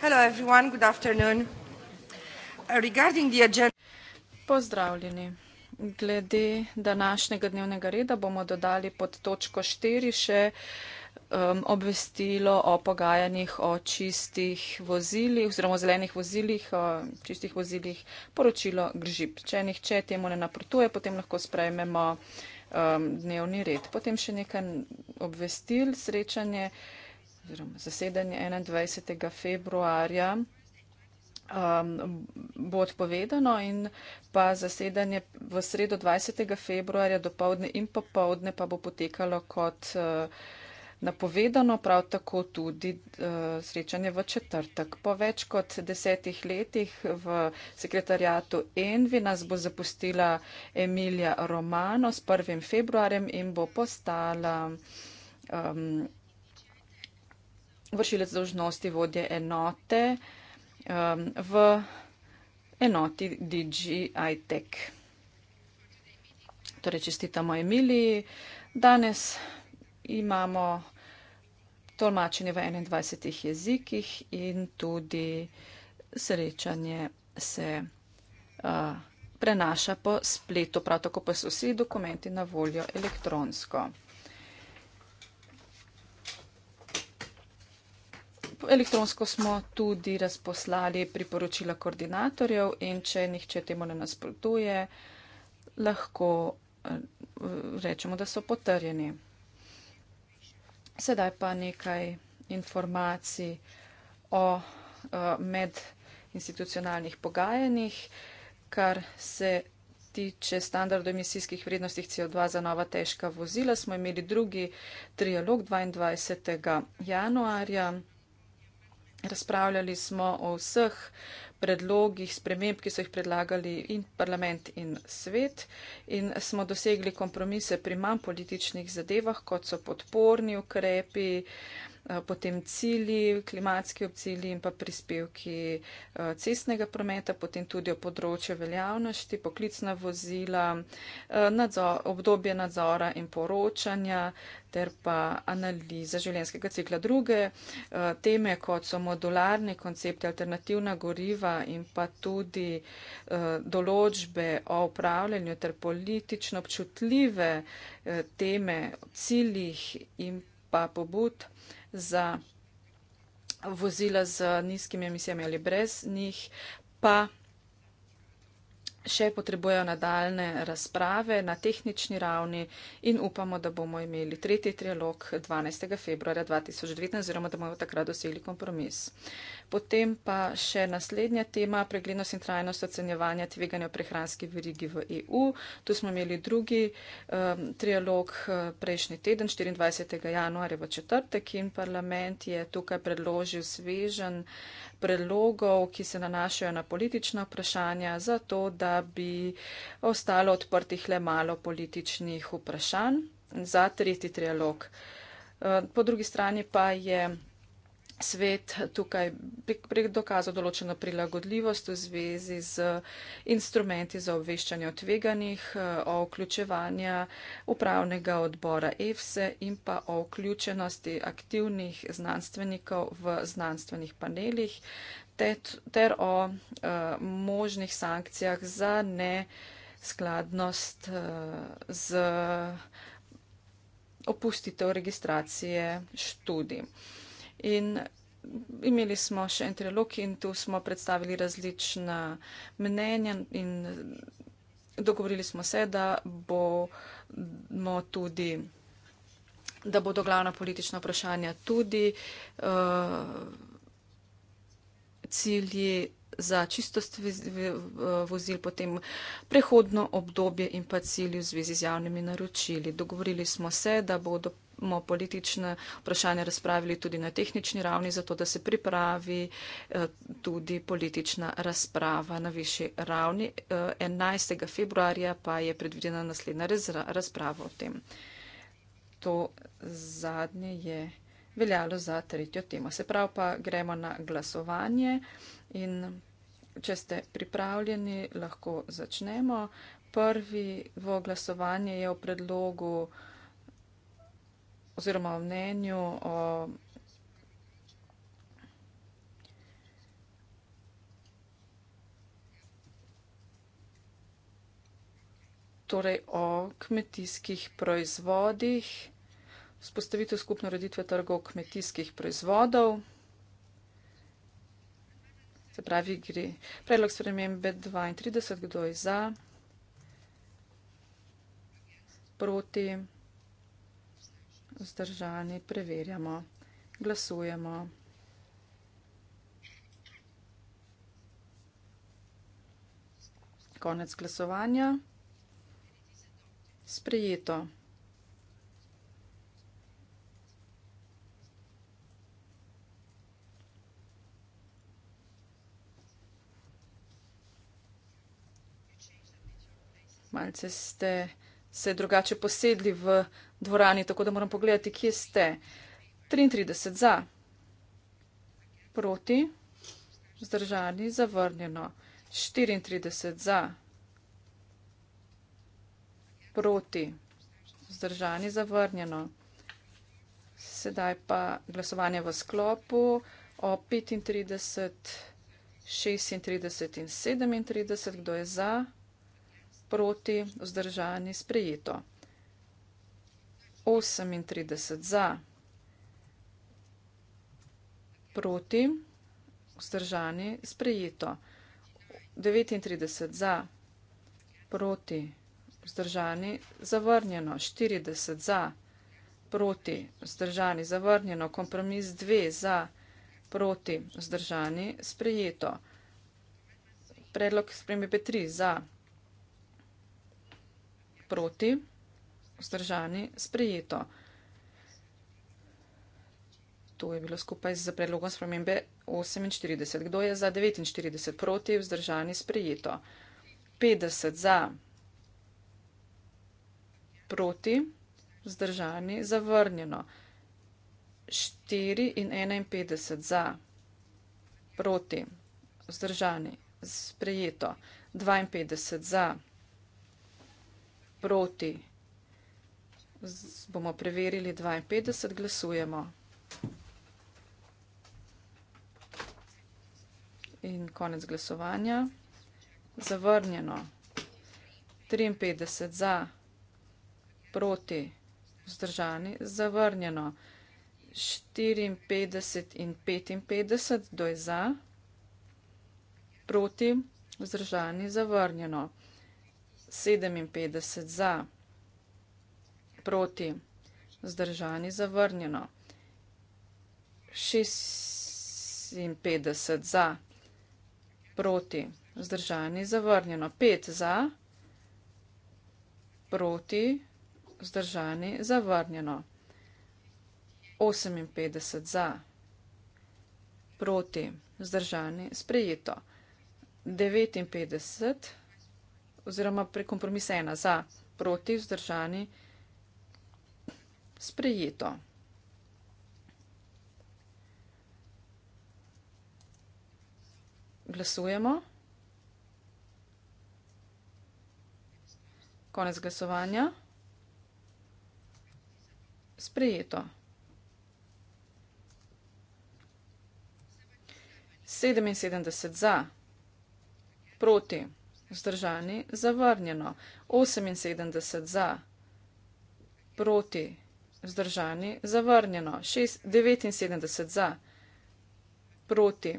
Hello everyone, good afternoon. Uh, regarding the agenda... Pozdravljeni. Glede današnjega dnevnega reda bomo dodali pod točko 4 še um, obvestilo o pogajanjih o čistih vozilih oziroma zelenih vozilih, o čistih vozilih, poročilo Gržib. Če nihče temu ne naprotuje, potem lahko sprejmemo um, dnevni red. Potem še nekaj obvestil, srečanje oziroma zasedanje 21. februarja um, bo odpovedano in pa zasedanje v sredo 20. februarja do povdne in popovdne pa bo potekalo kot uh, napovedano, prav tako tudi uh, srečanje v četrtek. Po več kot desetih letih v sekretarijatu Envi nas bo zapustila Emilija Romano s 1. februarjem in bo postala. Um, vršilec dožnosti vodje enote um, v enoti DGI Tech. Torej, čestitamo Emiliji. Danes imamo tolmačenje v 21 jezikih in tudi srečanje se uh, prenaša po spletu, prav tako pa so vsi dokumenti na voljo elektronsko. elektronsko smo tudi razposlali priporočila koordinatorjev in če nihče temu ne nasprotuje, lahko eh, rečemo, da so potrjeni. Sedaj pa nekaj informacij o eh, medinstitucionalnih pogajanjih, kar se tiče standardov emisijskih vrednosti CO2 za nova težka vozila. Smo imeli drugi trialog 22. januarja. Razpravljali smo o vseh predlogih sprememb, ki so jih predlagali in parlament in svet in smo dosegli kompromise pri manj političnih zadevah, kot so podporni ukrepi, um, Eh, potem cilji, klimatski obcilji in pa prispevki eh, cestnega prometa, potem tudi o področju veljavnosti, poklicna vozila, eh, nadzor, obdobje nadzora in poročanja ter pa analiza življenjskega cikla. Druge teme, kot so modularni koncepti, alternativna goriva in pa tudi določbe o upravljanju ter politično občutljive teme, ciljih in pa pobud, za vozila z nizkimi emisijami ali brez njih, pa še potrebujejo nadaljne razprave na tehnični ravni in upamo, da bomo imeli tretji trilog 12. februarja 2019 oziroma da bomo takrat dosegli kompromis. Potem pa še naslednja tema, preglednost in trajnost ocenjevanja tveganja v prehranski verigi v EU. Tu smo imeli drugi um, trialog uh, prejšnji teden, 24. januarja v četrtek in parlament je tukaj predložil svežen predlogov, ki se nanašajo na politična vprašanja, zato da bi ostalo odprtih le malo političnih vprašanj za tretji trialog. Uh, po drugi strani pa je svet tukaj prek, prek dokazal določeno prilagodljivost v zvezi z instrumenti za obveščanje o tveganjih, eh, o vključevanju upravnega odbora EFSE in pa o vključenosti aktivnih znanstvenikov v znanstvenih panelih ter, ter o uh, možnih sankcijah za neskladnost uh, z opustitev registracije študij. In imeli smo še en trilog in tu smo predstavili različna mnenja in dogovorili smo se, da bomo tudi da bodo glavna politična vprašanja tudi uh, cilji za čistost vozil, potem prehodno obdobje in pa cilji v zvezi z javnimi naročili. Dogovorili smo se, da bodo bomo politične vprašanja razpravili tudi na tehnični ravni, zato da se pripravi eh, tudi politična razprava na višji ravni. 11. Eh, februarja pa je predvidena naslednja razprava o tem. To zadnje je veljalo za tretjo temo. Se pravi, pa gremo na glasovanje in če ste pripravljeni, lahko začnemo. Prvi v glasovanje je v predlogu oziroma v mnenju o torej o kmetijskih proizvodih spostavitev skupne ureditve trgov kmetijskih proizvodov. Se pravi, gre predlog spremembe 32, kdo je za, proti, vzdržani, preverjamo, glasujemo. Konec glasovanja. Sprejeto. malce ste se drugače posedli v dvorani, tako da moram pogledati, kje ste. 33 za, proti, vzdržani, zavrnjeno. 34 za, proti, vzdržani, zavrnjeno. Sedaj pa glasovanje v sklopu o 35, 36 in 37, kdo je za proti, vzdržani, sprejeto. 38 za, proti, vzdržani, sprejeto. 39 za, proti, vzdržani, zavrnjeno. 40 za, proti, vzdržani, zavrnjeno. Kompromis 2 za, proti, vzdržani, sprejeto. Predlog spremembe 3 za, proti, vzdržani, sprejeto proti, vzdržani, sprejeto. To je bilo skupaj z predlogom spremembe 48. Kdo je za 49 proti, vzdržani, sprejeto? 50 za proti, vzdržani, zavrnjeno. 4 in 51 za proti, vzdržani, sprejeto. 52 za proti proti. Z bomo preverili 52, glasujemo. In konec glasovanja. Zavrnjeno. 53 za, proti, vzdržani, zavrnjeno. 54 in 55, kdo je za, proti, vzdržani, zavrnjeno. 57 za, proti, zdržani, zavrnjeno, 56 za, proti, zdržani, zavrnjeno, 5 za, proti, zdržani, zavrnjeno, 58 za, proti, zdržani, sprejeto, 59 za, oziroma prek kompromisa ena za, proti, vzdržani, sprejeto. Glasujemo. Konec glasovanja. Sprejeto. 77 za, proti vzdržani, zavrnjeno, 78 za, proti, vzdržani, zavrnjeno, 6, 79 za, proti,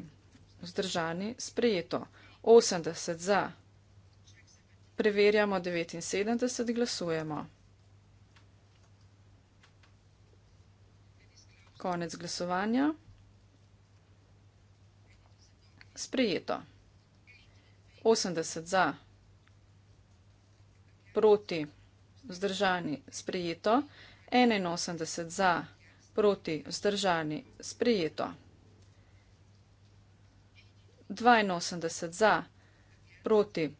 vzdržani, sprejeto, 80 za. Preverjamo 79, glasujemo. Konec glasovanja. Sprejeto. 80 za, proti, vzdržani, sprejeto, 81 za, proti, vzdržani, sprejeto, 82 za, proti,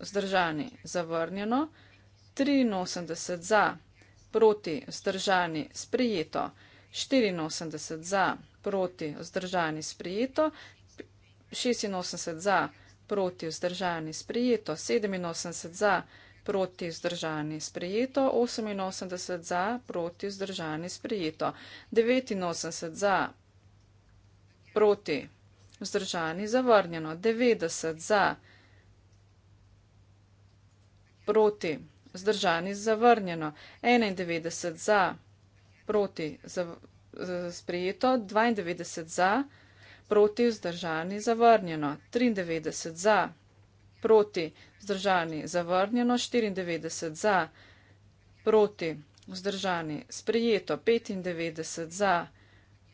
vzdržani, zavrnjeno, 83 za, proti, vzdržani, sprejeto, 84 za, proti, vzdržani, sprejeto, 86 za, proti, vzdržani, sprejeto, proti vzdržani sprejeto, 87 za proti vzdržani sprejeto, 88 za proti vzdržani sprejeto, 89 za proti vzdržani zavrnjeno, 90 za proti vzdržani zavrnjeno, 91 za proti zav, sprejeto, 92 za proti proti vzdržani zavrnjeno 93 za, proti vzdržani zavrnjeno 94 za, proti vzdržani sprejeto 95 za,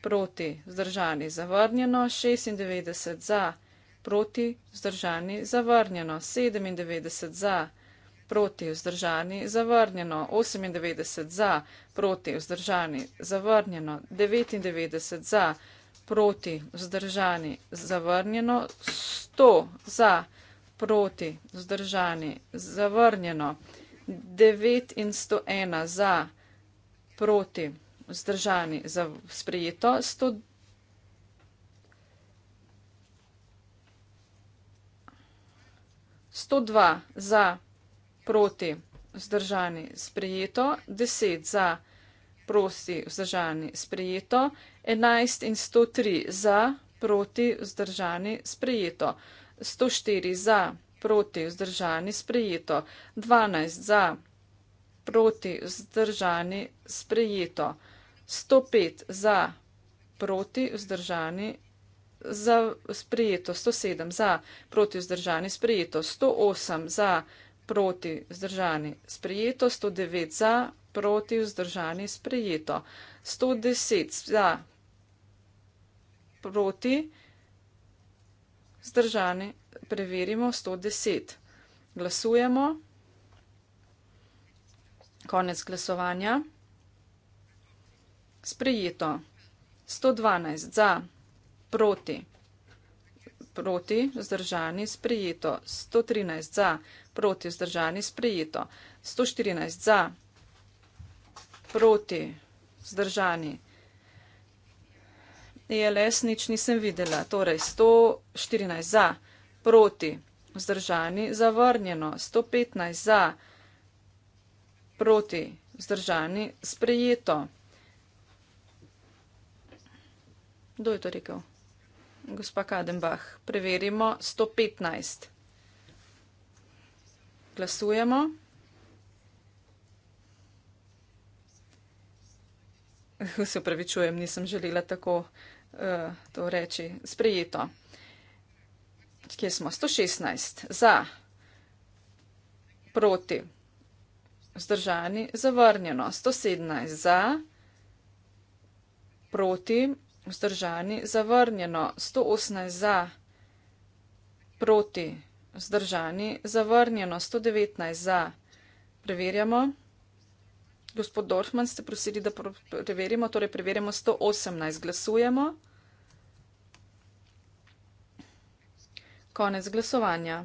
proti vzdržani zavrnjeno 96 za, proti vzdržani zavrnjeno 97 za, proti vzdržani zavrnjeno 98 za, proti vzdržani zavrnjeno 99 za, proti proti, vzdržani, zavrnjeno, 100 za, proti, vzdržani, zavrnjeno, 9 in 101 za, proti, vzdržani, za, sprejeto, 100. Sto dva za, proti, vzdržani, sprejeto, deset za, prosti, vzdržani, sprejeto, 11 in 103 za, proti, vzdržani, sprejeto. 104 za, proti, vzdržani, sprejeto. 12 za, proti, vzdržani, sprejeto. 105 za, proti, vzdržani, za, sprejeto. 107 za, proti, vzdržani, sprejeto. 108 za, proti, vzdržani, sprejeto. 109 za, proti, vzdržani, sprejeto. 110 za, proti zdržani, preverimo 110. Glasujemo. Konec glasovanja. Sprejeto. 112 za, proti, proti, zdržani, sprejeto. 113 za, proti, zdržani, sprejeto. 114 za, proti, zdržani, ELS nič nisem videla. Torej 114 za, proti, vzdržani, zavrnjeno, 115 za, proti, vzdržani, sprejeto. Kdo je to rekel? Gospa Kadenbach, preverimo 115. Glasujemo. Se upravičujem, nisem želela tako. Eh, to reči, sprejeto. Kje smo? 116 za, proti, vzdržani, zavrnjeno. 117 za, proti, vzdržani, zavrnjeno. 118 za, proti, vzdržani, zavrnjeno. 119 za, preverjamo gospod Dorfman, ste prosili, da preverimo. Torej, preverimo 118. Glasujemo. Konec glasovanja.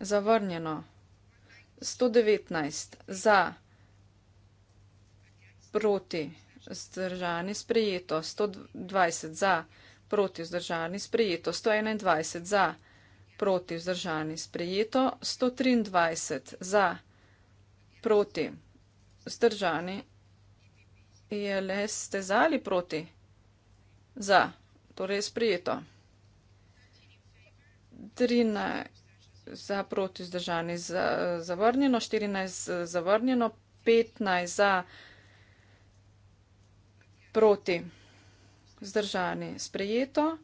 Zavrnjeno. 119 za, proti, zdržani, sprejeto. 120 za, proti, zdržani, sprejeto. 121 za, proti, zdržani, sprejeto. 123 za, proti, zdržani, sprejeto proti, zdržani, je le stezali proti, za, torej sprijeto. Trina za proti zdržani za, zavrnjeno, 14 zavrnjeno, 15 za proti zdržani sprejeto,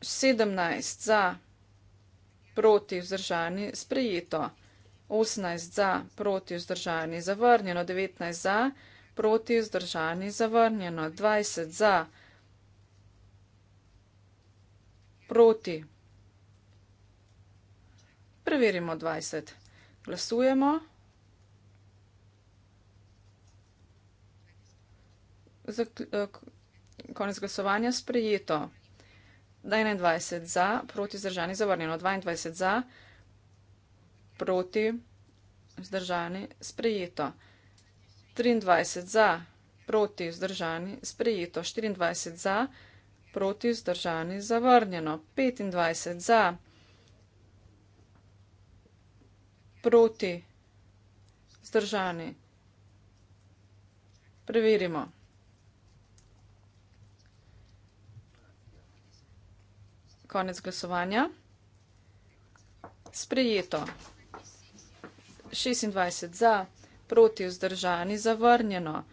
17 za proti vzdržani sprejeto. 18 za, proti vzdržani, zavrnjeno, 19 za, proti vzdržani, zavrnjeno, 20 za, proti. Preverimo 20. Glasujemo. Eh, konec glasovanja sprejeto. Da 21 za, proti vzdržani, zavrnjeno, 22 za, proti vzdržani, zavrnjeno, 22 za, proti, vzdržani, sprejeto. 23 za, proti, vzdržani, sprejeto. 24 za, proti, vzdržani, zavrnjeno. 25 za, proti, vzdržani. Preverimo. Konec glasovanja. Sprejeto. 26 za, proti vzdržani zavrnjeno.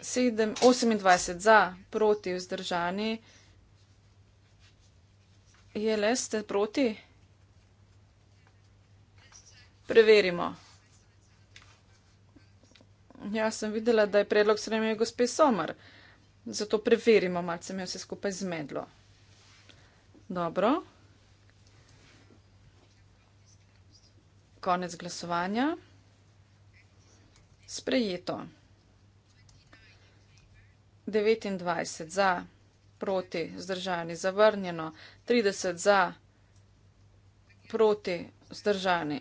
7, 28 za, proti vzdržani. Je le ste proti? Preverimo. Jaz sem videla, da je predlog sremenil gospe Somar. Zato preverimo, malce mi je vse skupaj zmedlo. Dobro. Konec glasovanja. Sprejeto. 29 za, proti, zdržani, zavrnjeno. 30 za, proti, zdržani.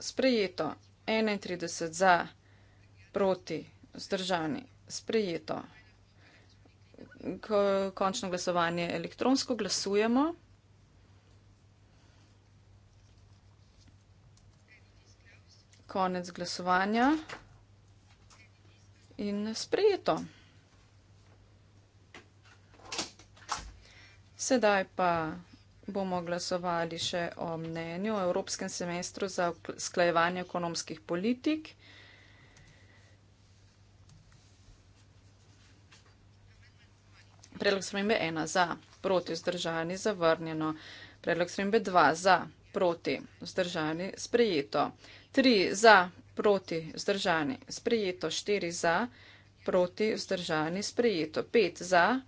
Sprejeto. 31 za, proti, zdržani. Sprejeto. Končno glasovanje elektronsko glasujemo. konec glasovanja in sprejeto. Sedaj pa bomo glasovali še o mnenju o Evropskem semestru za sklajevanje ekonomskih politik. Predlog spremembe 1 za, proti vzdržani, zavrnjeno. Predlog spremembe 2 za, proti vzdržani, sprejeto. 3 za, proti, vzdržani, sprejeto, 4 za, proti, vzdržani, sprejeto, 5 za,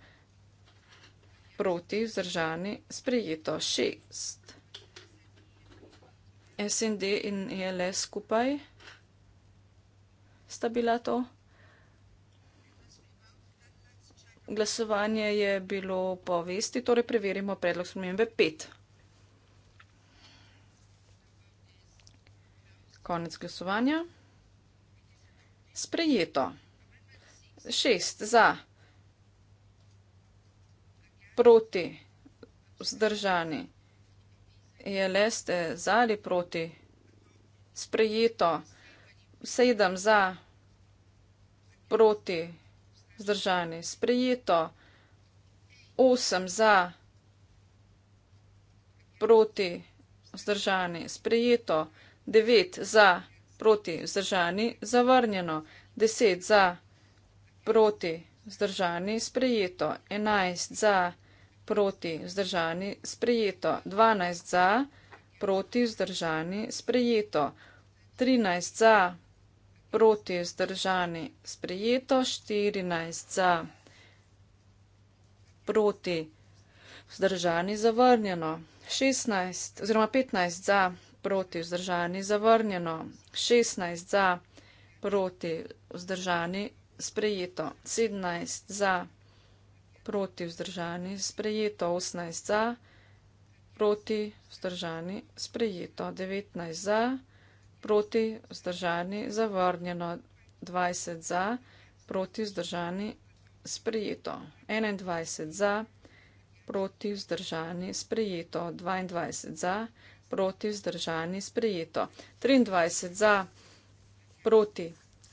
proti, vzdržani, sprejeto, 6. S in D in ELE skupaj sta bila to. Glasovanje je bilo po vesti, torej preverimo predlog spremembe 5. Konec glasovanja. Sprejeto. Šest za, proti, vzdržani. Je le ste za ali proti? Sprejeto. Sedem za, proti, vzdržani. Sprejeto. Osem za, proti, vzdržani. Sprejeto. 9 za, proti, zdržani, zavrnjeno, 10 za, proti, zdržani, sprejeto, 11 za, proti, zdržani, sprejeto, 12 za, proti, zdržani, sprejeto, 13 za, proti, zdržani, sprejeto, 14 za, proti, zdržani, zavrnjeno, 16 oziroma 15 za, proti, vzdržani, zavrnjeno, 16 za, proti, vzdržani, sprejeto, 17 za, proti, vzdržani, sprejeto, 18 za, proti, vzdržani, sprejeto, 19 za, proti, vzdržani, zavrnjeno, 20 za, proti, vzdržani, sprejeto, 21 za, proti, vzdržani, sprejeto, 22 za, sprejeto, proti vzdržani sprejeto. 23 za, proti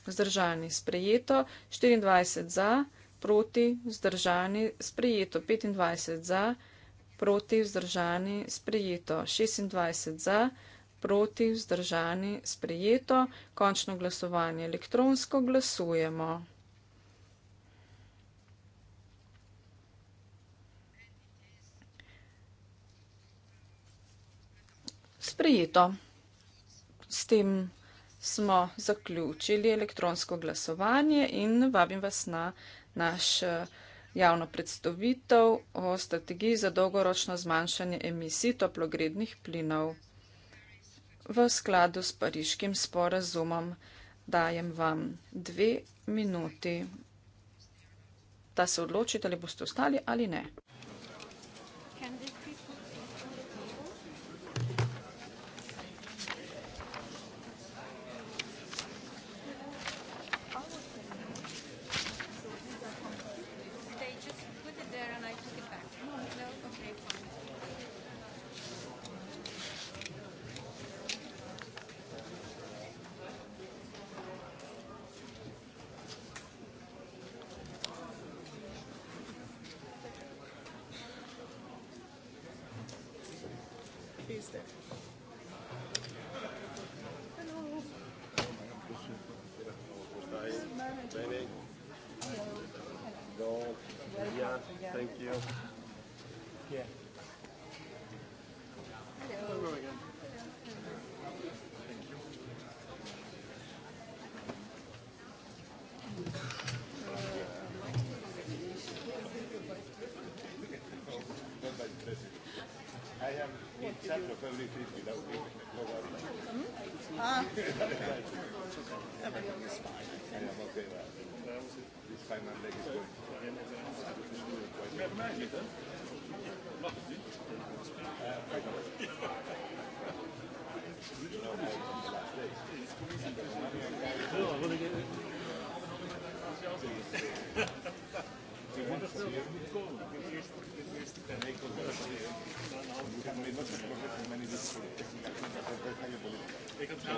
vzdržani sprejeto. 24 za, proti vzdržani sprejeto. 25 za, proti vzdržani sprejeto. 26 za, proti vzdržani sprejeto. Končno glasovanje elektronsko glasujemo. Sprejeto. S tem smo zaključili elektronsko glasovanje in vabim vas na naš eh, javno predstavitev o strategiji za dolgoročno zmanjšanje emisij toplogrednih plinov. V skladu s pariškim sporazumom dajem vam dve minuti, da se odločite, ali boste ostali ali ne.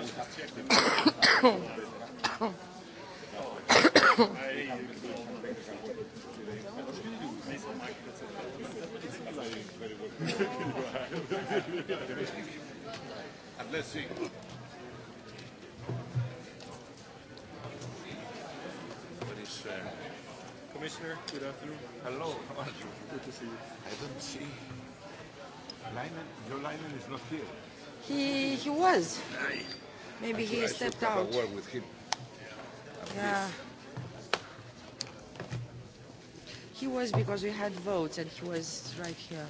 Good afternoon. Hello, how are you? Good to see you. I don't see. Leinen, your Leinen is not here. He, he was. Aye. Maybe he I, I stepped out. A word with him. Yeah. He was because we had votes and he was right here.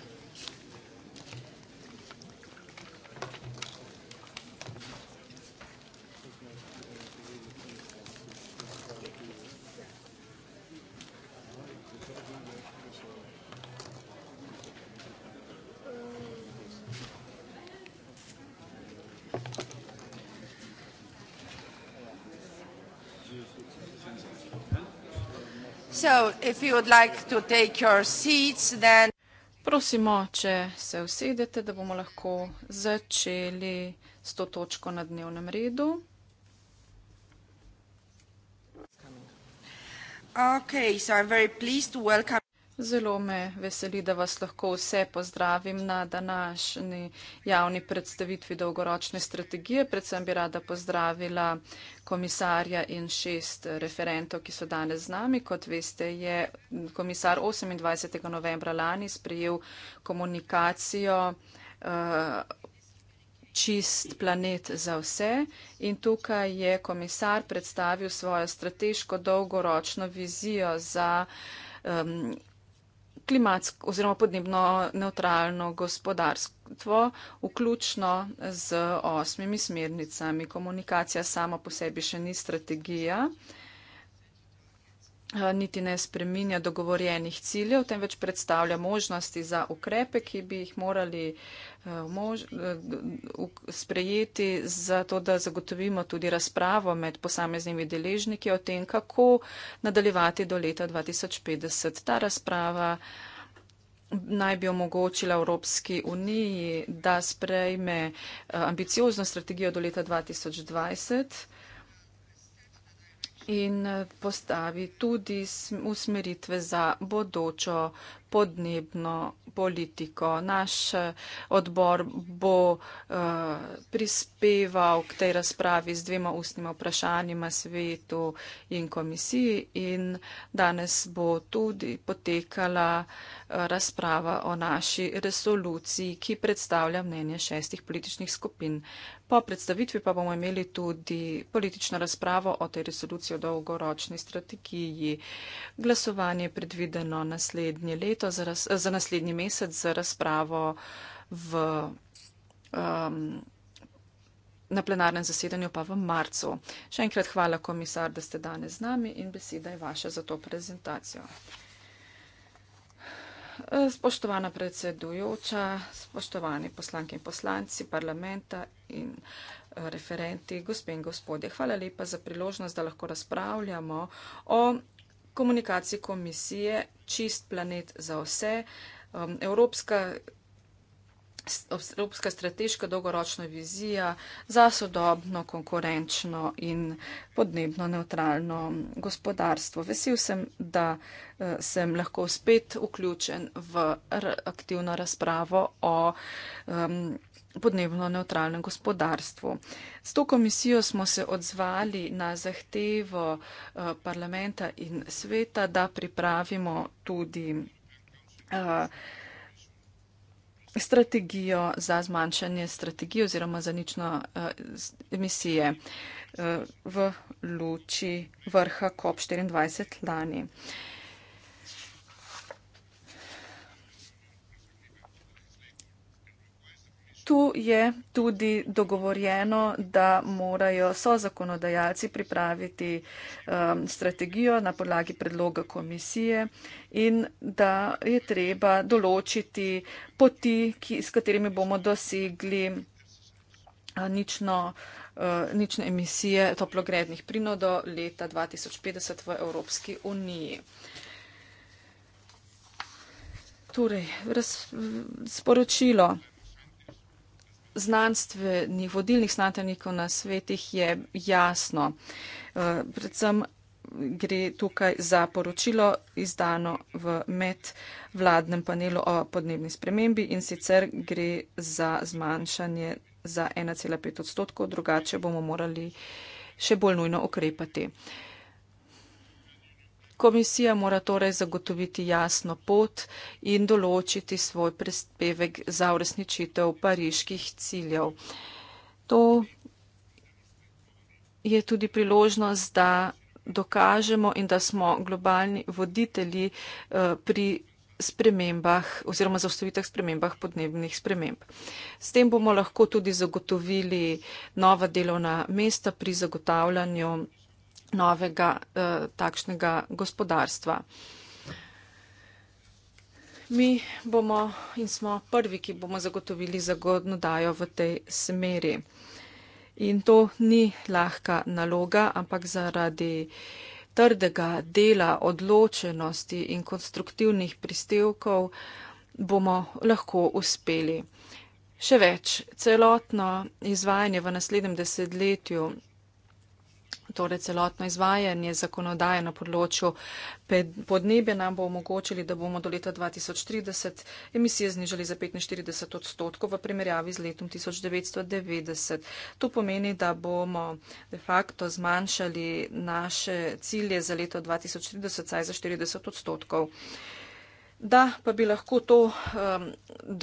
Prosimo, če se usedete, da bomo lahko začeli s to točko na dnevnem redu. Okay, so I'm very pleased to welcome Zelo me veseli, da vas lahko vse pozdravim na današnji javni predstavitvi dolgoročne strategije. Predvsem bi rada pozdravila komisarja in šest referentov, ki so danes z nami. Kot veste, je komisar 28. novembra lani sprejel komunikacijo. Uh, čist planet za vse in tukaj je komisar predstavil svojo strateško dolgoročno vizijo za um, klimatsko oziroma podnebno neutralno gospodarstvo, vključno z osmimi smernicami. Komunikacija sama po sebi še ni strategija. Eh, niti ne spreminja dogovorjenih ciljev, temveč predstavlja možnosti za ukrepe, ki bi jih morali eh, mož, eh, sprejeti za to, da zagotovimo tudi razpravo med posameznimi deležniki o tem, kako nadaljevati do leta 2050. Ta razprava naj bi omogočila Evropski uniji, da sprejme ambiciozno strategijo do leta 2020 in eh, postavi tudi usmeritve za bodočo podnebno politiko. Naš eh, odbor bo uh, prispeval k tej razpravi z dvema ustnima vprašanjima svetu in komisiji in danes bo tudi potekala eh, razprava o naši resoluciji, ki predstavlja mnenje šestih političnih skupin. Po predstavitvi pa bomo imeli tudi politično razpravo o tej resoluciji o dolgoročni strategiji. Glasovanje je predvideno naslednje leto leto, za, raz, za naslednji mesec, za razpravo v, um, na plenarnem zasedanju pa v marcu. Še enkrat hvala, komisar, da ste danes z nami in beseda je vaša za to prezentacijo. Spoštovana predsedujoča, spoštovani poslanke in poslanci parlamenta in eh, referenti, gospe in gospodje, hvala lepa za priložnost, da lahko razpravljamo o komunikacij komisije Čist planet za vse. Um, Evropska, Evropska strateška dolgoročna vizija za sodobno, konkurenčno in podnebno neutralno gospodarstvo. Vesel sem, da uh, sem lahko spet vključen v aktivno razpravo o. Um, podnebno neutralnem gospodarstvu. S to komisijo smo se odzvali na zahtevo eh, parlamenta in sveta, da pripravimo tudi eh, strategijo za zmanjšanje strategije oziroma za nično eh, emisije v luči vrha COP24 lani. Tu je tudi dogovorjeno, da morajo so zakonodajalci pripraviti um, strategijo na podlagi predloga komisije in da je treba določiti poti, ki, s katerimi bomo dosegli uh, nično, uh, nične emisije toplogrednih plinov do leta 2050 v Evropski uniji. Torej, sporočilo znanstvenih, vodilnih znanstvenikov na svetih je jasno. Eh, predvsem gre tukaj za poročilo izdano v medvladnem panelu o podnebni spremembi in sicer gre za zmanjšanje za 1,5 odstotkov, drugače bomo morali še bolj nujno ukrepati. Uh, Komisija mora torej zagotoviti jasno pot in določiti svoj prispevek za uresničitev pariških ciljev. To je tudi priložnost, da dokažemo in da smo globalni voditelji eh, pri spremembah oziroma zaustavitev spremembah podnebnih sprememb. S tem bomo lahko tudi zagotovili nova delovna mesta pri zagotavljanju novega eh, takšnega gospodarstva. Mi bomo in smo prvi, ki bomo zagotovili zagodno dajo v tej smeri. In to ni lahka naloga, ampak zaradi trdega dela, odločenosti in konstruktivnih pristevkov bomo lahko uspeli. Še več, celotno izvajanje v naslednjem desetletju torej celotno izvajanje zakonodaje na področju podnebja nam bo omogočili, da bomo do leta 2030 emisije znižali za 45 odstotkov v primerjavi z letom 1990. To pomeni, da bomo de facto zmanjšali naše cilje za leto 2030 za 40 odstotkov. Da pa bi lahko to um,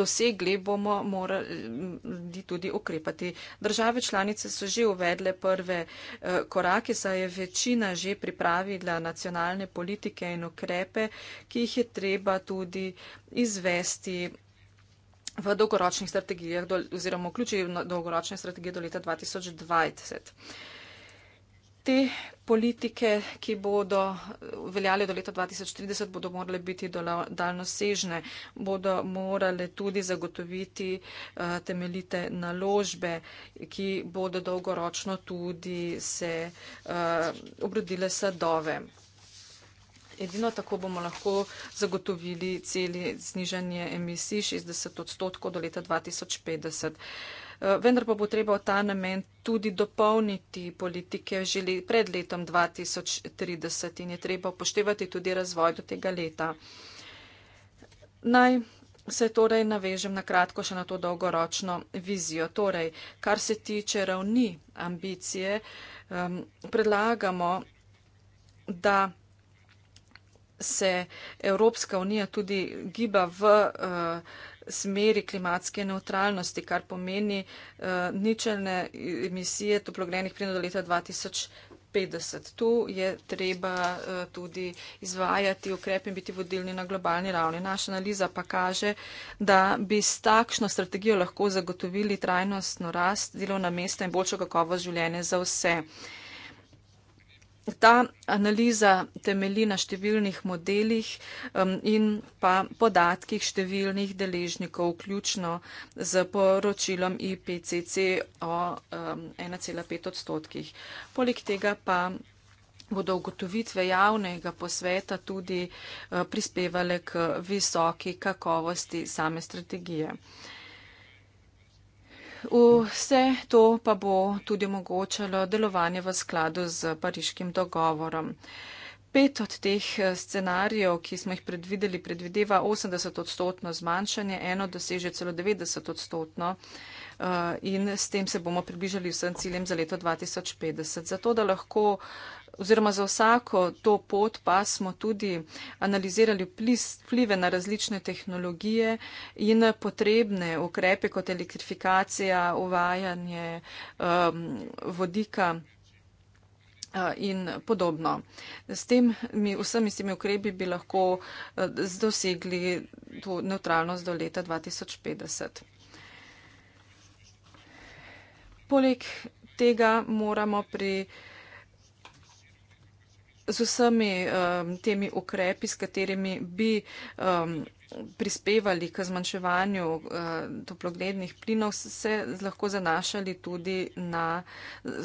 dosegli, bomo morali tudi ukrepati. Države članice so že uvedle prve uh, korake, saj je večina že pripravila nacionalne politike in ukrepe, ki jih je treba tudi izvesti v dolgoročnih strategijah do, oziroma vključiti v no, dolgoročne strategije do leta 2020 te politike, ki bodo veljale do leta 2030, bodo morale biti daljnosežne, bodo morale tudi zagotoviti eh, temeljite naložbe, ki bodo dolgoročno tudi se eh, obrodile sadove. Edino tako bomo lahko zagotovili celi znižanje emisij 60 odstotkov do leta 2050. Eh, vendar pa bo treba v ta namen tudi dopolniti politike že le, pred letom 2030 in je treba upoštevati tudi razvoj do tega leta. Naj se torej navežem na kratko še na to dolgoročno vizijo. Torej, kar se tiče ravni ambicije, um, predlagamo, da se Evropska unija tudi giba v uh, smeri klimatske neutralnosti, kar pomeni uh, ničelne emisije toplogrenih plinov do leta 2050. Tu je treba uh, tudi izvajati ukrepe in biti vodilni na globalni ravni. Naša analiza pa kaže, da bi s takšno strategijo lahko zagotovili trajnostno rast, delovna mesta in boljšo kakovost življenja za vse. Uh, Ta analiza temelji na številnih modelih um, in pa podatkih številnih deležnikov, vključno z poročilom IPCC o 1,5 um, odstotkih. Poleg tega pa bodo ugotovitve javnega posveta tudi uh, prispevale k visoki kakovosti same strategije. Vse to pa bo tudi omogočalo delovanje v skladu z pariškim dogovorom. Pet od teh eh, scenarijev, ki smo jih predvideli, predvideva 80 odstotno zmanjšanje, eno doseže celo 90 odstotno eh, in s tem se bomo približali vsem ciljem za leto 2050. Zato, da lahko oziroma za vsako to pot pa smo tudi analizirali vplive na različne tehnologije in potrebne ukrepe kot elektrifikacija, uvajanje ehm, vodika in podobno. S temi, vsemi s temi ukrebi bi lahko dosegli to neutralnost do leta 2050. Poleg tega moramo pri z vsemi um, temi ukrepi, s katerimi bi um, prispevali k zmanjševanju uh, toplogrednih plinov, se lahko zanašali tudi na,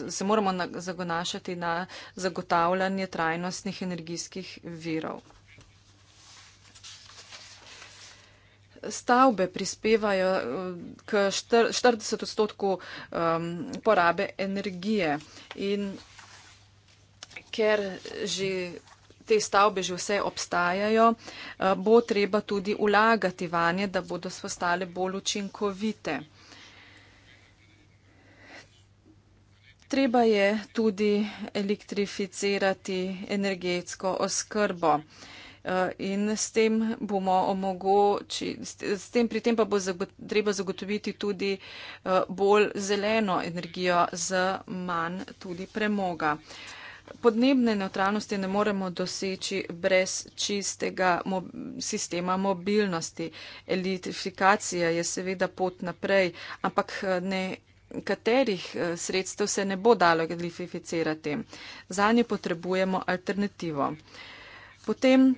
se moramo na, zagonašati na zagotavljanje trajnostnih energijskih virov. Stavbe prispevajo eh, k 40 odstotku um, porabe energije in ker že te stavbe že vse obstajajo, eh, bo treba tudi ulagati vanje, da bodo postale bolj učinkovite. Treba je tudi elektrificirati energetsko oskrbo eh, in s tem bomo omogoči, s tem pri tem pa bo zagot, treba zagotoviti tudi eh, bolj zeleno energijo z manj tudi premoga. Podnebne neutralnosti ne moremo doseči brez čistega mo sistema mobilnosti. Elitifikacija je seveda pot naprej, ampak ne katerih sredstev se ne bo dalo elitificirati. Zanje potrebujemo alternativo. Potem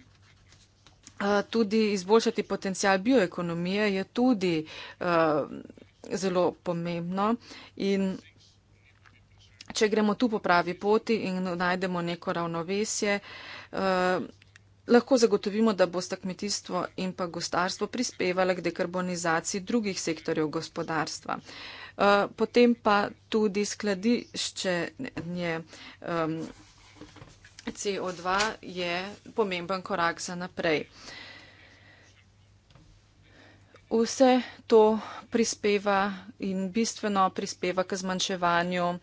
tudi izboljšati potencial bioekonomije je tudi zelo pomembno in če gremo tu po pravi poti in najdemo neko ravnovesje, eh, lahko zagotovimo, da bosta kmetijstvo in pa gostarstvo prispevala k dekarbonizaciji drugih sektorjev gospodarstva. Eh, potem pa tudi skladiščenje eh, CO2 je pomemben korak za naprej. Vse to prispeva in bistveno prispeva k zmanjševanju eh,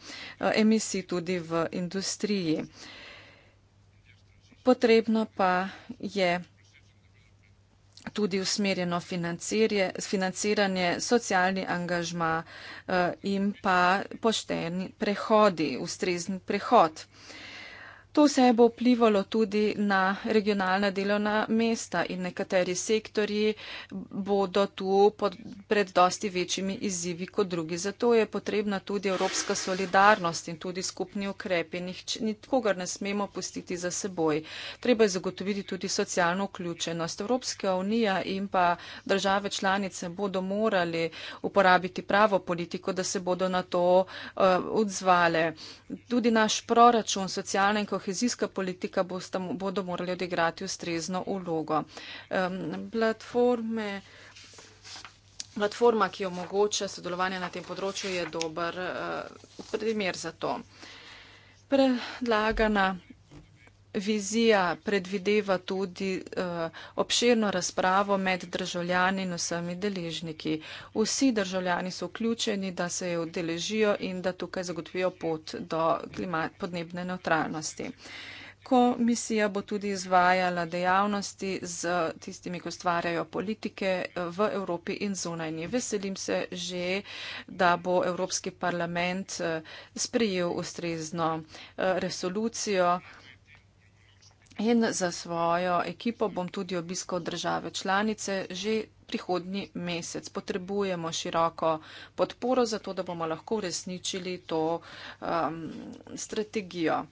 emisij tudi v industriji. Potrebno pa je tudi usmerjeno financiranje, socialni angažma eh, in pa pošteni prehodi, ustrezni prehod. To vse bo vplivalo tudi na regionalna delovna mesta in nekateri sektori bodo tu pod, pred dosti večjimi izzivi kot drugi. Zato je potrebna tudi evropska solidarnost in tudi skupni ukrepi. Nikogar ne smemo pustiti za seboj. Treba je zagotoviti tudi socialno vključenost. Evropska unija in pa države članice bodo morali uporabiti pravo politiko, da se bodo na to uh, odzvale. Tudi naš proračun socialne in kohezije kohezijska politika bosta, bodo morali odigrati ustrezno ulogo. Platforme, platforma, ki omogoča sodelovanje na tem področju, je dober eh, primer za to. Predlagana Vizija predvideva tudi uh, obširno razpravo med državljani in vsemi deležniki. Vsi državljani so vključeni, da se jo deležijo in da tukaj zagotovijo pot do klimat, podnebne neutralnosti. Komisija bo tudi izvajala dejavnosti z tistimi, ki ustvarjajo politike eh, v Evropi in zunajnje. Veselim se že, da bo Evropski parlament eh, sprejel ustrezno resolucijo. In za svojo ekipo bom tudi obiskal države članice že prihodnji mesec. Potrebujemo široko podporo za to, da bomo lahko uresničili to um, strategijo.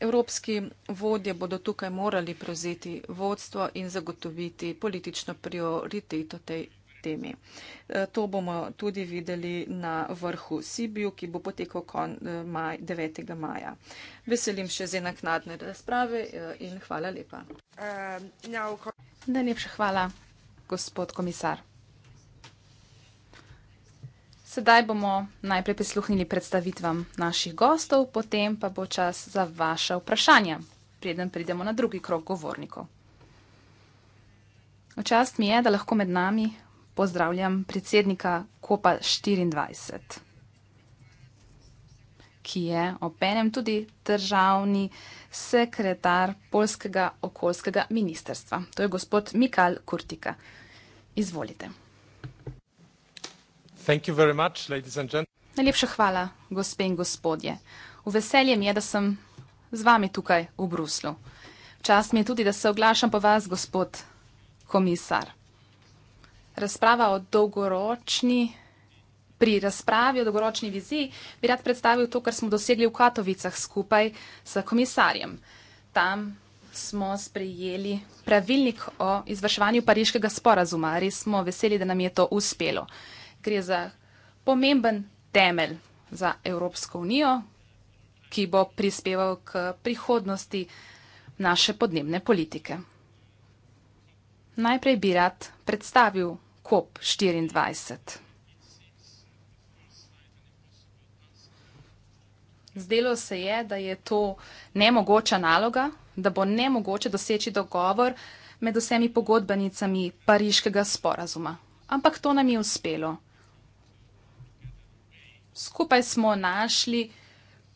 Evropski vodje bodo tukaj morali prevzeti vodstvo in zagotoviti politično prioriteto tej temi. E, to bomo tudi videli na vrhu Sibiu, ki bo potekal 9. E, maja. Veselim še z enaknadne razprave e, in hvala lepa. Najlepša hvala, gospod komisar. Sedaj bomo najprej prisluhnili predstavitvam naših gostov, potem pa bo čas za vaše vprašanja, preden pridemo na drugi krok govornikov. Včast mi je, da lahko med nami pozdravljam predsednika Kopa 24, ki je openem tudi državni sekretar Polskega okoljskega ministerstva. To je gospod Mikal Kurtika. Izvolite. Thank you very much, and Najlepša hvala, gospe in gospodje. V veselje mi je, da sem z vami tukaj v Bruslu. Čast mi je tudi, da se oglašam po vas, gospod komisar razprava o dolgoročni, pri razpravi o dolgoročni viziji, bi rad predstavil to, kar smo dosegli v Katovicah skupaj s komisarjem. Tam smo sprejeli pravilnik o izvrševanju pariškega sporazuma. Res smo veseli, da nam je to uspelo. Gre za pomemben temelj za Evropsko unijo, ki bo prispeval k prihodnosti naše podnebne politike. Najprej bi rad predstavil COP24. Zdelo se je, da je to nemogoča naloga, da bo nemogoče doseči dogovor med vsemi pogodbenicami pariškega sporazuma. Ampak to nam je uspelo. Skupaj smo našli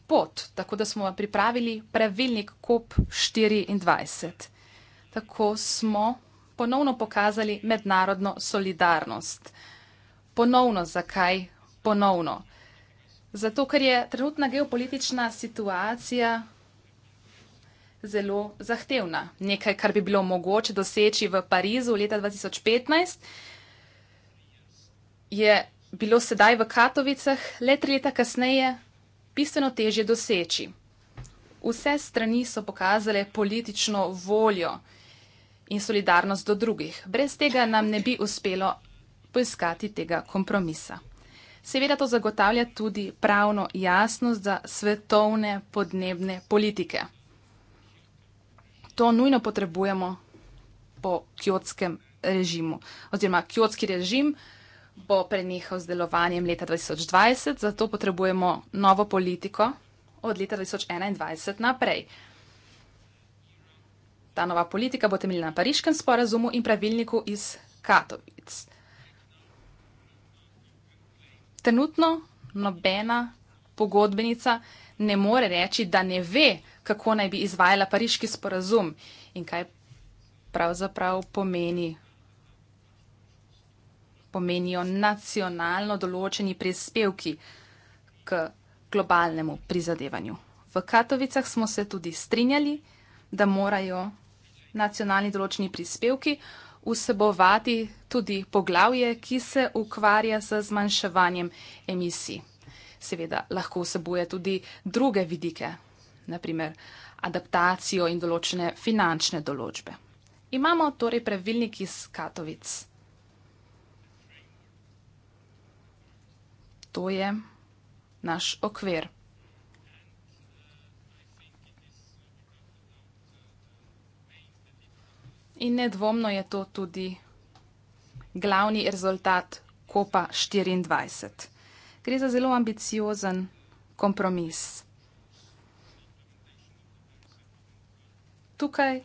pot, tako da smo pripravili pravilnik COP24. Tako smo ponovno pokazali mednarodno solidarnost. Ponovno, zakaj ponovno? Zato, ker je trenutna geopolitična situacija zelo zahtevna. Nekaj, kar bi bilo mogoče doseči v Parizu leta 2015, je bilo sedaj v Katovicah le tri leta kasneje bistveno teže doseči. Vse strani so pokazale politično voljo in solidarnost do drugih. Brez tega nam ne bi uspelo poiskati tega kompromisa. Seveda to zagotavlja tudi pravno jasnost za svetovne podnebne politike. To nujno potrebujemo po kjotskem režimu. Oziroma, kjotski režim bo prenehal z delovanjem leta 2020, zato potrebujemo novo politiko od leta 2021 naprej. Ta nova politika bo temeljila na pariškem sporazumu in pravilniku iz Katovic. Trenutno nobena pogodbenica ne more reči, da ne ve, kako naj bi izvajala pariški sporazum in kaj pravzaprav pomeni. Pomenijo nacionalno določeni prispevki k globalnemu prizadevanju. V Katovicah smo se tudi strinjali, da morajo nacionalni določeni prispevki vsebovati tudi poglavje, ki se ukvarja z zmanjševanjem emisij. Seveda lahko vsebuje tudi druge vidike, naprimer adaptacijo in določene finančne določbe. Imamo torej pravilnik iz Katovic. To je naš okvir. in nedvomno je to tudi glavni rezultat COP24. Gre za zelo ambiciozen kompromis. Tukaj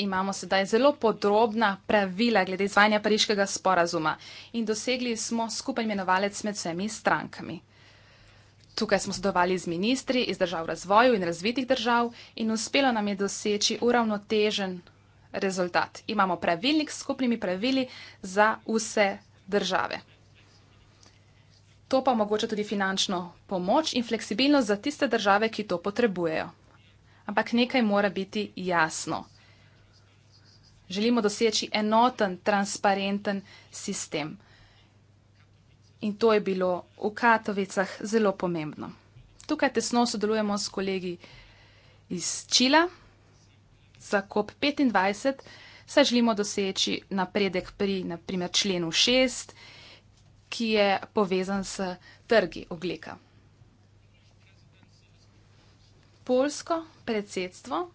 imamo sedaj zelo podrobna pravila glede izvajanja pariškega sporazuma in dosegli smo skupaj imenovalec med vsemi strankami. Tukaj smo sodelovali z ministri iz držav razvoju in razvitih držav in uspelo nam je doseči uravnotežen rezultat. Imamo pravilnik s skupnimi pravili za vse države. To pa omogoča tudi finančno pomoč in fleksibilnost za tiste države, ki to potrebujejo. Ampak nekaj mora biti jasno. Želimo doseči enoten, transparenten sistem in to je bilo v Katovicah zelo pomembno. Tukaj tesno sodelujemo s kolegi iz Čila za COP25, saj želimo doseči napredek pri naprimer členu 6, ki je povezan s trgi ogleka. Polsko predsedstvo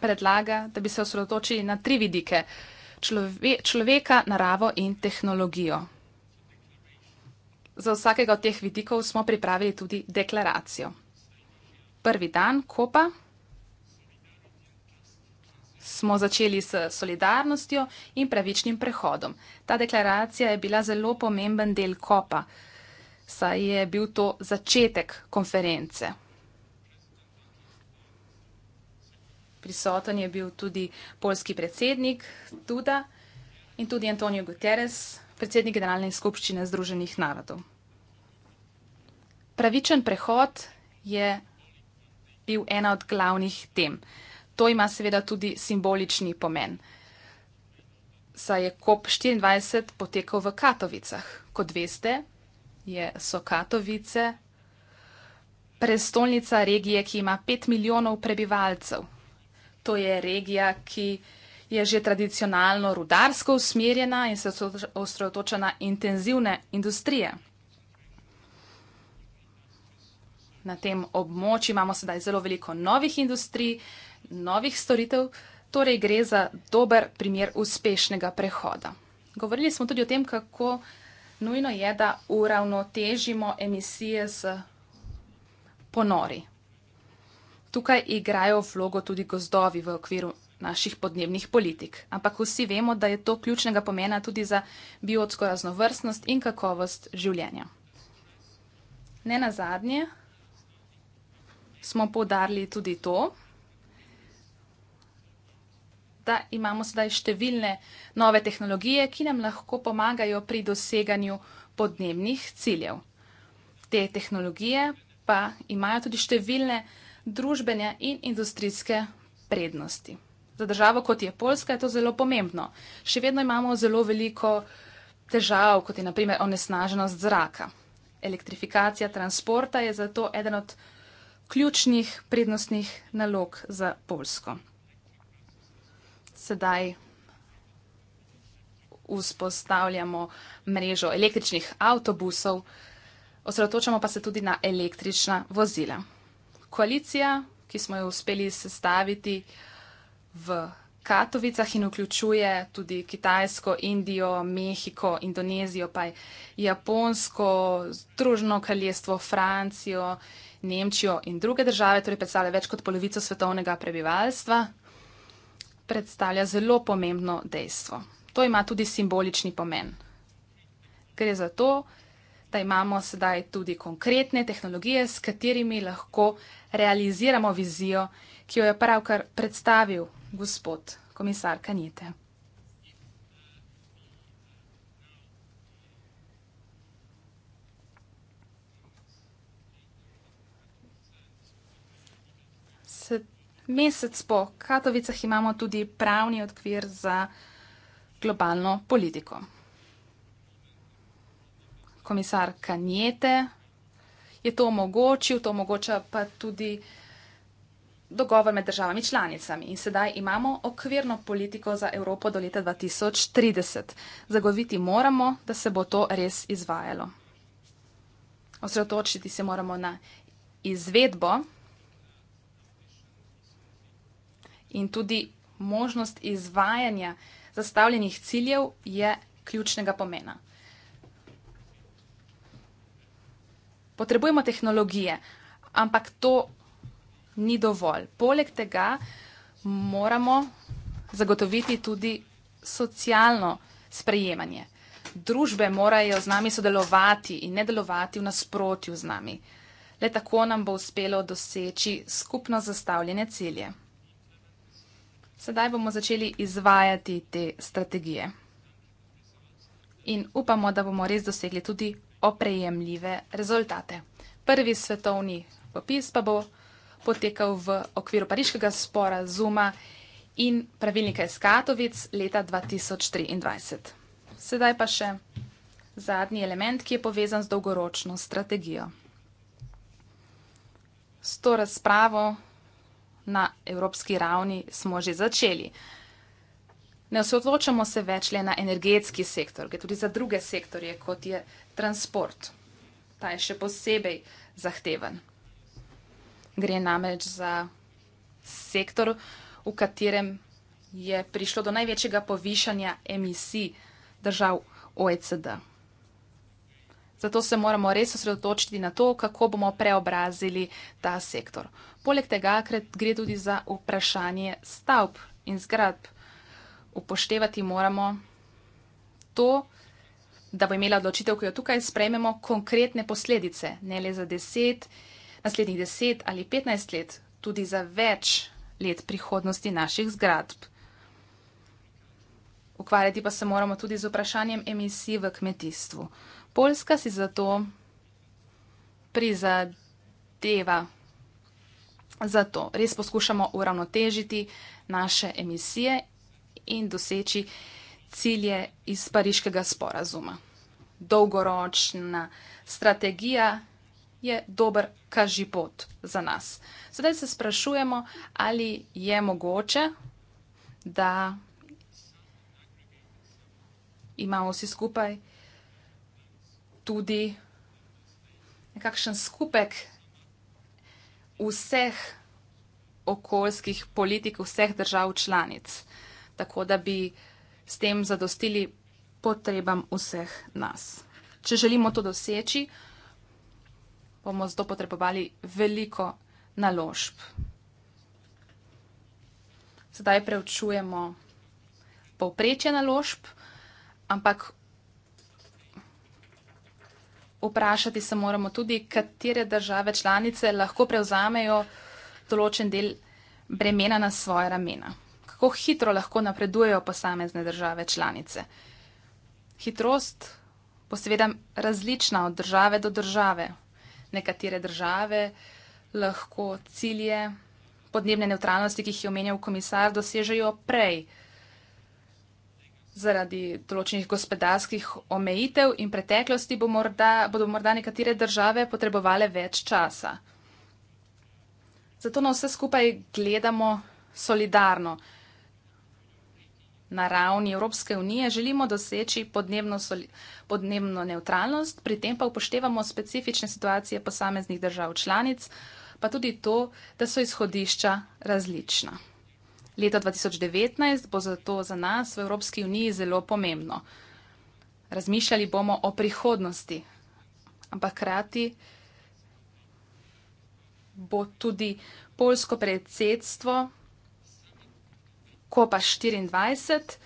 predlaga, da bi se osredotočili na tri vidike človek, človeka, naravo in tehnologijo. Za vsakega od teh vidikov smo pripravili tudi deklaracijo. Prvi dan, ko pa smo začeli s solidarnostjo in pravičnim prehodom. Ta deklaracija je bila zelo pomemben del kopa, saj je bil to začetek konference. prisoten je bil tudi polski predsednik Duda in tudi Antonijo Guterres, predsednik Generalne skupščine Združenih narodov. Pravičen prehod je bil ena od glavnih tem. To ima seveda tudi simbolični pomen. Saj je COP24 potekal v Katovicah. Kot veste, je, so Katovice prestolnica regije, ki ima 5 milijonov prebivalcev to je regija, ki je že tradicionalno rudarsko usmerjena in se osredotoča na intenzivne industrije. Na tem območju imamo sedaj zelo veliko novih industrij, novih storitev, torej gre za dober primer uspešnega prehoda. Govorili smo tudi o tem, kako nujno je, da uravnotežimo emisije z ponori. Tukaj igrajo vlogo tudi gozdovi v okviru naših podnebnih politik. Ampak vsi vemo, da je to ključnega pomena tudi za biotsko raznovrstnost in kakovost življenja. Ne na zadnje smo povdarili tudi to, da imamo sedaj številne nove tehnologije, ki nam lahko pomagajo pri doseganju podnebnih ciljev. Te tehnologije pa imajo tudi številne družbene in industrijske prednosti. Za državo kot je Poljska je to zelo pomembno. Še vedno imamo zelo veliko težav, kot je naprimer onesnaženost zraka. Elektrifikacija transporta je zato eden od ključnih prednostnih nalog za Poljsko. Sedaj vzpostavljamo mrežo električnih avtobusov, osredotočamo pa se tudi na električna vozila koalicija, ki smo jo uspeli sestaviti v Katovicah in vključuje tudi Kitajsko, Indijo, Mehiko, Indonezijo, pa Japonsko, Združno kraljestvo, Francijo, Nemčijo in druge države, torej predstavlja več kot polovico svetovnega prebivalstva, predstavlja zelo pomembno dejstvo. To ima tudi simbolični pomen. Gre za to, da imamo sedaj tudi konkretne tehnologije, s katerimi lahko realiziramo vizijo, ki jo je pravkar predstavil gospod komisar Kanjete. Mesec po Katovicah imamo tudi pravni odkvir za globalno politiko komisar Kanjete je to omogočil, to omogoča pa tudi dogovor med državami članicami. In sedaj imamo okvirno politiko za Evropo do leta 2030. Zagoviti moramo, da se bo to res izvajalo. Osredotočiti se moramo na izvedbo in tudi možnost izvajanja zastavljenih ciljev je ključnega pomena. potrebujemo tehnologije, ampak to ni dovolj. Poleg tega moramo zagotoviti tudi socialno sprejemanje. Družbe morajo z nami sodelovati in ne delovati v nasprotju z nami. Le tako nam bo uspelo doseči skupno zastavljene cilje. Sedaj bomo začeli izvajati te strategije. In upamo, da bomo res dosegli tudi oprejemljive rezultate. Prvi svetovni popis pa bo potekal v okviru pariškega sporazuma in pravilnika iz Katovic leta 2023. Sedaj pa še zadnji element, ki je povezan z dolgoročno strategijo. S to razpravo na evropski ravni smo že začeli ne osredotočamo se več le na energetski sektor, gre tudi za druge sektorje, kot je transport. Ta je še posebej zahteven. Gre namreč za sektor, v katerem je prišlo do največjega povišanja emisij držav OECD. Zato se moramo res osredotočiti na to, kako bomo preobrazili ta sektor. Poleg tega gre tudi za vprašanje stavb in zgradb upoštevati moramo to, da bo imela odločitev, ki jo tukaj sprejmemo, konkretne posledice, ne le za deset, naslednjih deset ali petnajst let, tudi za več let prihodnosti naših zgradb. Ukvarjati pa se moramo tudi z vprašanjem emisij v kmetijstvu. Poljska si zato prizadeva za to. Res poskušamo uravnotežiti naše emisije in doseči cilje iz pariškega sporazuma. Dolgoročna strategija je dober kažipot za nas. Sedaj se sprašujemo, ali je mogoče, da imamo vsi skupaj tudi nekakšen skupek vseh okoljskih politik, vseh držav članic tako da bi s tem zadostili potrebam vseh nas. Če želimo to doseči, bomo zato potrebovali veliko naložb. Sedaj preučujemo povprečje naložb, ampak vprašati se moramo tudi, katere države članice lahko prevzamejo določen del bremena na svoje ramena kako hitro lahko napredujejo posamezne države članice. Hitrost bo seveda različna od države do države. Nekatere države lahko cilje podnebne neutralnosti, ki jih je omenjal komisar, dosežejo prej zaradi določenih gospodarskih omejitev in preteklosti bo morda, bodo morda nekatere države potrebovale več časa. Zato na vse skupaj gledamo solidarno. Na ravni Evropske unije želimo doseči podnebno, podnebno neutralnost, pri tem pa upoštevamo specifične situacije posameznih držav članic, pa tudi to, da so izhodišča različna. Leto 2019 bo zato za nas v Evropski uniji zelo pomembno. Razmišljali bomo o prihodnosti, ampak krati bo tudi polsko predsedstvo COP24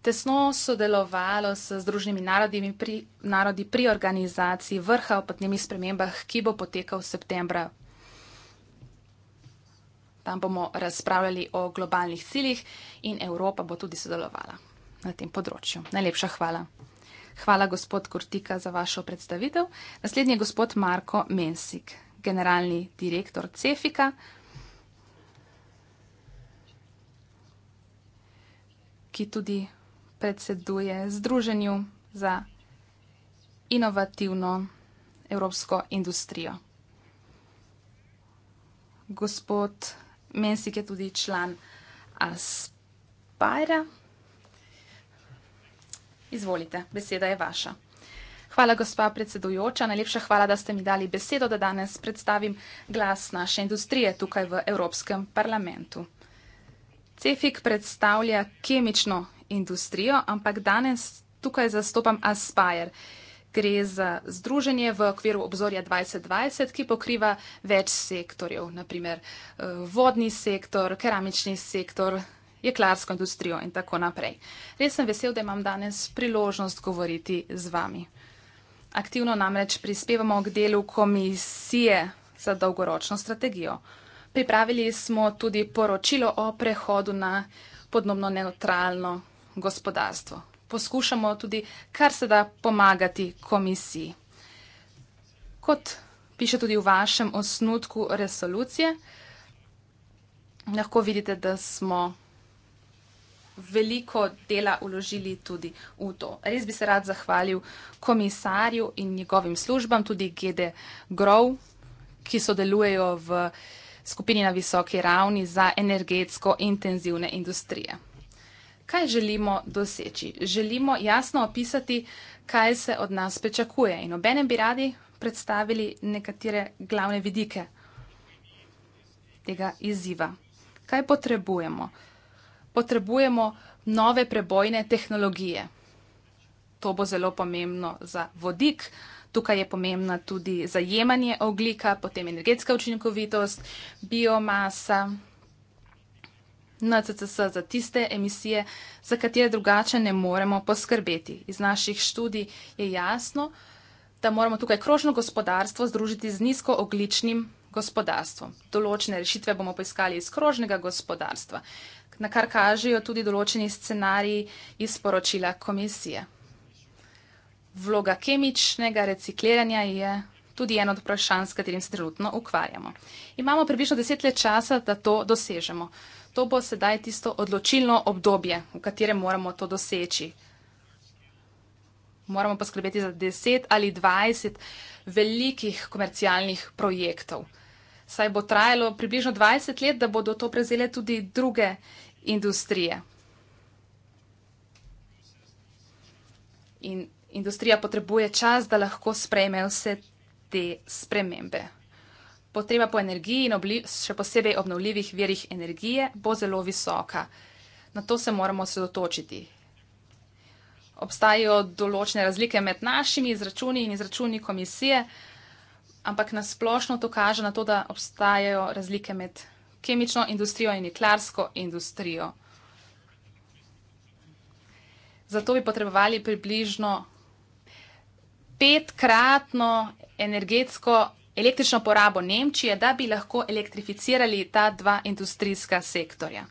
tesno sodelovalo s Združenimi narodi pri, narodi pri organizaciji vrha o podnebnih spremembah, ki bo potekal v septembra. Tam bomo razpravljali o globalnih ciljih in Evropa bo tudi sodelovala na tem področju. Najlepša hvala. Hvala, gospod Kurtika, za vašo predstavitev. Naslednji je gospod Marko Mensik, generalni direktor Cefika, ki tudi predseduje Združenju za inovativno evropsko industrijo. Gospod Mensik je tudi član Aspira. Izvolite, beseda je vaša. Hvala, gospa predsedujoča, najlepša hvala, da ste mi dali besedo, da danes predstavim glas naše industrije tukaj v Evropskem parlamentu. Cefik predstavlja kemično industrijo, ampak danes tukaj zastopam Aspire. Gre za združenje v okviru obzorja 2020, ki pokriva več sektorjev, naprimer eh, vodni sektor, keramični sektor, jeklarsko industrijo in tako naprej. Res sem vesel, da imam danes priložnost govoriti z vami. Aktivno namreč prispevamo k delu komisije za dolgoročno strategijo. Pripravili smo tudi poročilo o prehodu na podnebno neutralno gospodarstvo. Poskušamo tudi, kar se da, pomagati komisiji. Kot piše tudi v vašem osnutku resolucije, lahko vidite, da smo veliko dela uložili tudi v to. Res bi se rad zahvalil komisarju in njegovim službam, tudi GD Grow, ki sodelujejo v skupini na visoki ravni za energetsko intenzivne industrije. Kaj želimo doseči? Želimo jasno opisati, kaj se od nas pričakuje in obenem bi radi predstavili nekatere glavne vidike tega izziva. Kaj potrebujemo? Potrebujemo nove prebojne tehnologije. To bo zelo pomembno za vodik, Tukaj je pomembna tudi zajemanje oglika, potem energetska učinkovitost, biomasa, NCCS za tiste emisije, za katere drugače ne moremo poskrbeti. Iz naših študij je jasno, da moramo tukaj krožno gospodarstvo združiti z nizkoogličnim gospodarstvom. Določene rešitve bomo poiskali iz krožnega gospodarstva, na kar kažejo tudi določeni scenariji iz poročila komisije. Vloga kemičnega recikliranja je tudi eno od vprašanj, s katerim se trenutno ukvarjamo. Imamo približno deset let časa, da to dosežemo. To bo sedaj tisto odločilno obdobje, v katerem moramo to doseči. Moramo poskrbeti za deset ali dvajset velikih komercialnih projektov. Saj bo trajalo približno dvajset let, da bodo to prevzele tudi druge industrije. In industrija potrebuje čas, da lahko sprejme vse te spremembe. Potreba po energiji in obli, še posebej obnovljivih verjih energije bo zelo visoka. Na to se moramo sredotočiti. Obstajajo določene razlike med našimi izračuni in izračuni komisije, ampak nasplošno to kaže na to, da obstajajo razlike med kemično industrijo in jeklarsko industrijo. Zato bi potrebovali približno petkratno energetsko električno porabo Nemčije, da bi lahko elektrificirali ta dva industrijska sektorja.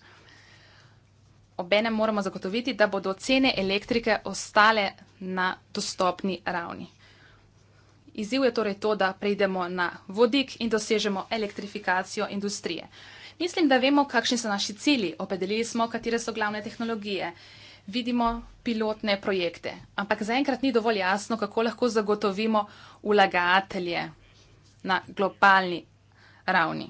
Obene moramo zagotoviti, da bodo cene elektrike ostale na dostopni ravni. Izziv je torej to, da preidemo na vodik in dosežemo elektrifikacijo industrije. Mislim, da vemo, kakšni so naši cilji, opredelili smo, katere so glavne tehnologije vidimo pilotne projekte. Ampak zaenkrat ni dovolj jasno, kako lahko zagotovimo vlagatelje na globalni ravni.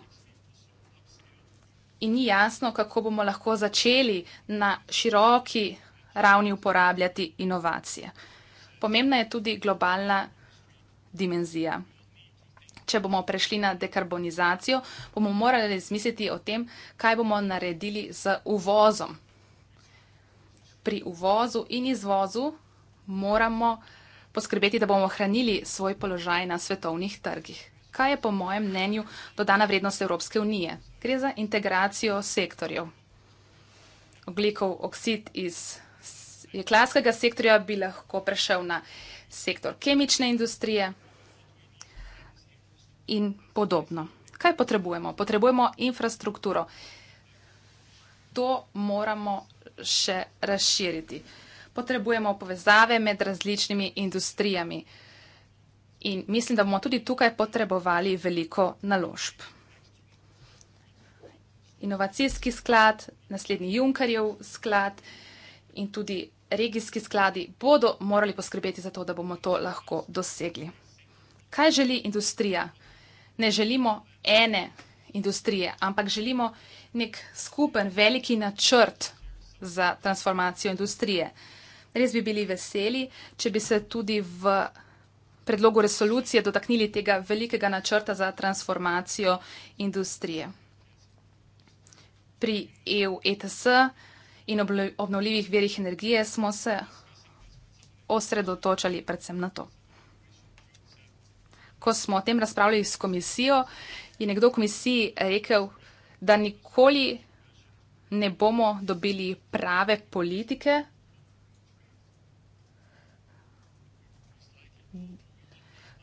In ni jasno, kako bomo lahko začeli na široki ravni uporabljati inovacije. Pomembna je tudi globalna dimenzija. Če bomo prešli na dekarbonizacijo, bomo morali razmisliti o tem, kaj bomo naredili z uvozom pri uvozu in izvozu moramo poskrbeti, da bomo ohranili svoj položaj na svetovnih trgih. Kaj je po mojem mnenju dodana vrednost Evropske unije? Gre za integracijo sektorjev. Oglikov oksid iz jeklarskega sektorja bi lahko prešel na sektor kemične industrije in podobno. Kaj potrebujemo? Potrebujemo infrastrukturo to moramo še razširiti. Potrebujemo povezave med različnimi industrijami in mislim, da bomo tudi tukaj potrebovali veliko naložb. Inovacijski sklad, naslednji Junkerjev sklad in tudi regijski skladi bodo morali poskrbeti za to, da bomo to lahko dosegli. Kaj želi industrija? Ne želimo ene industrije, ampak želimo nek skupen, veliki načrt za transformacijo industrije. Res bi bili veseli, če bi se tudi v predlogu resolucije dotaknili tega velikega načrta za transformacijo industrije. Pri EU ETS in obnovljivih verjih energije smo se osredotočali predvsem na to. Ko smo o tem razpravljali s komisijo, je nekdo v komisiji rekel, da nikoli ne bomo dobili prave politike,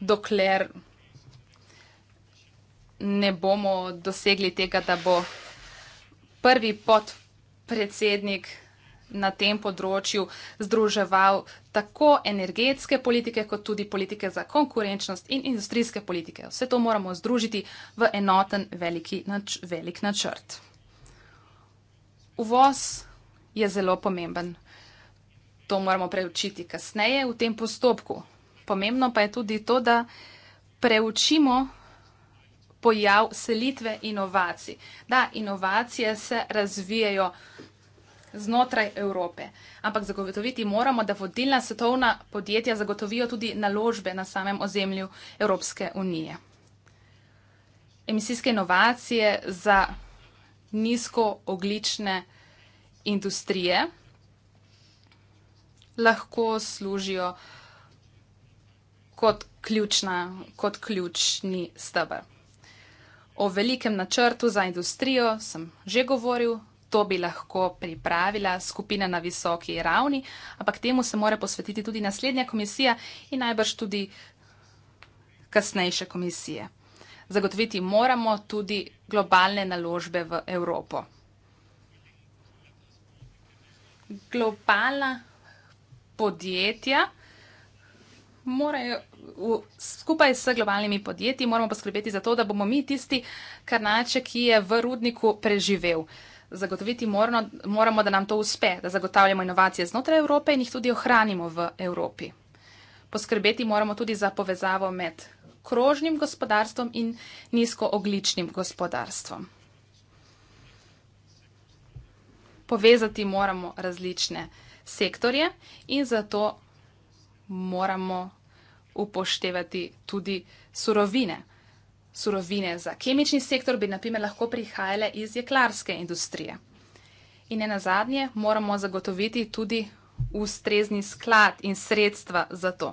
dokler ne bomo dosegli tega, da bo prvi podpredsednik na tem področju združeval tako energetske politike, kot tudi politike za konkurenčnost in industrijske politike. Vse to moramo združiti v enoten nač velik načrt. Uvoz je zelo pomemben. To moramo preučiti kasneje v tem postopku. Pomembno pa je tudi to, da preučimo pojav selitve inovacij. Da, inovacije se razvijajo znotraj Evrope. Ampak zagotoviti moramo, da vodilna svetovna podjetja zagotovijo tudi naložbe na samem ozemlju Evropske unije. Emisijske inovacije za nizkooglične industrije lahko služijo kot, ključna, kot ključni stebr. O velikem načrtu za industrijo sem že govoril, to bi lahko pripravila skupina na visoki ravni, ampak temu se mora posvetiti tudi naslednja komisija in najbrž tudi kasnejše komisije. Zagotoviti moramo tudi globalne naložbe v Evropo. Globalna podjetja morajo v, skupaj s globalnimi podjetji moramo poskrbeti za to, da bomo mi tisti karnače, ki je v rudniku preživel. Uh, zagotoviti moramo, moramo, da nam to uspe, da zagotavljamo inovacije znotraj Evrope in jih tudi ohranimo v Evropi. Poskrbeti moramo tudi za povezavo med krožnim gospodarstvom in nizkoogličnim gospodarstvom. Povezati moramo različne sektorje in zato moramo upoštevati tudi surovine. Surovine za kemični sektor bi naprimer lahko prihajale iz jeklarske industrije. In ne nazadnje, moramo zagotoviti tudi ustrezni sklad in sredstva za to.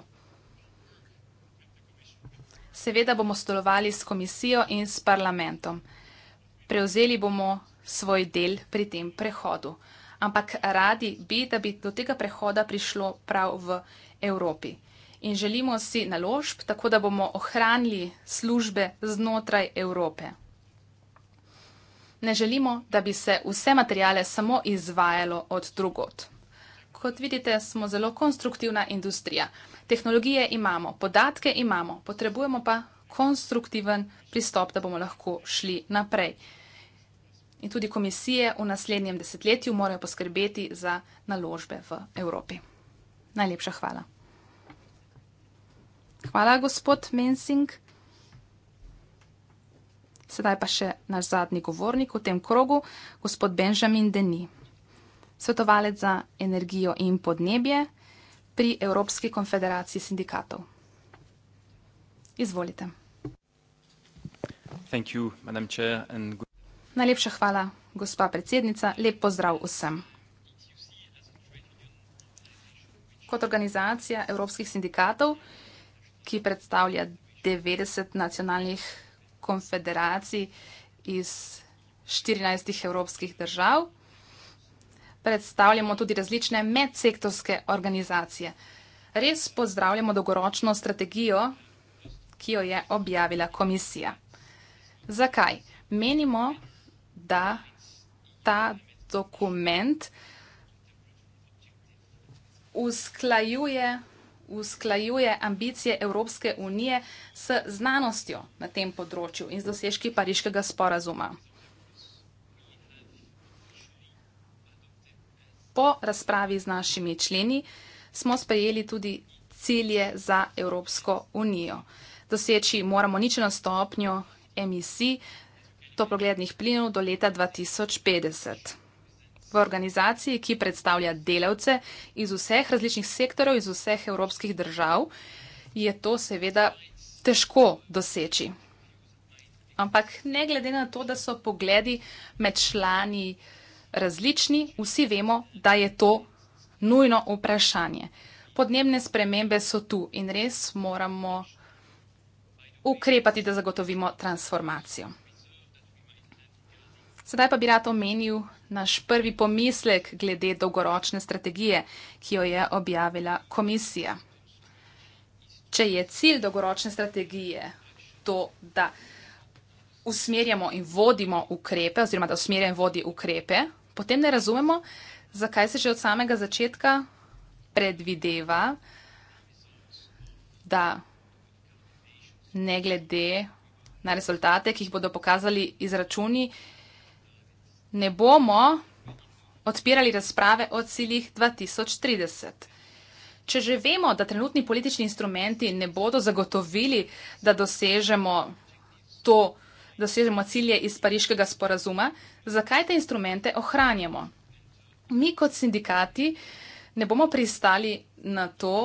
Seveda bomo stolovali s komisijo in s parlamentom. Prevzeli bomo svoj del pri tem prehodu. Ampak radi bi, da bi do tega prehoda prišlo prav v Evropi in želimo si naložb, tako da bomo ohranili službe znotraj Evrope. Ne želimo, da bi se vse materijale samo izvajalo od drugot. Kot vidite, smo zelo konstruktivna industrija. Tehnologije imamo, podatke imamo, potrebujemo pa konstruktiven pristop, da bomo lahko šli naprej. In tudi komisije v naslednjem desetletju morajo poskrbeti za naložbe v Evropi. Najlepša hvala. Hvala, gospod Mensing. Sedaj pa še naš zadnji govornik v tem krogu, gospod Benjamin Deni, svetovalec za energijo in podnebje pri Evropski konfederaciji sindikatov. Izvolite. You, good... Najlepša hvala, gospa predsednica. Lep pozdrav vsem. Kot organizacija evropskih sindikatov ki predstavlja 90 nacionalnih konfederacij iz 14 evropskih držav. Predstavljamo tudi različne medsektorske organizacije. Res pozdravljamo dolgoročno strategijo, ki jo je objavila komisija. Zakaj? Menimo, da ta dokument usklajuje usklajuje ambicije Evropske unije s znanostjo na tem področju in z dosežki pariškega sporazuma. Po razpravi z našimi členi smo sprejeli tudi cilje za Evropsko unijo. Doseči moramo ničeno stopnjo emisij toplogrednih plinov do leta 2050 v organizaciji, ki predstavlja delavce iz vseh različnih sektorov, iz vseh evropskih držav, je to seveda težko doseči. Ampak ne glede na to, da so pogledi med člani različni, vsi vemo, da je to nujno vprašanje. Podnebne spremembe so tu in res moramo ukrepati, da zagotovimo transformacijo. Sedaj pa bi rad omenil naš prvi pomislek glede dolgoročne strategije, ki jo je objavila komisija. Če je cilj dolgoročne strategije to, da usmerjamo in vodimo ukrepe, oziroma da usmerja in vodi ukrepe, potem ne razumemo, zakaj se že od samega začetka predvideva, da ne glede na rezultate, ki jih bodo pokazali izračuni, ne bomo odpirali razprave o ciljih 2030. Če že vemo, da trenutni politični instrumenti ne bodo zagotovili, da dosežemo, to, dosežemo cilje iz pariškega sporazuma, zakaj te instrumente ohranjamo? Mi kot sindikati ne bomo pristali na to,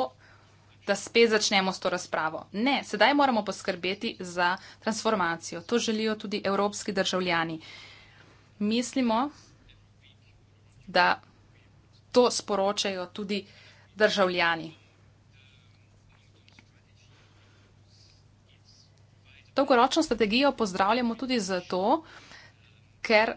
da spet začnemo s to razpravo. Ne, sedaj moramo poskrbeti za transformacijo. To želijo tudi evropski državljani mislimo, da to sporočajo tudi državljani. Dolgoročno strategijo pozdravljamo tudi zato, ker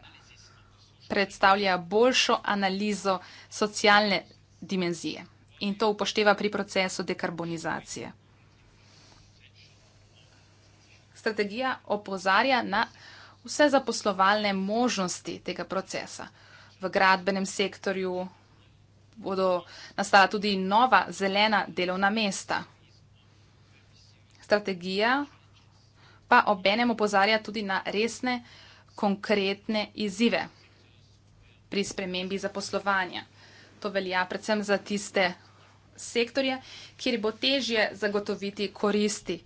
predstavlja boljšo analizo socialne dimenzije in to upošteva pri procesu dekarbonizacije. Strategija opozarja na vse zaposlovalne možnosti tega procesa. V gradbenem sektorju bodo nastala tudi nova zelena delovna mesta. Strategija pa obenem opozarja tudi na resne, konkretne izzive pri spremembi zaposlovanja. To velja predvsem za tiste sektorje, kjer bo težje zagotoviti koristi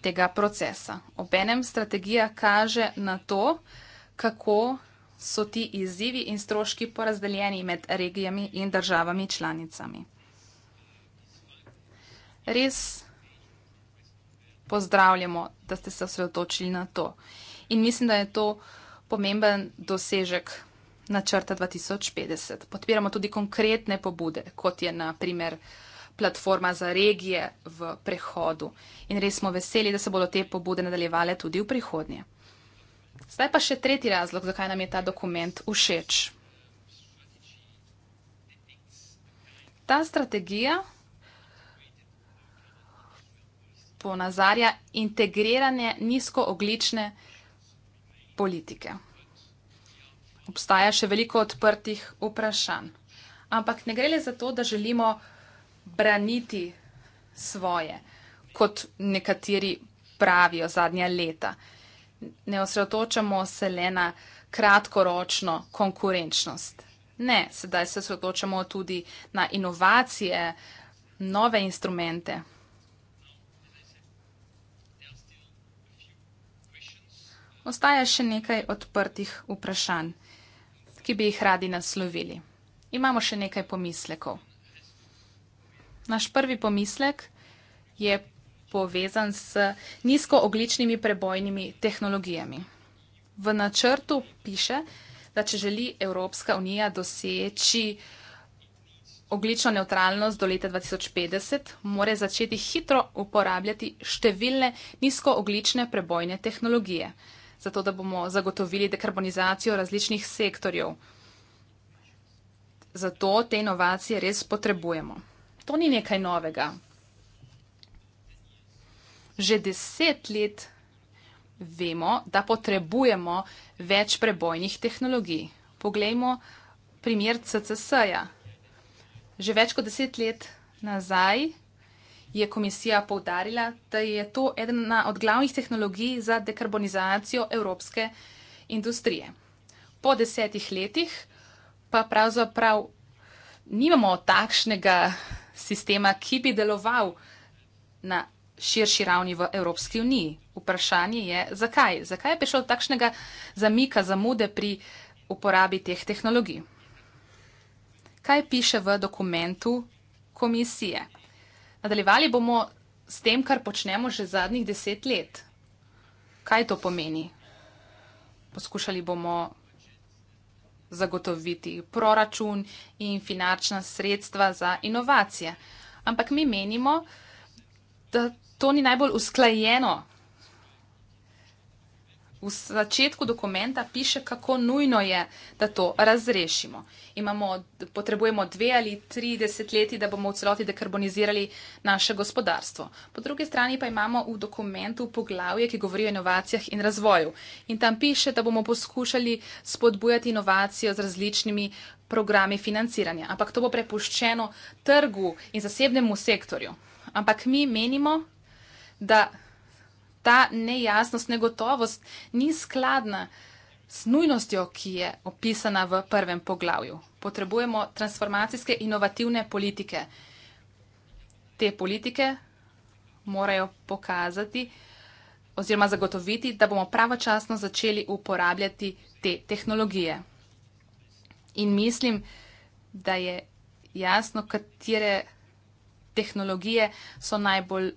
tega procesa. Obenem strategija kaže na to, kako so ti izzivi in stroški porazdeljeni med regijami in državami članicami. Res pozdravljamo, da ste se osredotočili na to. In mislim, da je to pomemben dosežek načrta 2050. Podpiramo tudi konkretne pobude, kot je na primer platforma za regije v prehodu. In res smo veseli, da se bodo te pobude nadaljevale tudi v prihodnje. Zdaj pa še tretji razlog, zakaj nam je ta dokument všeč. Ta strategija ponazarja integrirane nizkooglične politike. Obstaja še veliko odprtih vprašanj. Ampak ne gre le za to, da želimo braniti svoje, kot nekateri pravijo zadnja leta. Ne osredotočamo se le na kratkoročno konkurenčnost. Ne, sedaj se osredotočamo tudi na inovacije, nove instrumente. Ostaja še nekaj odprtih vprašanj, ki bi jih radi naslovili. Imamo še nekaj pomislekov. Naš prvi pomislek je povezan z nizkoogličnimi prebojnimi tehnologijami. V načrtu piše, da če želi Evropska unija doseči oglično neutralnost do leta 2050, mora začeti hitro uporabljati številne nizkooglične prebojne tehnologije, zato da bomo zagotovili dekarbonizacijo različnih sektorjev. Zato te inovacije res potrebujemo to ni nekaj novega. Že deset let vemo, da potrebujemo več prebojnih tehnologij. Poglejmo primer CCS-ja. Že več kot deset let nazaj je komisija povdarila, da je to ena od glavnih tehnologij za dekarbonizacijo evropske industrije. Po desetih letih pa pravzaprav nimamo takšnega sistema, ki bi deloval na širši ravni v Evropski uniji. Vprašanje je, zakaj? Zakaj je prišlo do takšnega zamika, zamude pri uporabi teh tehnologij? Kaj piše v dokumentu komisije? Nadaljevali bomo s tem, kar počnemo že zadnjih deset let. Kaj to pomeni? Poskušali bomo zagotoviti proračun in finančna sredstva za inovacije. Ampak mi menimo, da to ni najbolj usklajeno v začetku dokumenta piše, kako nujno je, da to razrešimo. Imamo, potrebujemo dve ali tri desetletji, da bomo v celoti dekarbonizirali naše gospodarstvo. Po drugi strani pa imamo v dokumentu poglavje, ki govori o inovacijah in razvoju. In tam piše, da bomo poskušali spodbujati inovacijo z različnimi programi financiranja. Ampak to bo prepuščeno trgu in zasebnemu sektorju. Ampak mi menimo, da ta nejasnost, negotovost ni skladna s nujnostjo, ki je opisana v prvem poglavju. Potrebujemo transformacijske inovativne politike. Te politike morajo pokazati oziroma zagotoviti, da bomo pravočasno začeli uporabljati te tehnologije. In mislim, da je jasno, katere tehnologije so najbolj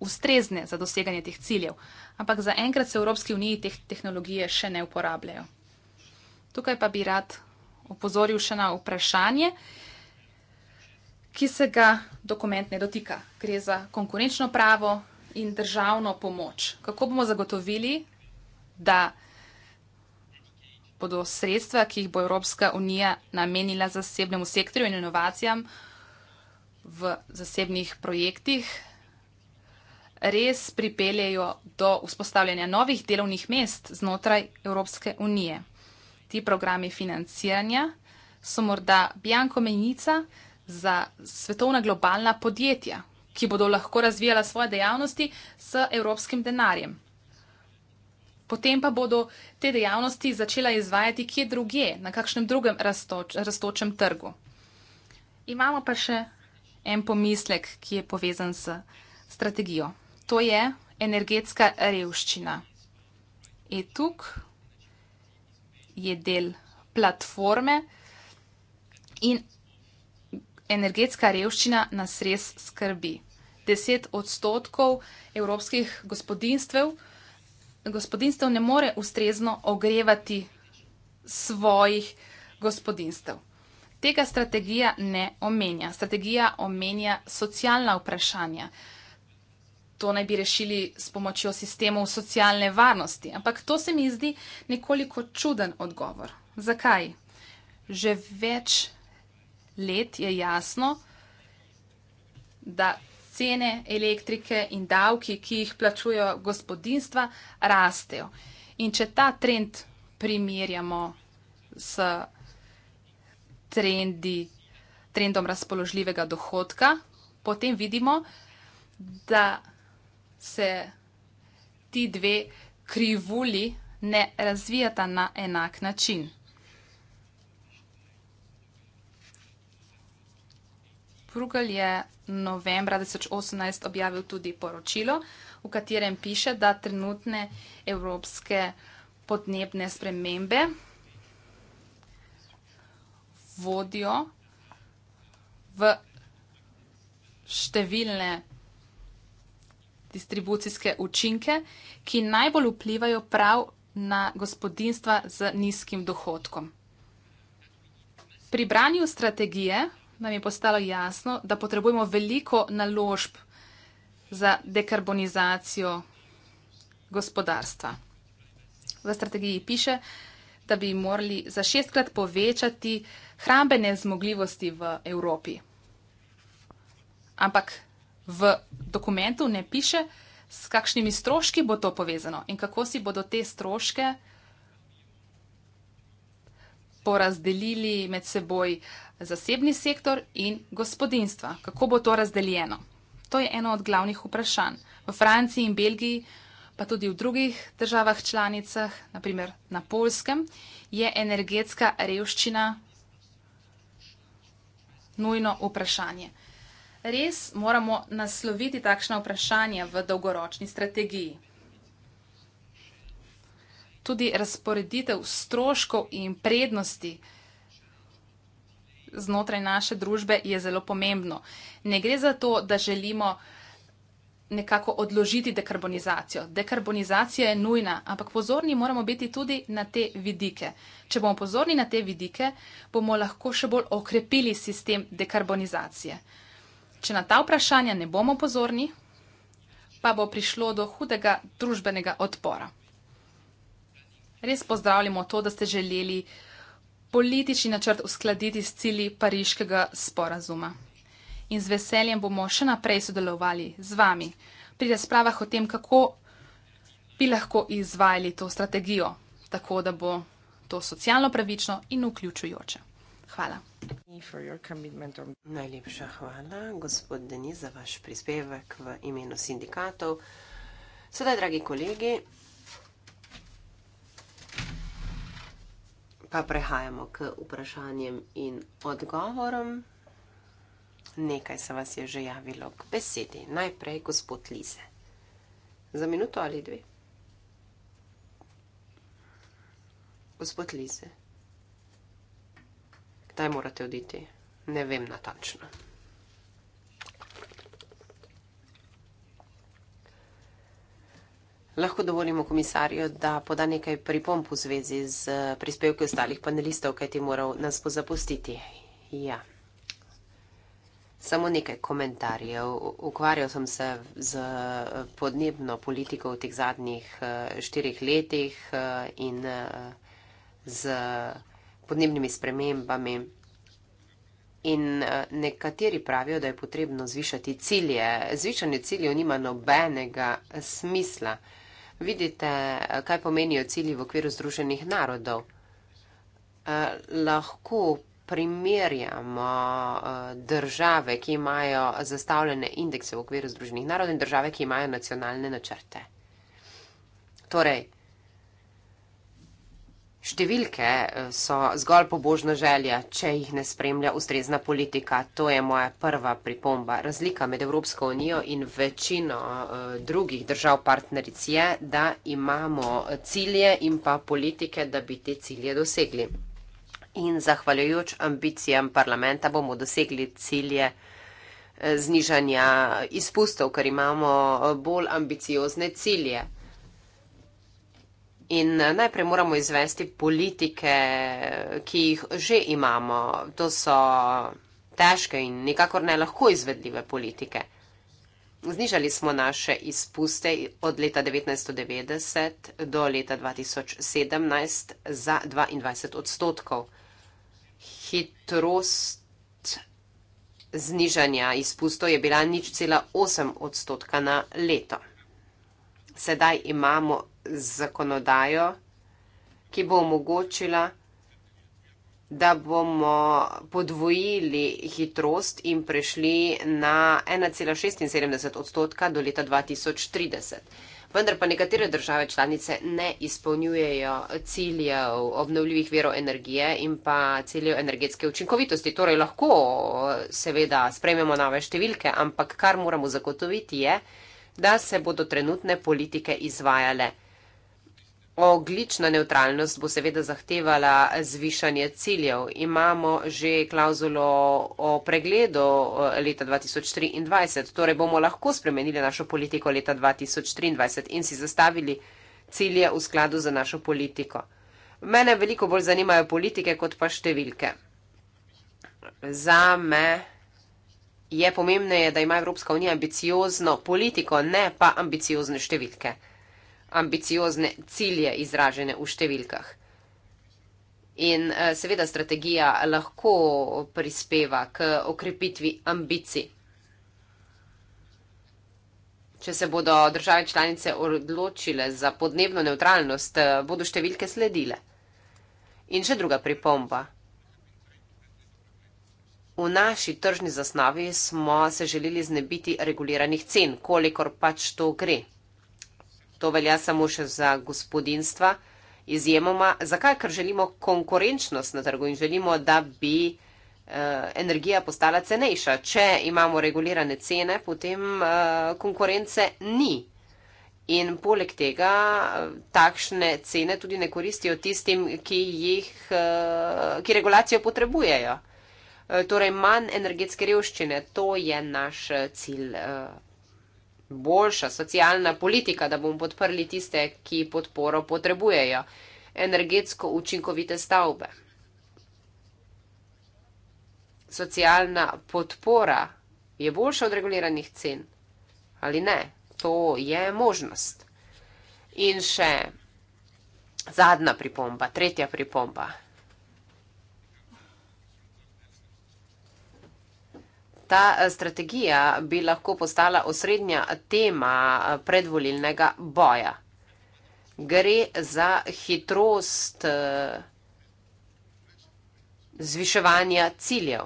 ustrezne za doseganje teh ciljev, ampak zaenkrat se v Evropski uniji te tehnologije še ne uporabljajo. Tukaj pa bi rad opozoril še na vprašanje, ki se ga dokument ne dotika. Gre za konkurenčno pravo in državno pomoč. Kako bomo zagotovili, da bodo sredstva, ki jih bo Evropska unija namenila zasebnemu sektorju in inovacijam v zasebnih projektih, res pripeljejo do vzpostavljanja novih delovnih mest znotraj Evropske unije. Ti programi financiranja so morda bianko menjica za svetovna globalna podjetja, ki bodo lahko razvijala svoje dejavnosti s evropskim denarjem. Potem pa bodo te dejavnosti začela izvajati kje druge, na kakšnem drugem raztoč, raztočem trgu. Imamo pa še en pomislek, ki je povezan s strategijo to je energetska revščina. Etuk je del platforme in energetska revščina nas res skrbi. 10 odstotkov evropskih gospodinstv, gospodinstv ne more ustrezno ogrevati svojih gospodinstv. Tega strategija ne omenja. Strategija omenja socialna vprašanja. Uh, to naj bi rešili s pomočjo sistemov socialne varnosti. Ampak to se mi zdi nekoliko čuden odgovor. Zakaj? Že več let je jasno, da cene elektrike in davki, ki jih plačujejo gospodinstva, rastejo. In če ta trend primerjamo s trendi, trendom razpoložljivega dohodka, potem vidimo, da se ti dve krivulji ne razvijata na enak način. Prugl je novembra 2018 objavil tudi poročilo, v katerem piše, da trenutne evropske podnebne spremembe vodijo v številne podnebne spremembe, distribucijske učinke, ki najbolj vplivajo prav na gospodinstva z nizkim dohodkom. Pri branju strategije nam je postalo jasno, da potrebujemo veliko naložb za dekarbonizacijo gospodarstva. V strategiji piše, da bi morali za šestkrat povečati hrambene zmogljivosti v Evropi. Ampak v dokumentu ne piše, s kakšnimi stroški bo to povezano in kako si bodo te stroške porazdelili med seboj zasebni sektor in gospodinstva. Kako bo to razdeljeno? To je eno od glavnih vprašanj. V Franciji in Belgiji, pa tudi v drugih državah članicah, naprimer na Polskem, je energetska revščina nujno vprašanje res moramo nasloviti takšna vprašanja v dolgoročni strategiji? Tudi razporeditev stroškov in prednosti znotraj naše družbe je zelo pomembno. Ne gre za to, da želimo nekako odložiti dekarbonizacijo. Dekarbonizacija je nujna, ampak pozorni moramo biti tudi na te vidike. Če bomo pozorni na te vidike, bomo lahko še bolj okrepili sistem dekarbonizacije. Če na ta vprašanja ne bomo pozorni, pa bo prišlo do hudega družbenega odpora. Res pozdravljamo to, da ste želeli politični načrt uskladiti s cili pariškega sporazuma. In z veseljem bomo še naprej sodelovali z vami pri razpravah o tem, kako bi lahko izvajali to strategijo, tako da bo to socialno pravično in vključujoče. Hvala. Najlepša hvala, gospod Deniz, za vaš prispevek v imenu sindikatov. Sedaj, dragi kolegi, pa prehajamo k vprašanjem in odgovorom. Nekaj se vas je že javilo k besedi. Najprej gospod Lise. Za minuto ali dve. Gospod Lise kdaj morate oditi, ne vem natančno. Lahko dovolimo komisarju, da poda nekaj pripomp v zvezi z eh, prispevki ostalih panelistov, kaj ti moral nas bo zapustiti. Ja. Samo nekaj komentarjev. Ukvarjal sem se z eh, podnebno politiko v teh zadnjih eh, štirih letih in z podnebnimi spremembami. In eh, nekateri pravijo, da je potrebno zvišati cilje. Zvišanje ciljev nima nobenega smisla. Vidite, eh, kaj pomenijo cilji v okviru Združenih narodov. Eh, lahko primerjamo države, ki imajo zastavljene indekse v okviru Združenih narodov in države, ki imajo nacionalne načrte. Torej, Številke eh, so zgolj pobožna želja, če jih ne spremlja ustrezna politika. To je moja prva pripomba. Razlika med Evropsko unijo in večino eh, drugih držav partneric je, da imamo eh, cilje in pa politike, da bi te cilje dosegli. In zahvaljujoč ambicijam parlamenta bomo dosegli cilje znižanja izpustov, ker imamo bolj ambiciozne cilje. In eh, najprej moramo izvesti politike, ki jih že imamo. To so težke in nikakor ne lahko izvedljive politike. Znižali smo naše izpuste od leta 1990 do leta 2017 za 22 odstotkov. Hitrost znižanja izpustov je bila nič cela 8 odstotka na leto. Sedaj imamo z zakonodajo, ki bo omogočila, da bomo podvojili hitrost in prešli na 1,76 odstotka do leta 2030. Vendar pa nekatere države članice ne izpolnjujejo ciljev obnovljivih verov energije in pa ciljev energetske učinkovitosti. Torej lahko seveda sprejmemo nove številke, ampak kar moramo zagotoviti je, da se bodo trenutne politike izvajale. Oglična neutralnost bo seveda zahtevala zvišanje ciljev. Imamo že klauzulo o pregledu eh, leta 2023, torej bomo lahko spremenili našo politiko leta 2023 in si zastavili cilje v skladu za našo politiko. Mene veliko bolj zanimajo politike kot pa številke. Za me je pomembneje, da ima Evropska unija ambiciozno politiko, ne pa ambiciozne številke ambiciozne cilje izražene v številkah. In eh, seveda strategija lahko prispeva k okrepitvi ambicij. Če se bodo države članice odločile za podnebno neutralnost, eh, bodo številke sledile. In še druga pripomba. V naši tržni zasnovi smo se želeli znebiti reguliranih cen, kolikor pač to gre. To velja samo še za gospodinstva. Izjemoma, zakaj? Ker želimo konkurenčnost na trgu in želimo, da bi eh, energija postala cenejša. Če imamo regulirane cene, potem eh, konkurence ni. In poleg tega eh, takšne cene tudi ne koristijo tistim, ki, jih, ki regulacijo potrebujejo. Torej manj energetske revščine, to je naš cilj boljša socialna politika, da bomo podprli tiste, ki podporo potrebujejo, energetsko učinkovite stavbe. Socialna podpora je boljša od reguliranih cen ali ne? To je možnost. In še zadnja pripomba, tretja pripomba. ta eh, strategija bi lahko postala osrednja tema eh, predvolilnega boja. Gre za hitrost eh, zviševanja ciljev.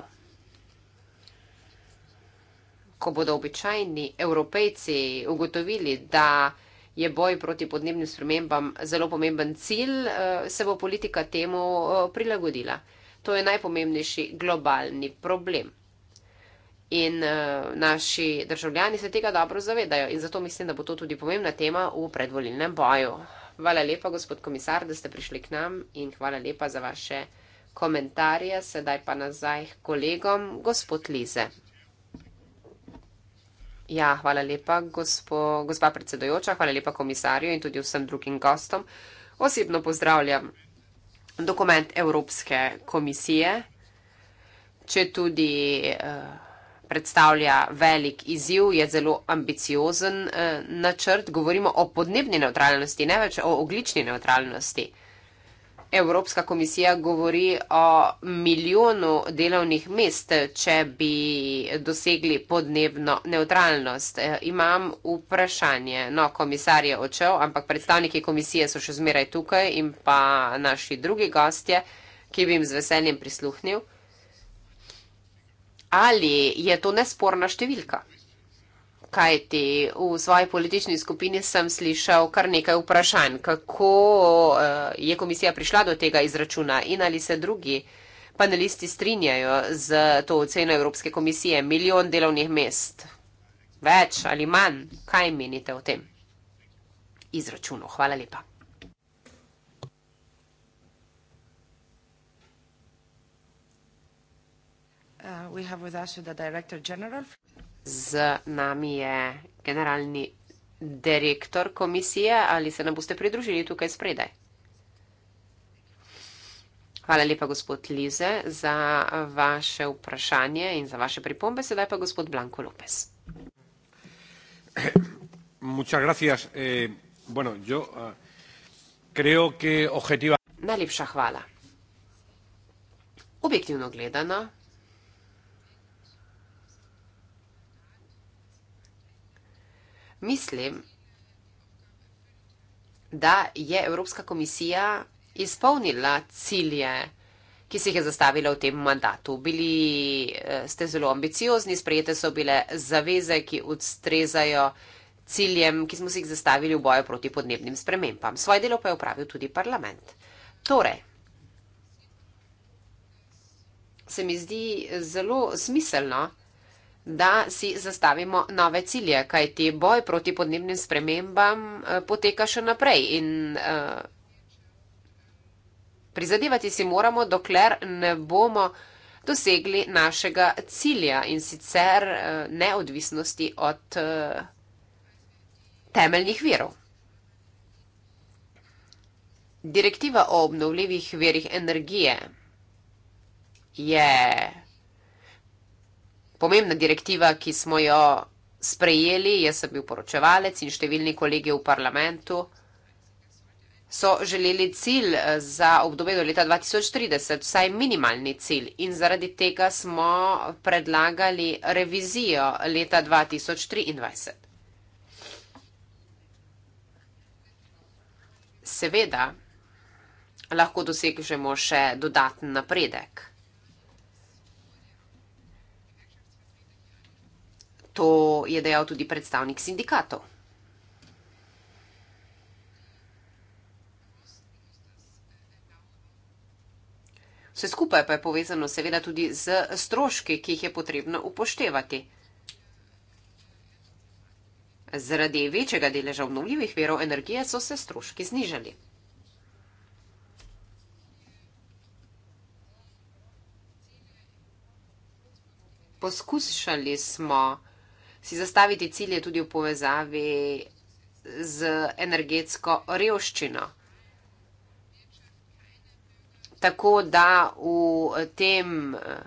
Ko bodo običajni evropejci ugotovili, da je boj proti podnebnim spremembam zelo pomemben cilj, se bo politika temu prilagodila. To je najpomembnejši globalni problem. In uh, naši državljani se tega dobro zavedajo in zato mislim, da bo to tudi pomembna tema v predvolilnem boju. Hvala lepa, gospod komisar, da ste prišli k nam in hvala lepa za vaše komentarje. Sedaj pa nazaj k kolegom, gospod Lize. Ja, hvala lepa, gospo, gospa predsedojoča, hvala lepa komisarju in tudi vsem drugim gostom. Osebno pozdravljam dokument Evropske komisije, če tudi. Uh, eh, predstavlja velik izziv, je zelo ambiciozen eh, načrt. Govorimo o podnebni neutralnosti, ne več o oglični neutralnosti. Evropska komisija govori o milijonu delovnih mest, če bi dosegli podnebno neutralnost. Eh, imam vprašanje. No, komisar je odšel, ampak predstavniki komisije so še zmeraj tukaj in pa naši drugi gostje, ki bi jim z veseljem prisluhnil ali je to nesporna številka. Kaj ti v svoji politični skupini sem slišal kar nekaj vprašanj, kako eh, je komisija prišla do tega izračuna in ali se drugi panelisti strinjajo z to oceno Evropske komisije, milijon delovnih mest, več ali manj, kaj menite o tem izračunu. Hvala lepa. Uh, we have with us the director general. Z nami je generalni direktor komisije, ali se nam boste pridružili tukaj spredaj? Hvala lepa, gospod Lize, za vaše vprašanje in za vaše pripombe. Sedaj pa gospod Blanko Lopes. Muchas gracias. Eh, bueno, yo uh, creo que objetiva... Najlepša hvala. Objektivno gledano, Mislim, da je Evropska komisija izpolnila cilje, ki si jih je zastavila v tem mandatu. Bili eh, ste zelo ambiciozni, sprejete so bile zaveze, ki ustrezajo ciljem, ki smo si jih zastavili v boju proti podnebnim spremembam. Svoje delo pa je upravil tudi parlament. Torej, se mi zdi zelo smiselno, da si zastavimo nove cilje, kaj ti boj proti podnebnim spremembam eh, poteka še naprej. In, eh, Prizadevati si moramo, dokler ne bomo dosegli našega cilja in sicer eh, neodvisnosti od temeljnih virov. Direktiva o obnovljivih verih energije je pomembna direktiva, ki smo jo sprejeli, jaz sem bil poročevalec in številni kolegi v parlamentu, so želeli cilj eh, za obdobje do leta 2030, vsaj minimalni cilj. In zaradi tega smo predlagali revizijo leta 2023. Seveda, lahko dosegžemo še dodaten napredek. To je dejal tudi predstavnik sindikatov. Vse skupaj pa je povezano seveda tudi z stroški, ki jih je potrebno upoštevati. Zaradi večjega deleža obnovljivih verov energije so se stroški znižali. Poskušali smo si zastaviti cilje tudi v povezavi z energetsko revščino. Tako da v tem eh,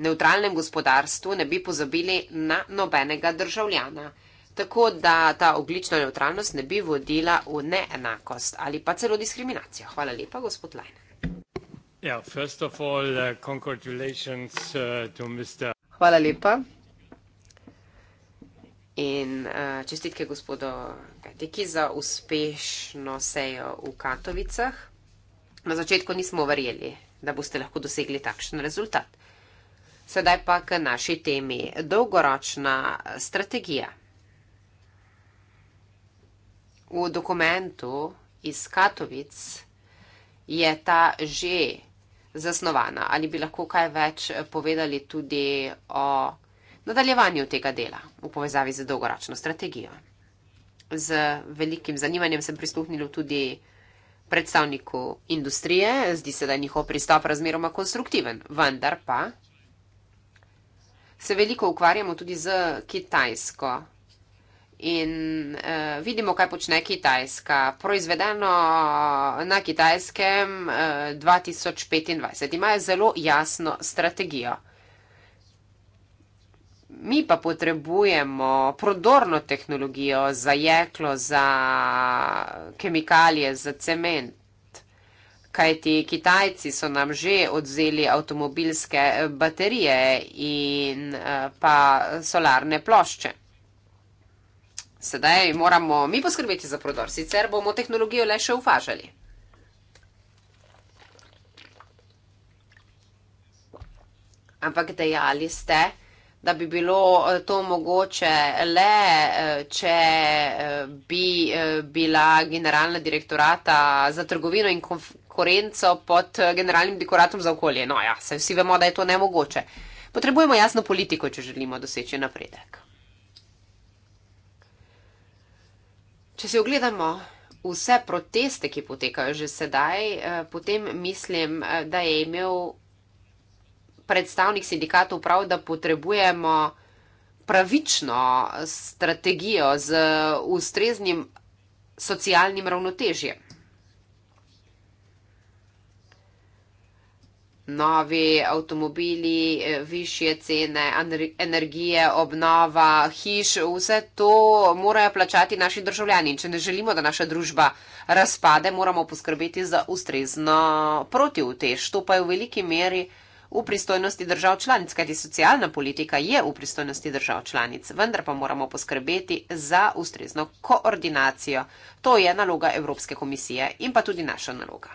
neutralnem gospodarstvu ne bi pozabili na nobenega državljana. Tako da ta oglična neutralnost ne bi vodila v neenakost ali pa celo diskriminacijo. Hvala lepa, gospod Lajn. Yeah, ja, first of all, uh, congratulations uh, to Mr. Hvala lepa. In uh, čestitke gospodu Petiki za uspešno sejo v Katovicah. Na začetku nismo verjeli, da boste lahko dosegli takšen rezultat. Sedaj pa k naši temi dolgoročna eh, strategija. V dokumentu iz Katovic je ta že zasnovana. Ali bi lahko kaj več povedali tudi o nadaljevanju tega dela v povezavi z dolgoročno strategijo. Z velikim zanimanjem sem prisluhnil tudi predstavniku industrije, zdi se, da je njihov pristop razmeroma konstruktiven, vendar pa se veliko ukvarjamo tudi z Kitajsko. In e, vidimo, kaj počne Kitajska. Proizvedeno eh, na Kitajskem e, eh, 2025. Imajo zelo jasno strategijo. Mi pa potrebujemo prodorno tehnologijo za jeklo, za kemikalije, za cement. Kajti Kitajci so nam že odzeli avtomobilske eh, baterije in eh, pa solarne plošče. Sedaj moramo mi poskrbeti za prodor, sicer bomo tehnologijo le še uvažali. Ampak dejali ste, da bi bilo eh, to mogoče le, eh, če eh, bi bila generalna direktorata za trgovino in konkurenco pod generalnim dekoratom za okolje. No ja, se vsi vemo, da je to nemogoče. Potrebujemo jasno politiko, če želimo doseči napredek. Če si ogledamo vse proteste, ki potekajo že sedaj, potem mislim, da je imel predstavnik sindikatov prav, da potrebujemo pravično strategijo z ustreznim socialnim ravnotežjem. Novi avtomobili, višje cene energije, obnova hiš, vse to morajo plačati naši državljani. In če ne želimo, da naša družba razpade, moramo poskrbeti za ustrezno protivtež. To pa je v veliki meri v pristojnosti držav članic, kajti socialna politika je v pristojnosti držav članic, vendar pa moramo poskrbeti za ustrezno koordinacijo. To je naloga Evropske komisije in pa tudi naša naloga.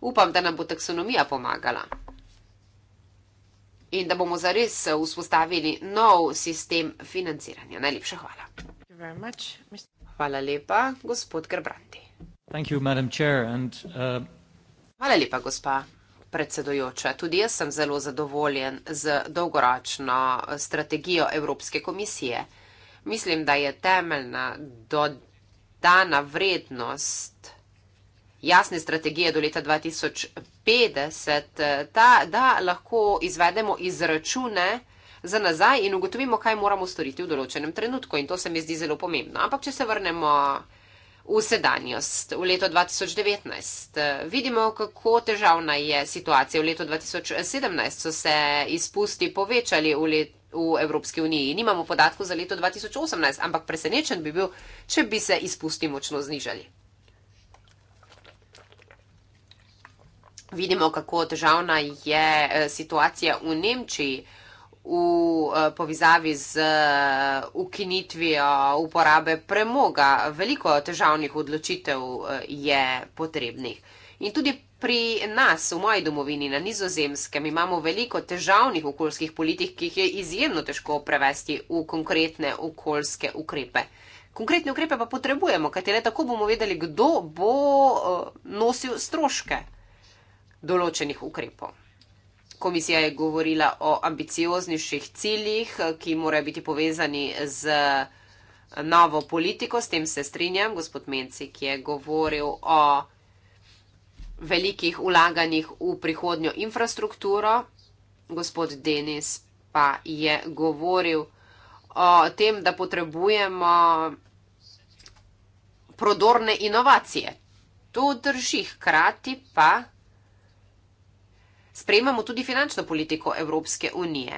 Upam, da nam bo taksonomija pomagala in da bomo zares vzpostavili nov sistem financiranja. Najlepša hvala. Hvala lepa, gospod Grbrandi. Uh, hvala lepa, gospa predsedujoča. Tudi jaz sem zelo zadovoljen z dolgoročno strategijo Evropske komisije. Mislim, da je temeljna dodana vrednost jasne strategije do leta 2050 ta, da lahko izvedemo izračune za nazaj in ugotovimo, kaj moramo storiti v določenem trenutku. In to se mi zdi zelo pomembno. Ampak, če se vrnemo v sedanjost, v leto 2019. Vidimo, kako težavna je situacija. V letu 2017 so se izpusti povečali v, let, v Evropski uniji. Nimamo podatkov za leto 2018, ampak presenečen bi bil, če bi se izpusti močno znižali. Vidimo, kako težavna je eh, situacija v Nemčiji v eh, povezavi z eh, ukinitvijo uporabe premoga. Veliko težavnih odločitev eh, je potrebnih. In tudi pri nas, v moji domovini na nizozemskem, imamo veliko težavnih okoljskih politik, ki jih je izjemno težko prevesti v konkretne okoljske ukrepe. Konkretne ukrepe pa potrebujemo, kajti le tako bomo vedeli, kdo bo nosil stroške določenih ukrepov. Komisija je govorila o ambicioznejših ciljih, ki morajo biti povezani z novo politiko. S tem se strinjam, gospod Menci, ki je govoril o velikih ulaganjih v prihodnjo infrastrukturo. Gospod Denis pa je govoril o tem, da potrebujemo prodorne inovacije. To drži hkrati pa. Sprejemamo tudi finančno politiko Evropske unije.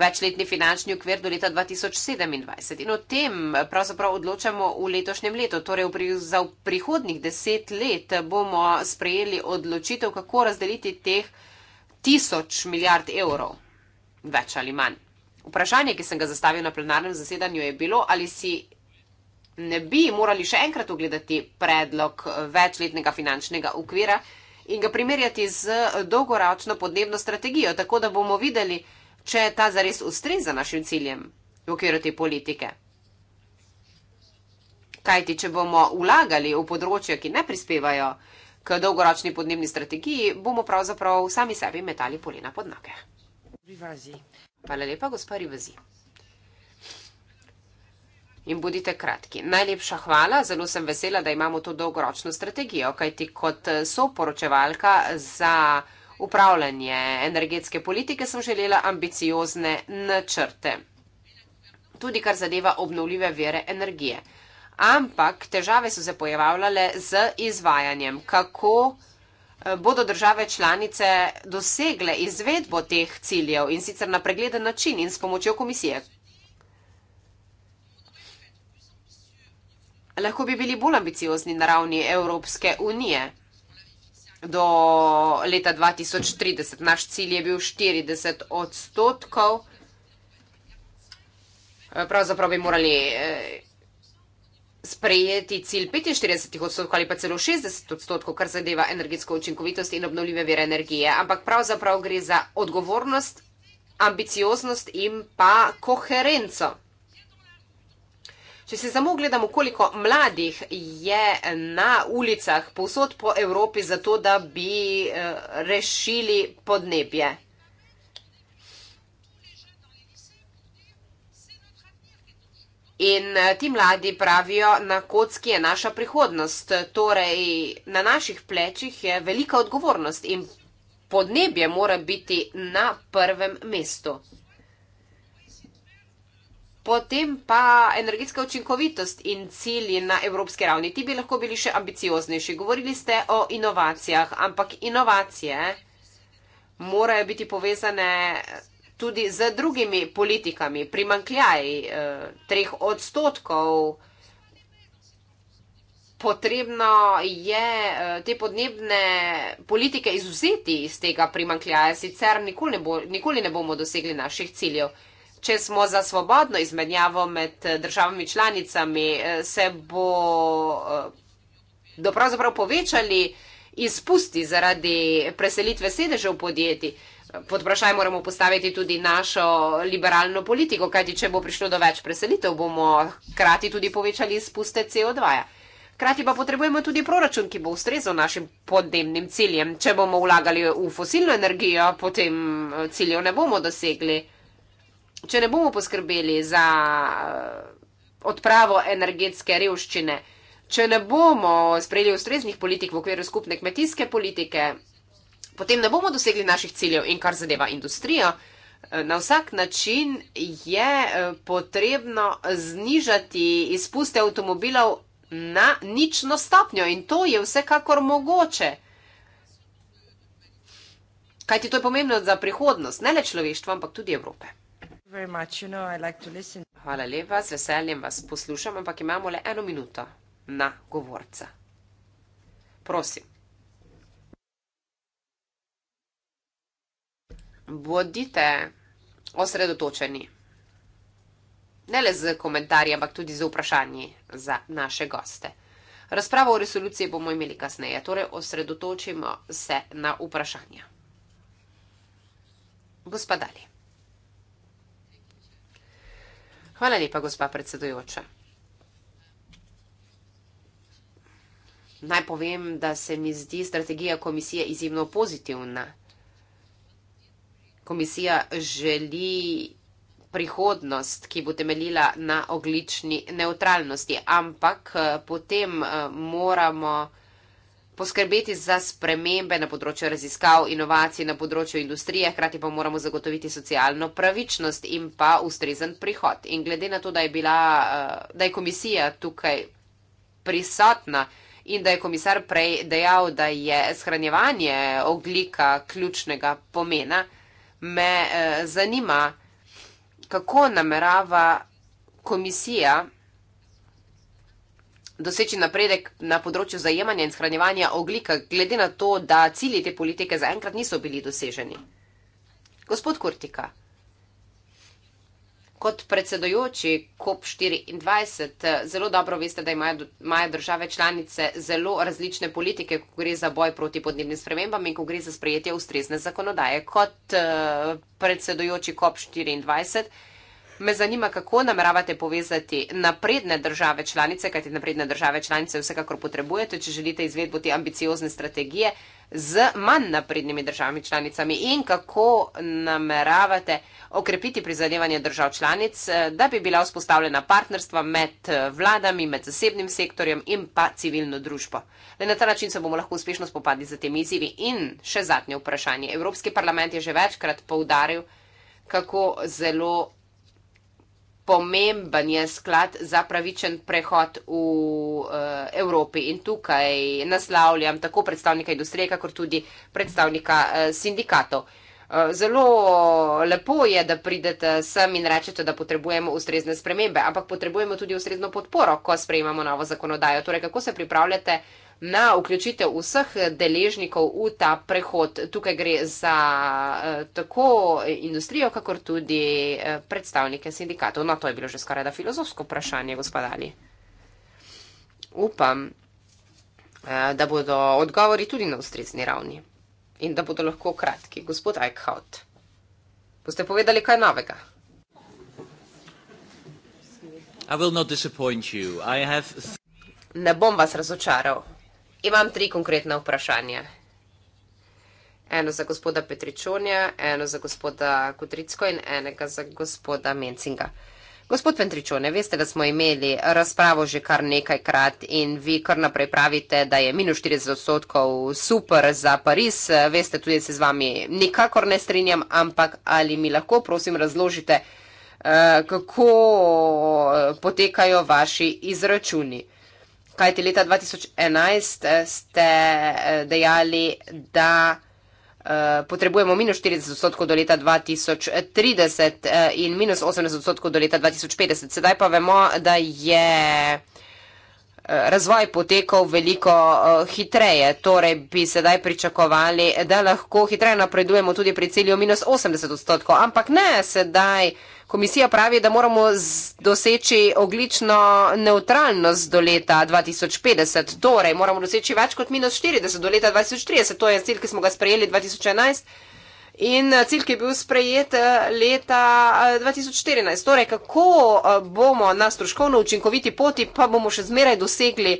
Večletni finančni okvir do leta 2027 in o tem pravzaprav odločamo v letošnjem letu. Torej za prihodnih deset let bomo sprejeli odločitev, kako razdeliti teh tisoč milijard evrov, več ali manj. Vprašanje, ki sem ga zastavil na plenarnem zasedanju, je bilo, ali si ne bi morali še enkrat ogledati predlog večletnega finančnega okvira in ga primerjati z dolgoročno podnebno strategijo, tako da bomo videli, če ta zares ustreza našim ciljem v okviru te politike. Kajti, če bomo vlagali v področja, ki ne prispevajo k dolgoročni podnebni strategiji, bomo pravzaprav sami sebi metali polena pod noge. Hvala lepa, gospa Rivazi in bodite kratki. Najlepša hvala, zelo sem vesela, da imamo to dolgoročno strategijo, kajti kot eh, soporočevalka za upravljanje energetske politike sem želela ambiciozne načrte. Tudi kar zadeva obnovljive vere energije. Ampak težave so se pojavljale z izvajanjem, kako eh, bodo države članice dosegle izvedbo teh ciljev in sicer na pregleden način in s pomočjo komisije, lahko bi bili bolj ambiciozni na ravni Evropske unije do leta 2030. Naš cilj je bil 40 odstotkov. Pravzaprav bi morali eh, sprejeti cilj 45 odstotkov ali pa celo 60 odstotkov, kar zadeva energetsko učinkovitost in obnovljive vere energije. Ampak pravzaprav gre za odgovornost, ambicioznost in pa koherenco. Če se samo gledamo, koliko mladih je na ulicah povsod po Evropi za to, da bi eh, rešili podnebje. In eh, ti mladi pravijo, na kocki je naša prihodnost, torej na naših plečih je velika odgovornost in podnebje mora biti na prvem mestu. Potem pa energetska učinkovitost in cilji na evropski ravni. Ti bi lahko bili še ambicioznejši. Govorili ste o inovacijah, ampak inovacije morajo biti povezane tudi z drugimi politikami. Primankljaj eh, treh odstotkov potrebno je eh, te podnebne politike izuzeti iz tega primankljaja, sicer nikoli ne, bo, nikoli ne bomo dosegli naših ciljev. Če smo za svobodno izmenjavo med eh, državami članicami, eh, se bo eh, do pravzaprav povečali izpusti zaradi preselitve sedežev podjetij. Pod vprašaj moramo postaviti tudi našo liberalno politiko, kajti če bo prišlo do več preselitev, bomo krati tudi povečali izpuste CO2. -ja. Krati pa potrebujemo tudi proračun, ki bo ustrezal našim podnebnim ciljem. Če bomo vlagali v fosilno energijo, potem ciljev ne bomo dosegli če ne bomo poskrbeli za eh, odpravo energetske revščine, če ne bomo sprejeli ustreznih politik v okviru skupne kmetijske politike, potem ne bomo dosegli naših ciljev in kar zadeva industrijo. Eh, na vsak način je eh, potrebno znižati izpuste avtomobilov na nično stopnjo in to je vsekakor mogoče. Kaj ti to je pomembno za prihodnost, ne le človeštva, ampak tudi Evrope. Hvala lepa, z veseljem vas poslušam, ampak imamo le eno minuto na govorca. Prosim. Bodite osredotočeni. Ne le z komentarji, ampak tudi z vprašanji za naše goste. Razpravo o resoluciji bomo imeli kasneje, torej osredotočimo se na vprašanja. Gospodali. Hvala lepa, gospa predsedujoča. Naj povem, da se mi zdi strategija komisije izjemno pozitivna. Komisija želi prihodnost, ki bo temeljila na oglični neutralnosti, ampak eh, potem eh, moramo poskrbeti za spremembe na področju raziskav, inovacij, na področju industrije, hkrati pa moramo zagotoviti socialno pravičnost in pa ustrezen prihod. In glede na to, da je, bila, eh, da je komisija tukaj prisotna in da je komisar prej dejal, da je shranjevanje oglika ključnega pomena, me eh, zanima, kako namerava komisija doseči napredek na področju zajemanja in shranjevanja oglika, glede na to, da cilji te politike zaenkrat niso bili doseženi. Gospod Kurtika, kot predsedojoči COP24 zelo dobro veste, da imajo države članice zelo različne politike, ko gre za boj proti podnebnim spremembam in ko gre za sprejetje ustrezne zakonodaje. Kot eh, predsedojoči COP24 Me zanima, kako nameravate povezati napredne države članice, kajti napredne države članice vsekakor potrebujete, če želite izvedbo te ambiciozne strategije z manj naprednimi državami članicami in kako nameravate okrepiti prizadevanje držav članic, eh, da bi bila vzpostavljena partnerstva med eh, vladami, med zasebnim sektorjem in pa civilno družbo. Le na ta način se bomo lahko uspešno spopadli z temi izzivi. In še zadnje vprašanje. Evropski parlament je že večkrat poudaril, kako zelo pomemben je sklad za pravičen prehod v uh, Evropi. In tukaj naslavljam tako predstavnika industrije, kakor tudi predstavnika uh, sindikatov. Eh, zelo lepo je, da pridete sem in rečete, da potrebujemo ustrezne spremembe, ampak potrebujemo tudi ustrezno podporo, ko sprejemamo novo zakonodajo. Torej, kako se pripravljate uh, na vključitev vseh deležnikov v ta prehod. Tukaj gre za eh, tako industrijo, kakor tudi eh, predstavnike sindikatov. No, to je bilo že skoraj da filozofsko vprašanje, gospodali. Upam, eh, da bodo odgovori tudi na ustrezni ravni in da bodo lahko kratki. Gospod Eichhout, boste povedali kaj novega? Ne bom vas razočaral. Imam tri konkretna vprašanja. Eno za gospoda Petričonja, eno za gospoda Kudricko in enega za gospoda Mencinga. Gospod Petričone, veste, da smo imeli razpravo že kar nekajkrat in vi kar naprej pravite, da je minus 40 odstotkov super za Pariz. Veste, tudi se z vami nikakor ne strinjam, ampak ali mi lahko, prosim, razložite, eh, kako potekajo vaši izračuni. Kajti leta 2011 eh, ste eh, dejali, da eh, potrebujemo minus 40 odstotkov do leta 2030 in minus 80 odstotkov do leta 2050. Sedaj pa vemo, da je razvoj potekal veliko hitreje, torej bi sedaj pričakovali, da lahko hitreje napredujemo tudi pri celju minus 80 odstotkov, ampak ne sedaj. Komisija pravi, da moramo doseči oglično neutralnost do leta 2050, torej moramo doseči več kot minus 40 do leta 2030, to je cilj, ki smo ga sprejeli 2011 in eh, cilj, ki je bil sprejet eh, leta 2014. Eh, torej, kako bomo na stroškovno učinkoviti poti, pa bomo še zmeraj dosegli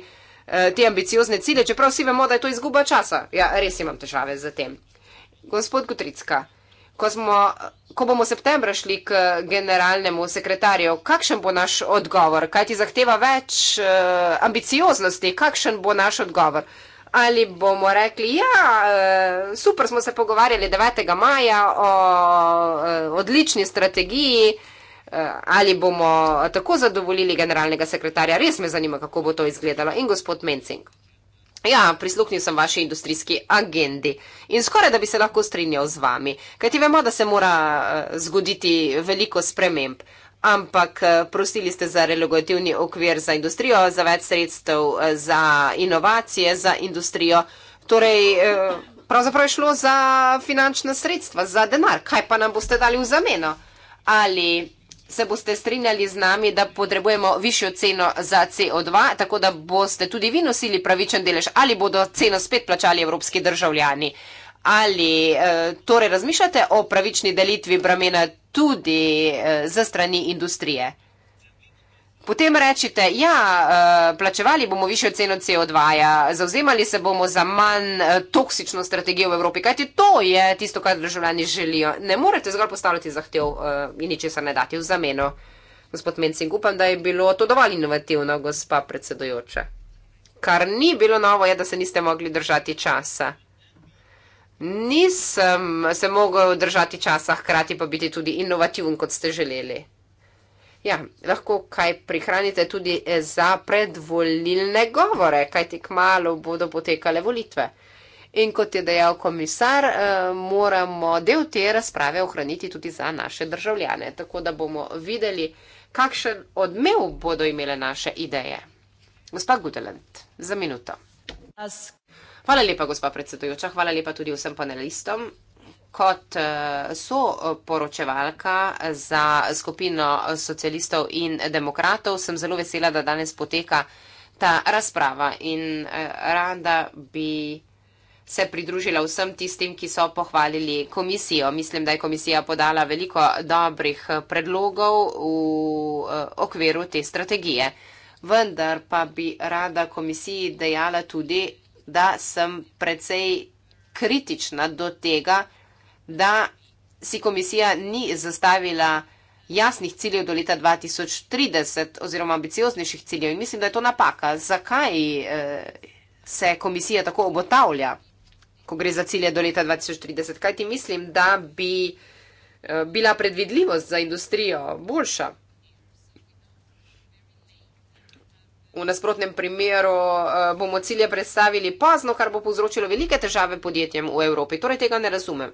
te ambiciozne cilje, čeprav vsi vemo, da je to izguba časa. Ja, res imam težave z tem. Gospod Kutricka ko, smo, ko bomo septembra šli k generalnemu sekretarju, kakšen bo naš odgovor? Kaj ti zahteva več uh, ambicioznosti? Kakšen bo naš odgovor? Ali bomo rekli, ja, eh, super smo se pogovarjali 9. maja o eh, odlični strategiji, ali bomo tako zadovoljili generalnega sekretarja. Res me zanima, kako bo to izgledalo. In gospod Mencing. Ja, prisluhnil sem vaši industrijski agendi in skoraj da bi se lahko strinjal z vami, kajti vemo, da se mora eh, zgoditi veliko sprememb. Ampak eh, prosili ste za relogativni okvir za industrijo, za več sredstev, eh, za inovacije, za industrijo. Torej, pravzaprav je šlo za finančna sredstva, za denar. Kaj pa nam boste dali v zameno? Ali se boste strinjali z nami, da potrebujemo višjo ceno za CO2, tako da boste tudi vi nosili pravičen delež, ali bodo ceno spet plačali evropski državljani. Ali eh, torej razmišljate o pravični delitvi bremena tudi eh, za strani industrije? Potem rečite, ja, eh, plačevali bomo višjo ceno CO2, -ja, zauzemali se bomo za manj eh, toksično strategijo v Evropi, kajti to je tisto, kar državljani želijo. Ne morete zgolj postavljati zahtev eh, in ničesar ne dati v zameno. Gospod Mencing, upam, da je bilo to dovolj inovativno, gospa predsedujoča. Kar ni bilo novo, je, da se niste mogli držati časa. Nisem se mogel držati časa, hkrati pa biti tudi inovativen, kot ste želeli. Ja, lahko kaj prihranite tudi eh, za predvolilne govore, kaj tik malo bodo potekale volitve. In kot je dejal komisar, eh, moramo del te razprave ohraniti tudi za naše državljane, tako da bomo videli, kakšen odmev bodo imele naše ideje. Gospa Gudeland, za minuto. Hvala lepa, gospa predsedujoča, hvala lepa tudi vsem panelistom kot eh, soporočevalka za skupino socialistov in demokratov sem zelo vesela, da danes poteka ta razprava in eh, rada bi se pridružila vsem tistim, ki so pohvalili komisijo. Mislim, da je komisija podala veliko dobrih eh, predlogov v okviru te strategije. Vendar pa bi rada komisiji dejala tudi, da sem precej kritična do tega, da si komisija ni zastavila jasnih ciljev do leta 2030 oziroma ambicioznejših ciljev in mislim, da je to napaka. Zakaj eh, se komisija tako obotavlja, ko gre za cilje do leta 2030? Kaj ti mislim, da bi eh, bila predvidljivost za industrijo boljša? V nasprotnem primeru eh, bomo cilje predstavili pazno, kar bo povzročilo velike težave podjetjem v Evropi. Torej tega ne razumem.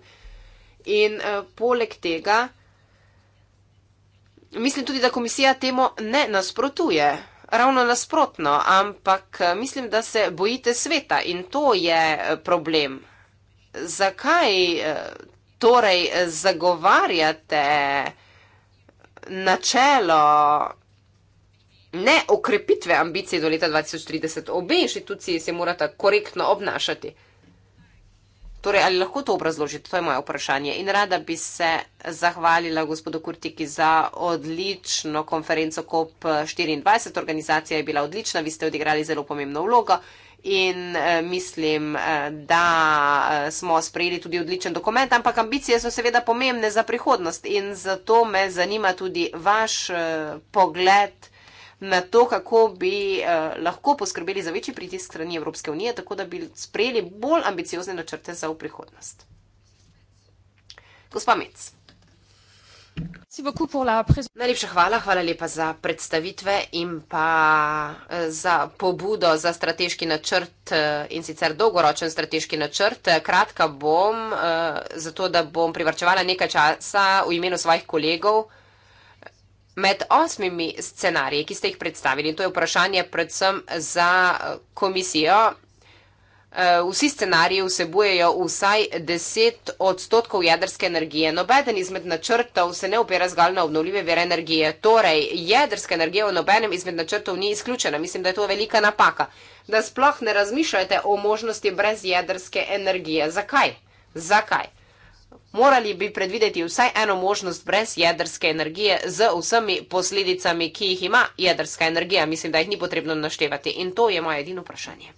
In uh, poleg tega, mislim tudi, da komisija temu ne nasprotuje, ravno nasprotno, ampak eh, mislim, da se bojite sveta in to je eh, problem. Zakaj uh, torej zagovarjate načelo ne okrepitve ambicij do leta 2030? Obe inštituciji se morata korektno obnašati. Torej, ali lahko to obrazložite? To je moje vprašanje. In rada bi se zahvalila gospodu Kurtiki za odlično konferenco COP24. Organizacija je bila odlična, vi ste odigrali zelo pomembno vlogo in eh, mislim, eh, da eh, smo sprejeli tudi odličen dokument, ampak ambicije so seveda pomembne za prihodnost in zato me zanima tudi vaš pogled na to, kako bi eh, lahko poskrbeli za večji pritisk strani Evropske unije, tako da bi sprejeli bolj ambiciozne načrte za v prihodnost. Gospa Mec. Najlepša hvala, hvala lepa za predstavitve in pa eh, za pobudo za strateški načrt eh, in sicer dolgoročen strateški načrt. Kratka bom, eh, zato da bom privrčevala nekaj časa v imenu svojih kolegov. Med osmimi scenariji, ki ste jih predstavili, in to je vprašanje predvsem za eh, komisijo, eh, vsi scenariji vsebujejo vsaj 10 odstotkov jedrske energije. Nobeden izmed načrtov se ne opira zgolj na obnovljive vere energije. Torej, jedrska energija v nobenem izmed načrtov ni izključena. Mislim, da je to velika napaka. Da sploh ne razmišljate o možnosti brez jedrske energije. Zakaj? Zakaj? Morali bi predvideti vsaj eno možnost brez jedrske energije z vsemi posledicami, ki jih ima jedrska energija. Mislim, da jih ni potrebno naštevati in to je moje edino vprašanje.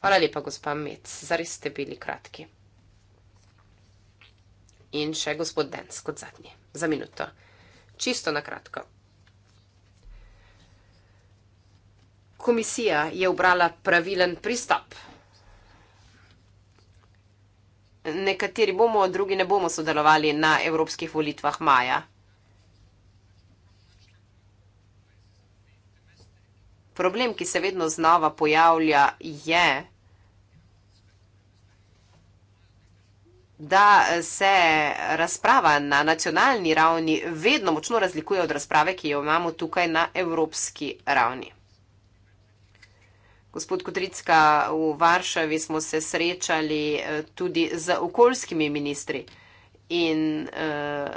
Hvala lepa, gospa Mec, zares ste bili kratki. In še gospod Denz kot zadnji, za minuto. Čisto na kratko. Komisija je obrala pravilen pristop nekateri bomo, drugi ne bomo sodelovali na evropskih volitvah maja. Problem, ki se vedno znova pojavlja, je, da se razprava na nacionalni ravni vedno močno razlikuje od razprave, ki jo imamo tukaj na evropski ravni. Gospod Kudricka, v Varšavi smo se srečali eh, tudi z okoljskimi ministri in uh,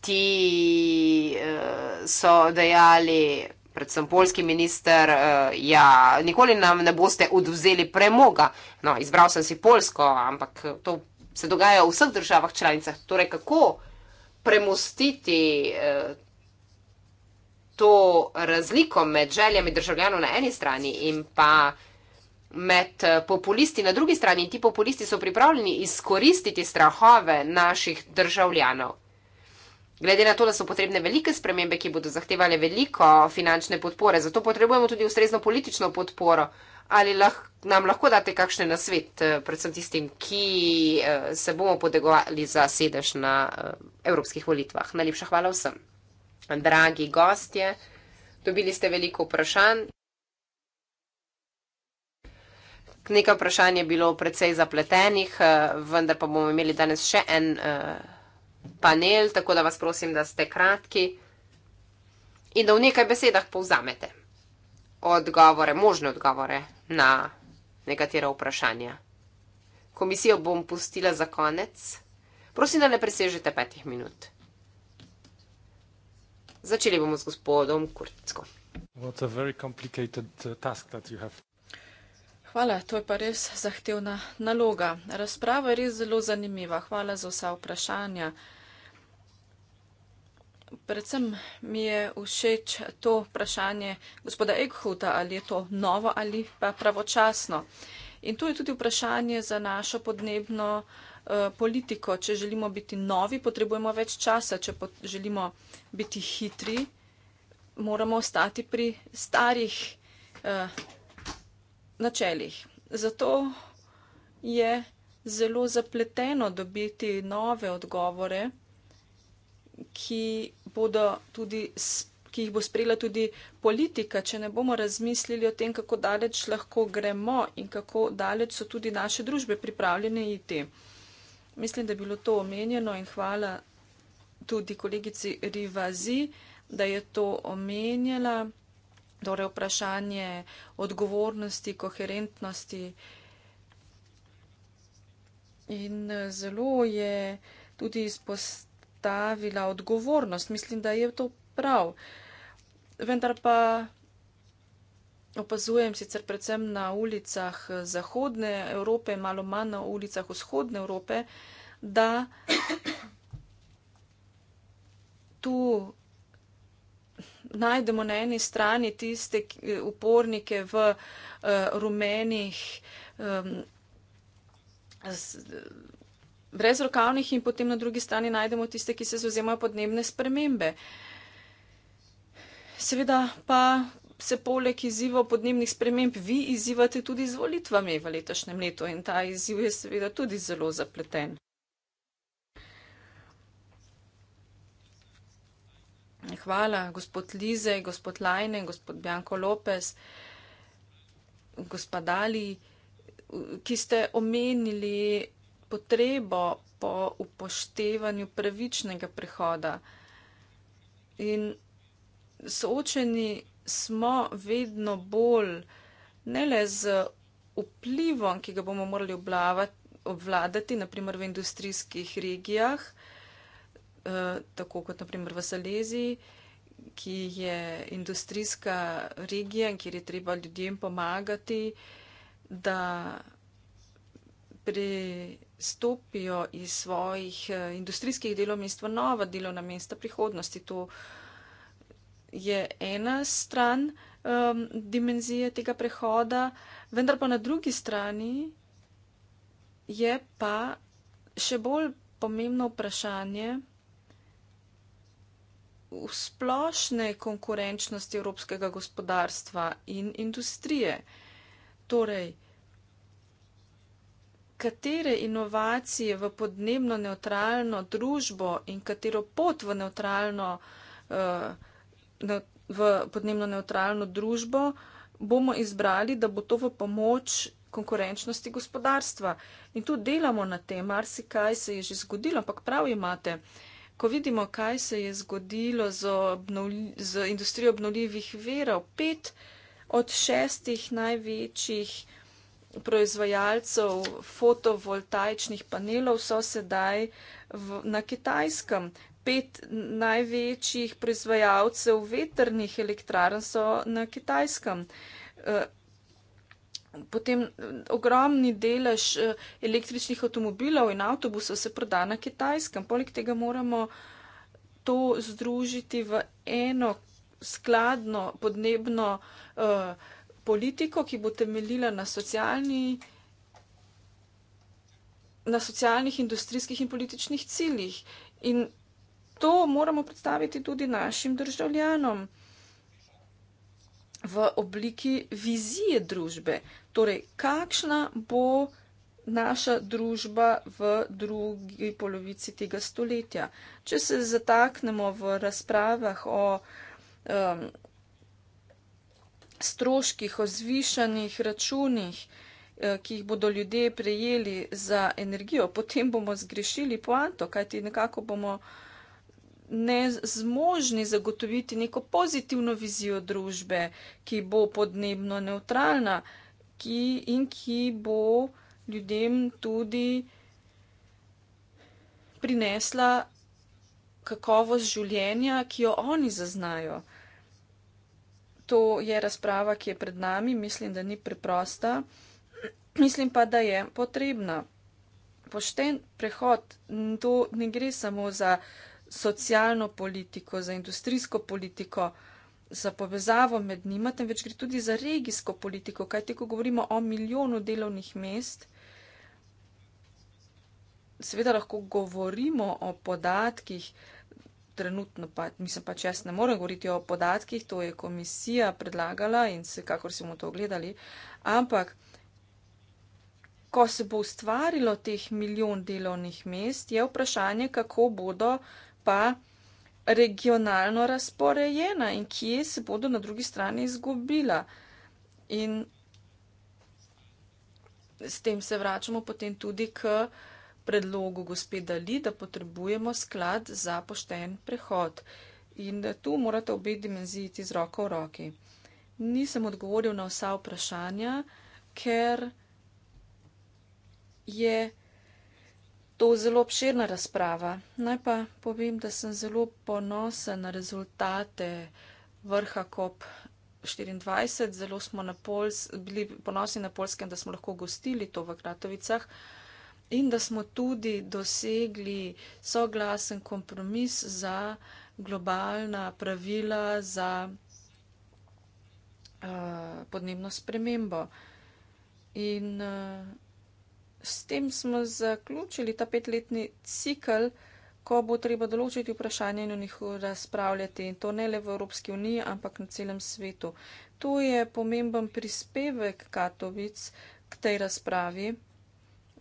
ti uh, so dejali, predvsem polski minister, uh, ja, nikoli nam ne boste oduzeli premoga. No, izbral sem si Polsko, ampak to se dogaja v vseh državah članicah. Torej, kako premostiti uh, to razliko med željami državljanov na eni strani in pa med eh, populisti na drugi strani. In ti populisti so pripravljeni izkoristiti strahove naših državljanov. Glede na to, da so potrebne velike spremembe, ki bodo zahtevale veliko finančne podpore, zato potrebujemo tudi ustrezno politično podporo. Ali lahko, nam lahko date kakšne na svet, eh, predvsem tistim, ki eh, se bomo podegovali za sedež na evropskih volitvah? Najlepša hvala vsem dragi gostje. Dobili ste veliko vprašanj. Nekaj vprašanj je bilo precej zapletenih, eh, vendar pa bomo imeli danes še en eh, panel, tako da vas prosim, da ste kratki in da v nekaj besedah povzamete odgovore, možne odgovore na nekatera vprašanja. Komisijo bom pustila za konec. Prosim, da ne presežete petih minut. Začeli bomo s gospodom Kurtsko. Uh, Hvala, to je pa res zahtevna naloga. Razprava je res zelo zanimiva. Hvala za vsa vprašanja. Predvsem mi je všeč to vprašanje gospoda Eghuta, ali je to novo ali pa pravočasno. In to je tudi vprašanje za našo podnebno. Eh, politiko. Če želimo biti novi, potrebujemo več časa. Če želimo biti hitri, moramo ostati pri starih eh, načelih. Zato je zelo zapleteno dobiti nove odgovore, ki bodo tudi spremljali ki jih bo sprejela tudi politika, če ne bomo razmislili o tem, kako daleč lahko gremo in kako daleč so tudi naše družbe pripravljene iti. Mislim, da je bilo to omenjeno in hvala tudi kolegici Rivazi, da je to omenjala. Torej, vprašanje odgovornosti, koherentnosti. In zelo je tudi izpostavila odgovornost. Mislim, da je to prav. Vendar pa opazujem sicer predvsem na ulicah eh, Zahodne Evrope, malo manj na ulicah Vzhodne Evrope, da tu najdemo na eni strani tiste eh, upornike v eh, rumenih, brez rokavnih in potem na drugi strani najdemo tiste, ki se zauzemajo podnebne spremembe. Seveda pa se poleg izzivov podnebnih sprememb vi izzivate tudi z volitvami v letošnjem letu in ta izziv je seveda tudi zelo zapleten. Hvala, gospod Lize, gospod Lajne, gospod Bjanko Lopez, gospod Dali, ki ste omenili potrebo po upoštevanju pravičnega prehoda. In soočeni smo vedno bolj, ne le z vplivom, ki ga bomo morali oblavati, obvladati, naprimer v industrijskih regijah, eh, tako kot naprimer v Saleziji, ki je industrijska regija in kjer je treba ljudem pomagati, da prestopijo iz svojih eh, industrijskih delov mest v nova delovna mesta prihodnosti. To je ena stran um, dimenzije tega prehoda, vendar pa na drugi strani je pa še bolj pomembno vprašanje splošne konkurenčnosti evropskega gospodarstva in industrije. Torej, katere inovacije v podnebno neutralno družbo in katero pot v neutralno uh, v podnebno neutralno družbo, bomo izbrali, da bo to v pomoč konkurenčnosti gospodarstva. In tu delamo na tem, marsikaj se je že zgodilo, ampak prav imate. Ko vidimo, kaj se je zgodilo z, obnovli, z industrijo obnovljivih verov, pet od šestih največjih proizvajalcev fotovoltaičnih panelov so sedaj v, na kitajskem pet največjih proizvajalcev veternih elektrarn so na kitajskem. E, potem ogromni delež e, električnih avtomobilov in avtobusov se proda na kitajskem. Poleg tega moramo to združiti v eno skladno podnebno e, politiko, ki bo temeljila na socialni na socialnih, industrijskih in političnih ciljih. In to moramo predstaviti tudi našim državljanom v obliki vizije družbe. Torej, kakšna bo naša družba v drugi polovici tega stoletja. Če se zataknemo v razpravah o um, stroških, o zvišanih računih, eh, ki jih bodo ljudje prejeli za energijo, potem bomo zgrešili poanto, kajti nekako bomo uh, ne zmožni zagotoviti neko pozitivno vizijo družbe, ki bo podnebno neutralna ki, in ki bo ljudem tudi prinesla kakovost življenja, ki jo oni zaznajo. To je razprava, ki je pred nami, mislim, da ni preprosta, mislim pa, da je potrebna. Pošten prehod, to ne gre samo za socialno politiko, za industrijsko politiko, za povezavo med njima, temveč gre tudi za regijsko politiko. Kaj ti, ko govorimo o milijonu delovnih mest, seveda lahko govorimo o podatkih, trenutno pa, mislim pa, če jaz ne morem govoriti o podatkih, to je komisija predlagala in se kakor smo to ogledali, ampak ko se bo ustvarilo teh milijon delovnih mest, je vprašanje, kako bodo pa regionalno razporejena in kje se bodo na drugi strani izgubila. In s tem se vračamo potem tudi k predlogu gospeda Li, da potrebujemo sklad za pošten prehod. In tu morate obe dimenziji iti z roko v roki. Nisem odgovoril na vsa vprašanja, ker je to zelo obširna razprava. Naj pa povem, da sem zelo ponosen na rezultate vrha COP24. Zelo smo na Pols, bili ponosni na Polskem, da smo lahko gostili to v Kratovicah in da smo tudi dosegli soglasen kompromis za globalna pravila za uh, podnebno spremembo. In uh, s tem smo zaključili ta petletni cikl, ko bo treba določiti vprašanje in o njih razpravljati. In to ne le v Evropski uniji, ampak na celem svetu. To je pomemben prispevek Katovic k tej razpravi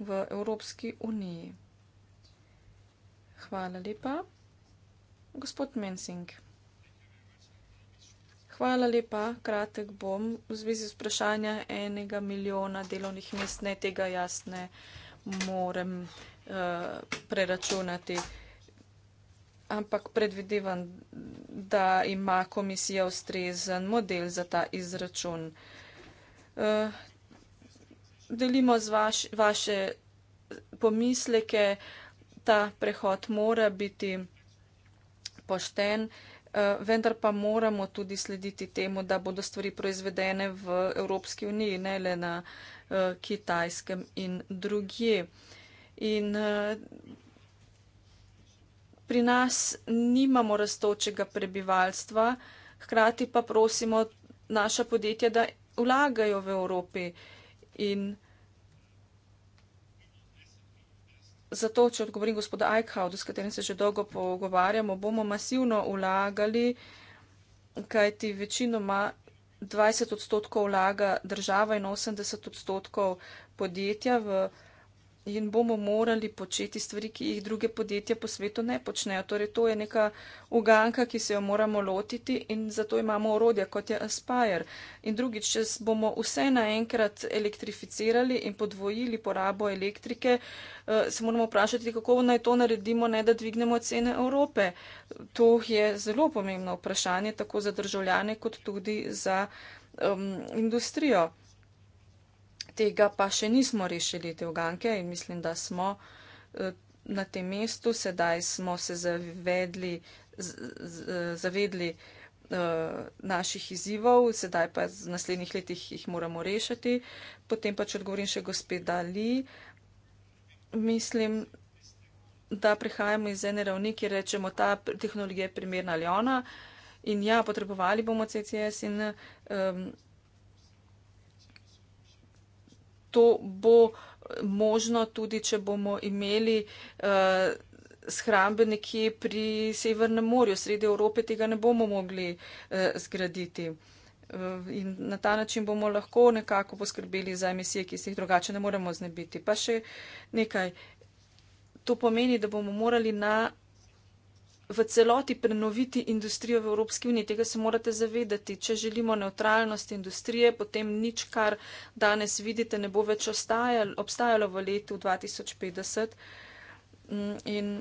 v Evropski uniji. Hvala lepa. Gospod Mensing. Hvala lepa, kratek bom. V zvezi z vprašanjem enega milijona delovnih mest, ne tega jaz ne morem uh, preračunati. Ampak predvidevam, da ima komisija ustrezen model za ta izračun. Uh, delimo z vaš, vaše pomisleke, ta prehod mora biti pošten. Uh, Eh, vendar pa moramo tudi slediti temu, da bodo stvari proizvedene v Evropski uniji, ne le na eh, Kitajskem in drugje. In eh, pri nas nimamo raztočega prebivalstva, hkrati pa prosimo naša podjetja, da vlagajo v Evropi in Evropi. Zato, če odgovorim gospoda Eichhauda, s katerim se že dolgo pogovarjamo, bomo masivno vlagali, kajti večinoma 20 odstotkov vlaga država in 80 odstotkov podjetja v in bomo morali početi stvari, ki jih druge podjetja po svetu ne počnejo. Torej, to je neka uganka, ki se jo moramo lotiti in zato imamo orodja, kot je Aspire. In drugič, če bomo vse naenkrat elektrificirali in podvojili porabo elektrike, eh, se moramo vprašati, kako naj to naredimo, ne da dvignemo cene Evrope. To je zelo pomembno vprašanje, tako za državljane, kot tudi za um, industrijo tega pa še nismo rešili te uganke in mislim, da smo eh, na tem mestu, sedaj smo se zavedli, zavedli eh, naših izzivov, sedaj pa v naslednjih letih jih moramo rešiti. Potem pač odgovorim še gospe Dali. Mislim, da prihajamo iz ene ravni, kjer rečemo, ta tehnologija je primerna ali ona. In ja, potrebovali bomo CCS in um, to bo eh, možno tudi, če bomo imeli eh, shrambe nekje pri Severnem morju. Sredi Evrope tega ne bomo mogli eh, zgraditi. In na ta način bomo lahko nekako poskrbeli za emisije, ki se jih drugače ne moremo znebiti. Pa še nekaj. To pomeni, da bomo morali na v celoti prenoviti industrijo v Evropski uniji. Tega se morate zavedati. Če želimo neutralnost industrije, potem nič, kar danes vidite, ne bo več ostajalo, obstajalo v letu 2050. Mm, in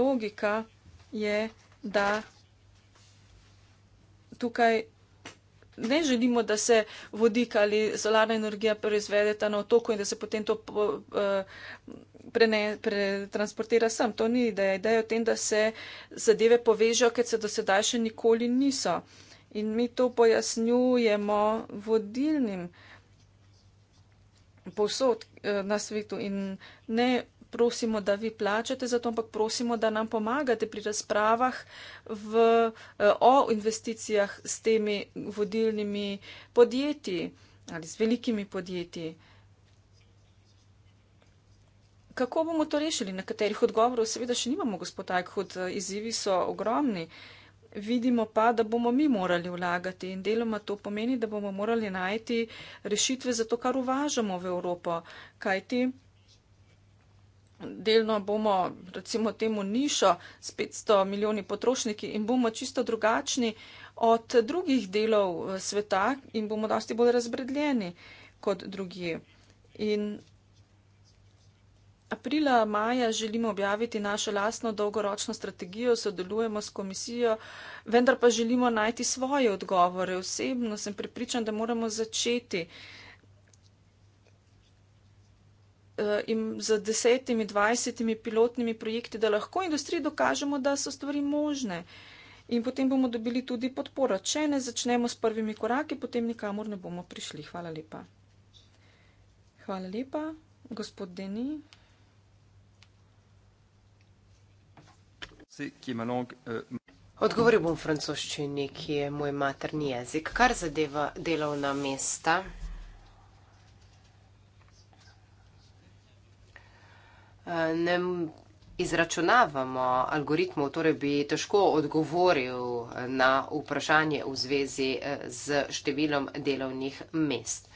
logika je, da tukaj. Ne želimo, da se vodik ali solarna energija proizvedeta na otoku in da se potem to po, eh, pretransportira sem. To ni ideja. Ideja je v tem, da se zadeve povežejo, ker se do sedaj še nikoli niso. In mi to pojasnjujemo vodilnim povsod eh, na svetu in ne prosimo, da vi plačate za to, ampak prosimo, da nam pomagate pri razpravah v, eh, o investicijah s temi vodilnimi podjetji ali z velikimi podjetji kako bomo to rešili? Nekaterih odgovorov seveda še nimamo, gospod Ajkhod, izzivi so ogromni. Vidimo pa, da bomo mi morali vlagati in deloma to pomeni, da bomo morali najti rešitve za to, kar uvažamo v Evropo. Kajti delno bomo recimo temu nišo s 500 milijoni potrošniki in bomo čisto drugačni od drugih delov eh, sveta in bomo dosti bolj razbredljeni kot drugi. In Aprila, maja želimo objaviti našo lastno dolgoročno strategijo, sodelujemo s komisijo, vendar pa želimo najti svoje odgovore. Osebno sem pripričan, da moramo začeti eh, in z desetimi, dvajsetimi pilotnimi projekti, da lahko industriji dokažemo, da so stvari možne. In potem bomo dobili tudi podporo. Če ne začnemo s prvimi koraki, potem nikamor ne bomo prišli. Hvala lepa. Hvala lepa, gospod Deni. Eh, odgovoril bom v francoščini, ki je moj materni jezik. Kar zadeva delovna mesta, eh, ne izračunavamo algoritmov, torej bi težko odgovoril eh, na vprašanje v zvezi z številom delovnih mest.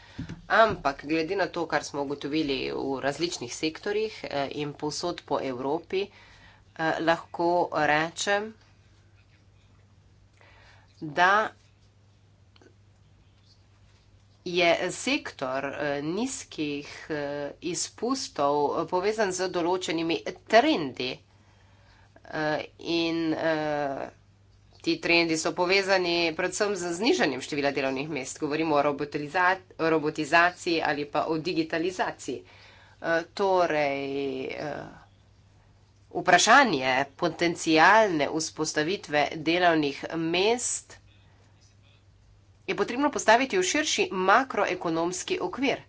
Ampak glede na to, kar smo ugotovili v različnih sektorjih in posod po Evropi, Eh, lahko rečem, da je sektor eh, nizkih eh, izpustov povezan z določenimi trendi in ti trendi so povezani predvsem z znižanjem števila delovnih mest. Govorimo o robotizaciji ali pa o digitalizaciji. Torej, Vprašanje potencijalne vzpostavitve delovnih mest je potrebno postaviti v širši makroekonomski okvir.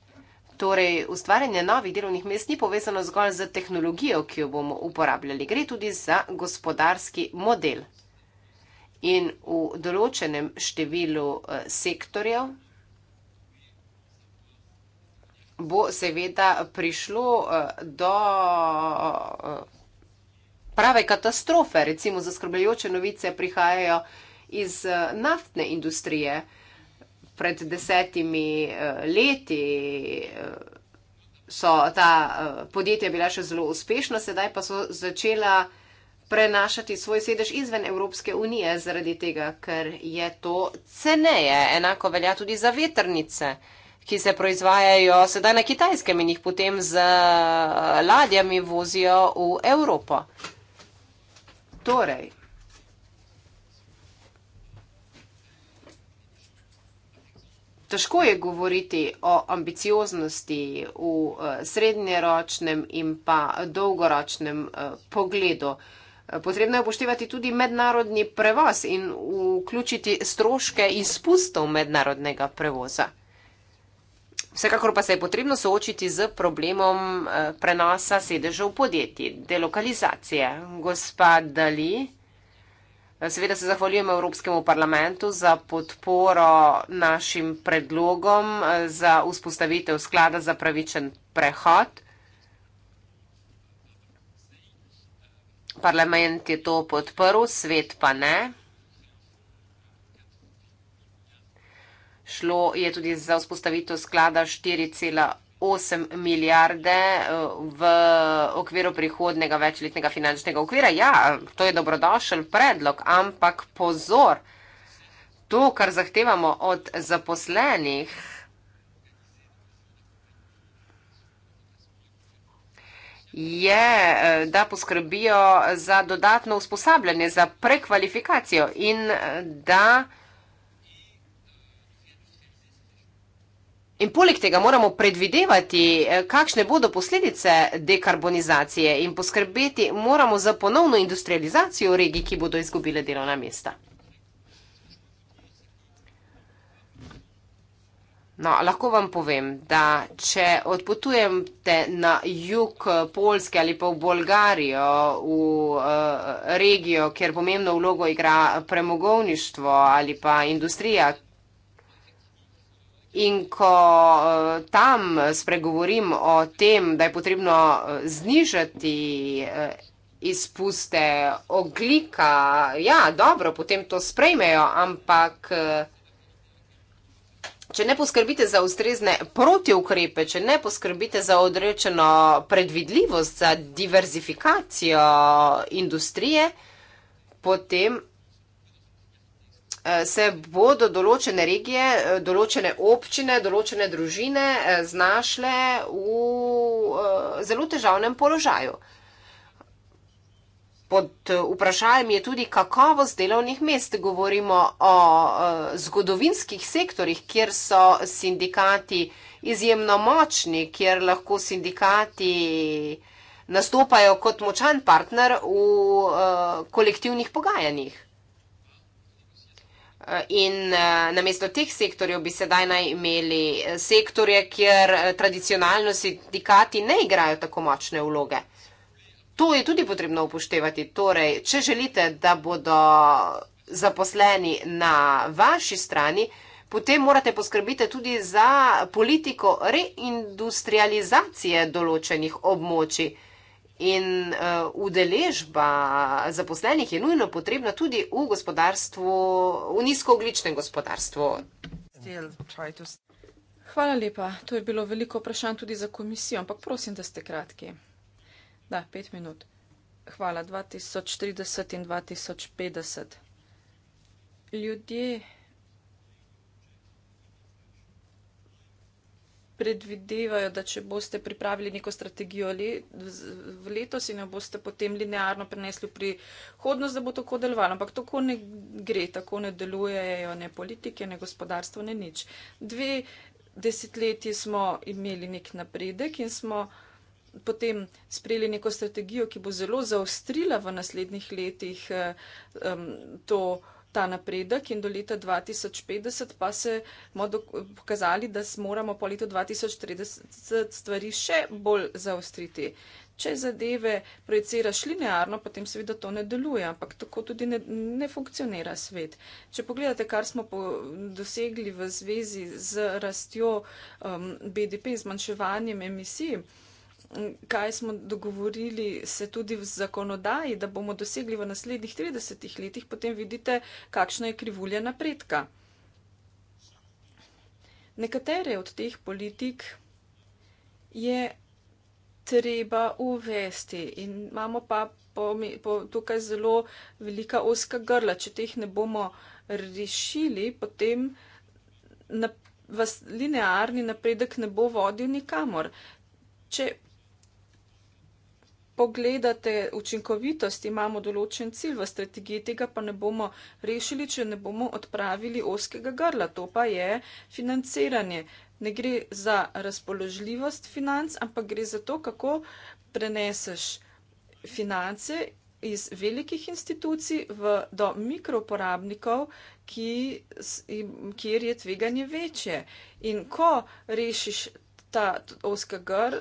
Torej, ustvarjanje novih delovnih mest ni povezano zgolj z tehnologijo, ki jo bomo uporabljali, gre tudi za gospodarski model. In v določenem številu eh, sektorjev bo seveda prišlo eh, do eh, prave katastrofe, recimo zaskrbljujoče novice prihajajo iz eh, naftne industrije. Pred desetimi eh, leti eh, so ta podjetja bila še zelo uspešna, sedaj pa so začela prenašati svoj sedež izven Evropske unije zaradi tega, ker je to ceneje. Enako velja tudi za veternice, ki se proizvajajo sedaj na kitajskem in jih potem z ladjami vozijo v Evropo. Torej, težko je govoriti o ambicioznosti v eh, srednjeročnem in pa dolgoročnem eh, pogledu. Eh, potrebno je upoštevati tudi mednarodni prevoz in vključiti stroške izpustov mednarodnega prevoza. Vsekakor pa se je potrebno soočiti z problemom eh, prenosa sedežev podjetij, delokalizacije. Gospa Dali, eh, seveda se zahvaljujem Evropskemu parlamentu za podporo našim predlogom eh, za vzpostavitev sklada za pravičen prehod. Parlament je to podprl, svet pa ne. šlo je tudi za vzpostavitev sklada 4,8. 8 milijarde eh, v okviru prihodnega večletnega finančnega okvira. Ja, to je dobrodošel predlog, ampak pozor, to, kar zahtevamo od zaposlenih, je, eh, da poskrbijo za dodatno usposabljanje, za prekvalifikacijo in eh, da. In poleg tega moramo predvidevati, eh, kakšne bodo posledice dekarbonizacije in poskrbeti moramo za ponovno industrializacijo regij, ki bodo izgubile delovna mesta. No, lahko vam povem, da če odpotujete na jug Polske ali pa v Bolgarijo, v eh, regijo, kjer pomembno vlogo igra premogovništvo ali pa industrija, In ko eh, tam spregovorim o tem, da je potrebno eh, znižati eh, izpuste oglika, ja, dobro, potem to sprejmejo, ampak če ne poskrbite za ustrezne protiukrepe, če ne poskrbite za odrečeno predvidljivost, za diverzifikacijo industrije, potem Eh, se bodo določene regije, eh, določene občine, določene družine eh, znašle v zelo težavnem položaju. Pod vprašanjem je tudi kakovost delovnih mest. Govorimo o zgodovinskih sektorjih, kjer so sindikati izjemno močni, kjer lahko sindikati nastopajo kot močan partner v kolektivnih pogajanjih. In eh, na mesto teh sektorjev bi sedaj naj imeli eh, sektorje, kjer eh, tradicionalno sindikati ne igrajo tako močne vloge. To je tudi potrebno upoštevati. Torej, če želite, da bodo zaposleni na vaši strani, potem morate poskrbiti tudi za politiko reindustrializacije določenih območij. In uh, udeležba zaposlenih je nujno potrebna tudi v gospodarstvu, v nizkoogličnem gospodarstvu. Hvala lepa. To je bilo veliko vprašanj tudi za komisijo, ampak prosim, da ste kratki. Da, pet minut. Hvala. 2030 in 2050. Ljudje. predvidevajo, da če boste pripravili neko strategijo v letos in jo boste potem linearno prenesli v prihodnost, da bo tako delovalo. Ampak tako ne gre, tako ne delujejo ne politike, ne gospodarstvo, ne nič. Dve desetletji smo imeli nek napredek in smo potem sprejeli neko strategijo, ki bo zelo zaostrila v naslednjih letih um, to ta napredek in do leta 2050 pa se bomo pokazali, da moramo po letu 2030 stvari še bolj zaostriti. Če zadeve projiciraš linearno, potem seveda to ne deluje, ampak tako tudi ne, ne funkcionira svet. Če pogledate, kar smo po, dosegli v zvezi z rastjo um, BDP in zmanjševanjem emisij, kaj smo dogovorili se tudi v zakonodaji, da bomo dosegli v naslednjih 30 letih, potem vidite, kakšna je krivulja napredka. Nekatere od teh politik je treba uvesti in imamo pa po, po tukaj zelo velika oska grla. Če teh ne bomo rešili, potem na, vas linearni napredek ne bo vodil nikamor. Če pogledate učinkovitost, imamo določen cilj v strategiji, tega pa ne bomo rešili, če ne bomo odpravili oskega grla. To pa je financiranje. Ne gre za razpoložljivost financ, ampak gre za to, kako preneseš finance iz velikih institucij v, do mikroporabnikov, ki, kjer je tveganje večje. In ko rešiš ta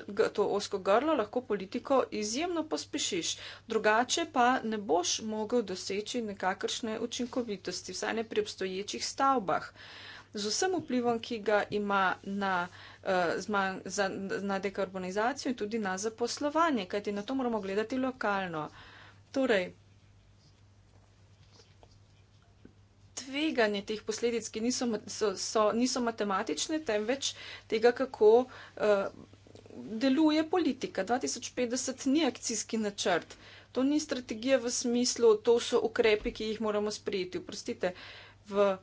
gr, to osko grlo lahko politiko izjemno pospešiš, drugače pa ne boš mogel doseči nekakršne učinkovitosti, vsaj ne pri obstoječih stavbah. Z vsem vplivom, ki ga ima na, eh, na dekarbonizacijo in tudi na zaposlovanje, kajti na to moramo gledati lokalno. Torej, tveganje teh posledic, ki niso, so, so, niso matematične, temveč tega, kako uh, deluje politika. 2050 ni akcijski načrt. To ni strategija v smislu, to so ukrepi, ki jih moramo sprijeti. Oprostite, v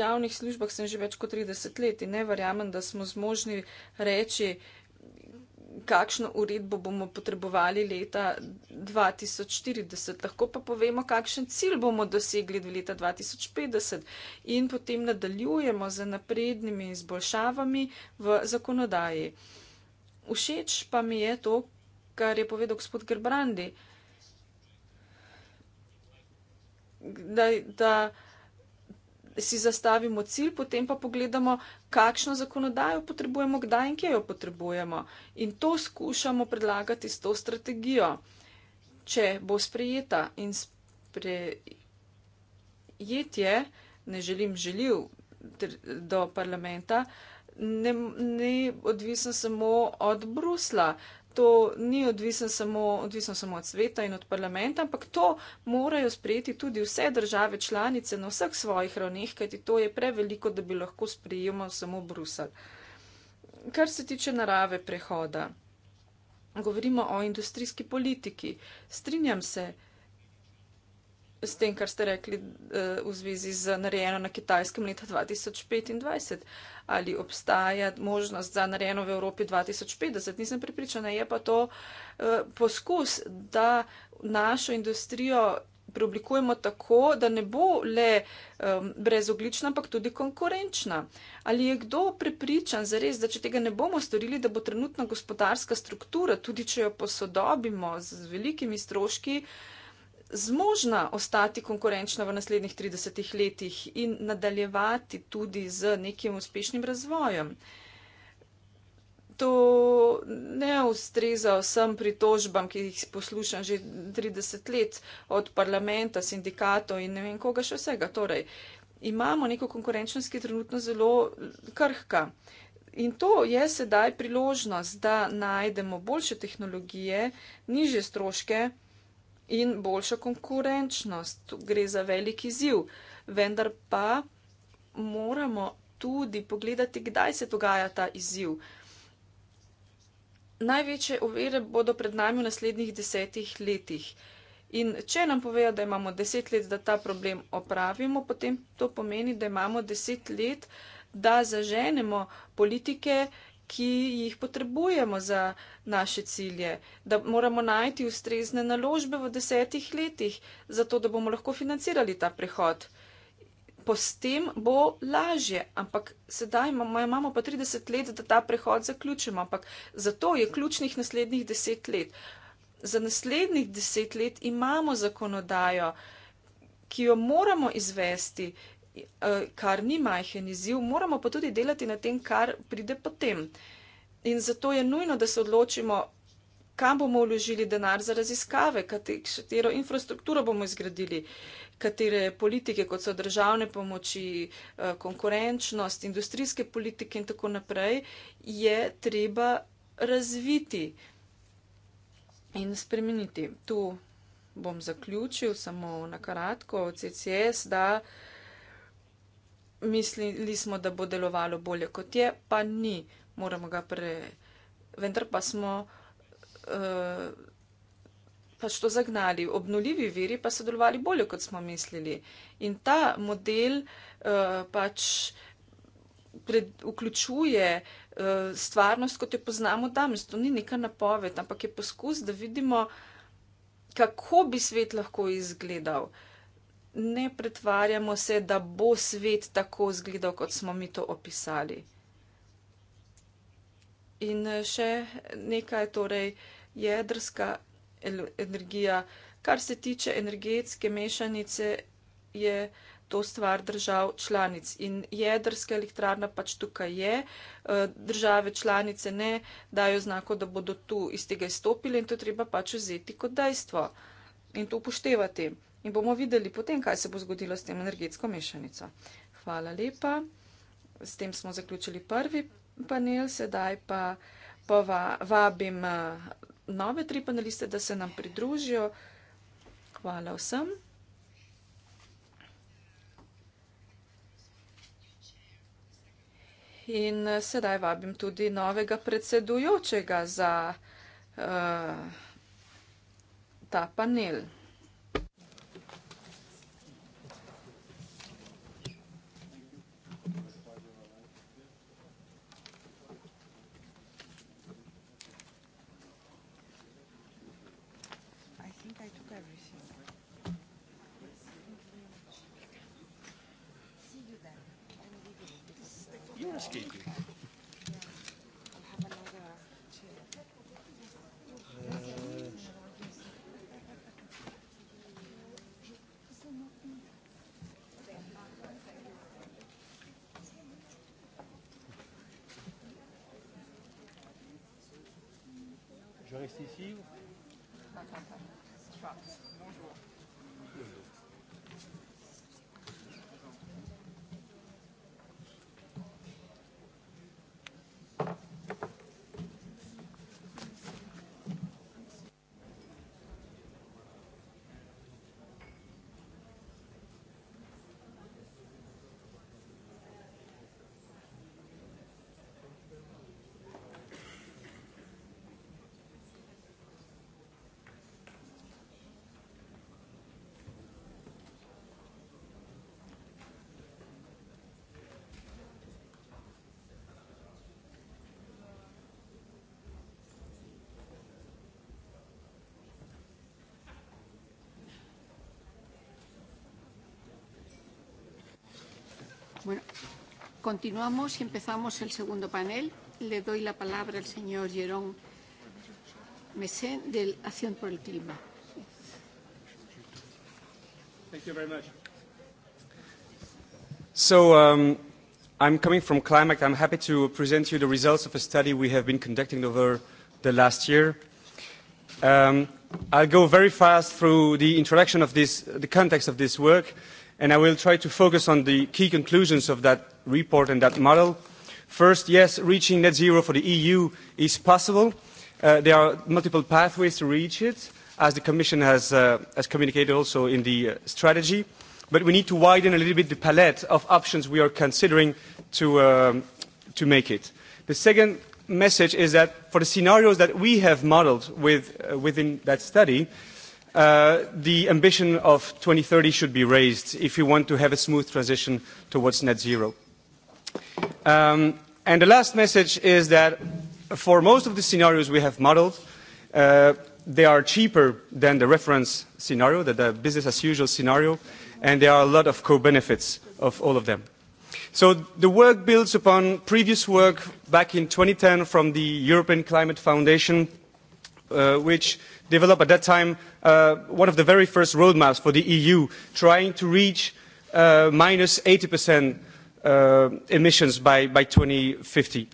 javnih službah sem že več kot 30 let in ne verjamem, da smo zmožni reči, uh, kakšno uredbo bomo potrebovali leta 2040, lahko pa povemo, kakšen cilj bomo dosegli do leta 2050 in potem nadaljujemo z naprednimi izboljšavami v zakonodaji. Všeč pa mi je to, kar je povedal gospod Gerbrandi, da, da si zastavimo cilj, potem pa pogledamo, kakšno zakonodajo potrebujemo, kdaj in kje jo potrebujemo. In to skušamo predlagati s to strategijo. Če bo sprejeta in sprejetje, ne želim želil do parlamenta, ne, ne odvisen samo od Brusla to ni odvisen samo, odvisen samo od sveta in od parlamenta, ampak to morajo sprejeti tudi vse države članice na vseh svojih ravneh, kajti to je preveliko, da bi lahko sprejemal samo Brusel. Kar se tiče narave prehoda, govorimo o industrijski politiki. Strinjam se, da s tem, kar ste rekli uh, v zvezi z narejeno na kitajskem leta 2025. Ali obstaja možnost za narejeno v Evropi 2050? Nisem pripričana, je pa to uh, poskus, da našo industrijo preoblikujemo tako, da ne bo le um, brezoglična, ampak tudi konkurenčna. Ali je kdo pripričan za res, da če tega ne bomo storili, da bo trenutna gospodarska struktura, tudi če jo posodobimo z velikimi stroški, uh, zmožna ostati konkurenčna v naslednjih 30 letih in nadaljevati tudi z nekim uspešnim razvojem. To ne ustreza vsem pritožbam, ki jih poslušam že 30 let od parlamenta, sindikatov in ne vem koga še vsega. Torej, imamo neko konkurenčnost, ki je trenutno zelo krhka. In to je sedaj priložnost, da najdemo boljše tehnologije, niže stroške in boljšo konkurenčnost. Tu gre za veliki ziv, vendar pa moramo tudi pogledati, kdaj se dogaja ta izziv. Največje ovire bodo pred nami v naslednjih desetih letih. In če nam povejo, da imamo deset let, da ta problem opravimo, potem to pomeni, da imamo deset let, da zaženemo politike, ki jih potrebujemo za naše cilje, da moramo najti ustrezne naložbe v desetih letih, zato da bomo lahko financirali ta prehod. Po s tem bo lažje, ampak sedaj imamo, imamo pa 30 let, da ta prehod zaključimo, ampak zato je ključnih naslednjih 10 let. Za naslednjih 10 let imamo zakonodajo, ki jo moramo izvesti, kar ni majhen izziv, moramo pa tudi delati na tem, kar pride potem. In zato je nujno, da se odločimo, kam bomo vložili denar za raziskave, katero infrastrukturo bomo izgradili, katere politike, kot so državne pomoči, eh, konkurenčnost, industrijske politike in tako naprej, je treba razviti in spremeniti. Tu bom zaključil samo na kratko. CCS, da uh, mislili smo, da bo delovalo bolje kot je, pa ni, moramo ga pre. Vendar pa smo uh, pač to zagnali. Obnuljivi viri pa so delovali bolje, kot smo mislili. In ta model uh, pač pred, vključuje uh, stvarnost, kot jo poznamo danes. To ni neka napoved, ampak je poskus, da vidimo, kako bi svet lahko izgledal. Uh, ne pretvarjamo se, da bo svet tako izgledal, kot smo mi to opisali. In eh, še nekaj, torej jedrska energija, kar se tiče energetske mešanice, je to stvar držav članic. In jedrska elektrarna pač tukaj je, eh, države članice ne dajo znako, da bodo tu iz tega izstopili in to treba pač vzeti kot dejstvo in to upoštevati in bomo videli potem, kaj se bo zgodilo s tem energetsko mešanico. Hvala lepa. S tem smo zaključili prvi panel, sedaj pa pova, vabim eh, nove tri paneliste, da se nam pridružijo. Hvala vsem. In eh, sedaj vabim tudi novega predsedujočega za uh, ta panel. Bueno, continuamos y empezamos el segundo panel. Le doy la palabra al señor Jerón Messé del Acción por el Clima. Thank you very much. So, um, I'm coming from Climate. I'm happy to present you the results of a study we have been conducting over the last year. Um, I'll go very fast through the introduction of this, the context of this work and I will try to focus on the key conclusions of that report and that model. First, yes, reaching net zero for the EU is possible. Uh, there are multiple pathways to reach it, as the Commission has, uh, has communicated also in the uh, strategy. But we need to widen a little bit the palette of options we are considering to, um, to make it. The second message is that for the scenarios that we have modeled with, uh, within that study, Uh, the ambition of 2030 should be raised if you want to have a smooth transition towards net zero. Um, and the last message is that for most of the scenarios we have modeled, uh, they are cheaper than the reference scenario, the, the business as usual scenario, and there are a lot of co-benefits of all of them. So the work builds upon previous work back in 2010 from the European Climate Foundation, uh, which develop at that time uh, one of the very first roadmaps for the EU, trying to reach uh, minus 80% uh, emissions by, by 2050.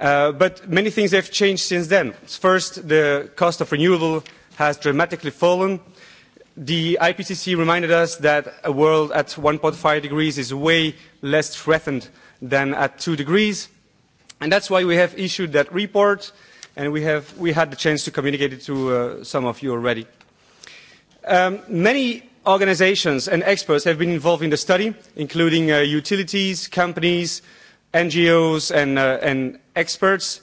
Uh, but many things have changed since then. First, the cost of renewable has dramatically fallen. The IPCC reminded us that a world at 1.5 degrees is way less threatened than at 2 degrees. And that's why we have issued that report, uh, and we, have, we had the chance to communicate it to uh, some of you already. Um, many organizations and experts have been involved in the study, including uh, utilities, companies, NGOs, and, uh, and experts.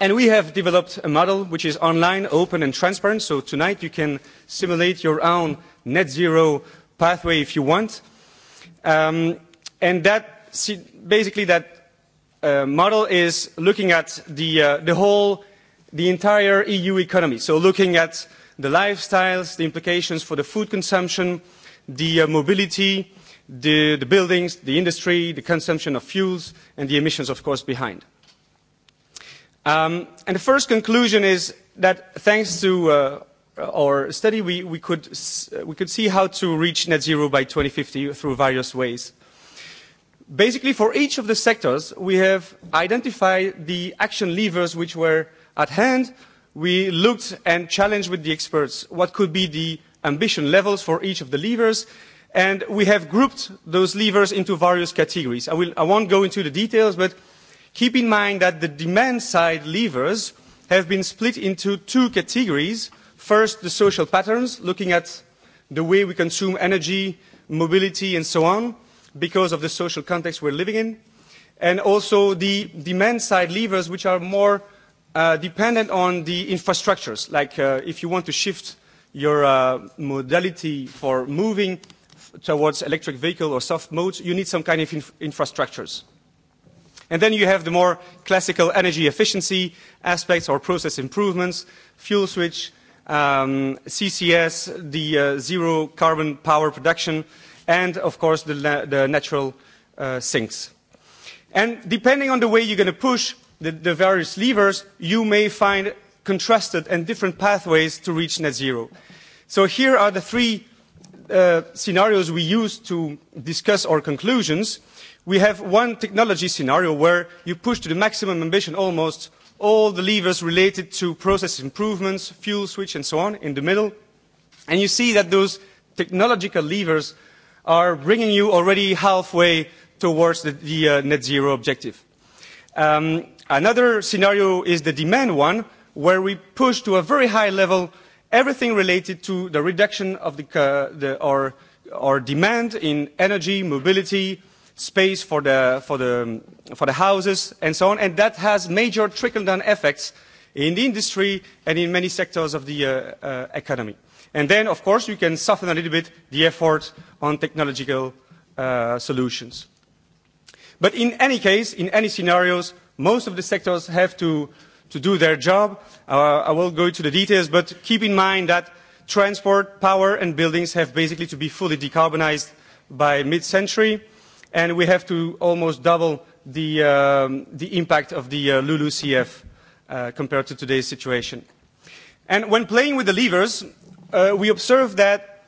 And we have developed a model which is online, open, and transparent, so tonight you can simulate your own net zero pathway if you want. Um, and that, basically that uh, model is looking at the, uh, the whole, the entire EU economy. So looking at the lifestyles, the implications for the food consumption, the uh, mobility, the, the buildings, the industry, the consumption of fuels, and the emissions, of course, behind. Um, and the first conclusion is that thanks to uh, our study, we, we, could s we could see how to reach net zero by 2050 through various ways. Uh, Basically, for each of the sectors, we have identified the action levers which were at hand. We looked and challenged with the experts what could be the ambition levels for each of the levers. And we have grouped those levers into various categories. I, will, I won't go into the details, but keep in mind that the demand side levers have been split into two categories. First, the social patterns, looking at the way we consume energy, mobility, and so on because of the social context we're living in, and also the demand side levers, which are more uh, dependent on the infrastructures. Like uh, if you want to shift your uh, modality for moving towards electric vehicle or soft modes, you need some kind of inf infrastructures. And then you have the more classical energy efficiency aspects or process improvements, fuel switch, um, CCS, the uh, zero carbon power production, uh, and of course the, the natural uh, sinks. And depending on the way you're going to push the, the various levers, you may find contrasted and different pathways to reach net zero. So here are the three uh, scenarios we use to discuss our conclusions. We have one technology scenario where you push to the maximum ambition almost all the levers related to process improvements, fuel switch and so on in the middle. And you see that those technological levers are bringing you already halfway towards the, the uh, net zero objective. Um, another scenario is the demand one, where we push to a very high level everything related to the reduction of the, uh, the, our, our demand in energy, mobility, space for the, for, the, for the houses, and so on. And that has major trickle-down effects in the industry and in many sectors of the uh, uh, economy. And then, of course, we can soften a little bit the effort on technological uh, solutions. But in any case, in any scenarios, most of the sectors have to, to do their job. Uh, I will go into the details, but keep in mind that transport, power, and buildings have basically to be fully decarbonized by mid-century, and we have to almost double the, um, the impact of the uh, LULUCF uh, compared to today's situation. And when playing with the levers, uh, we observe that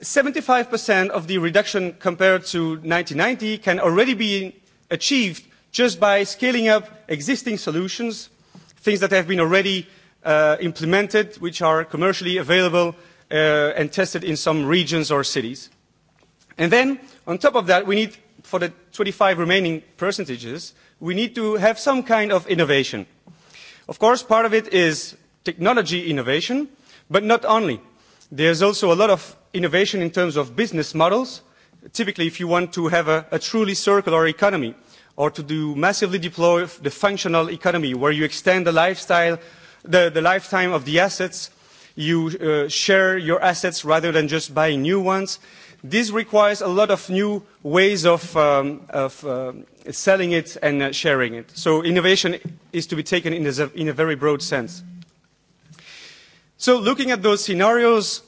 75% of the reduction compared to 1990 can already be achieved just by scaling up existing solutions, things that have been already uh, implemented, which are commercially available uh, and tested in some regions or cities. And then, on top of that, we need, for the 25 remaining percentages, we need to have some kind of innovation. Of course, part of it is technology innovation, but not only. There's also a lot of innovation in terms of business models. Typically, if you want to have a, a truly circular economy or to do massively deploy the functional economy where you extend the lifestyle, the, the lifetime of the assets, you uh, share your assets rather than just buying new ones. This requires a lot of new ways of, um, of uh, selling it and uh, sharing it. So innovation is to be taken in a, in a very broad sense. Mm -hmm. So looking at those scenarios,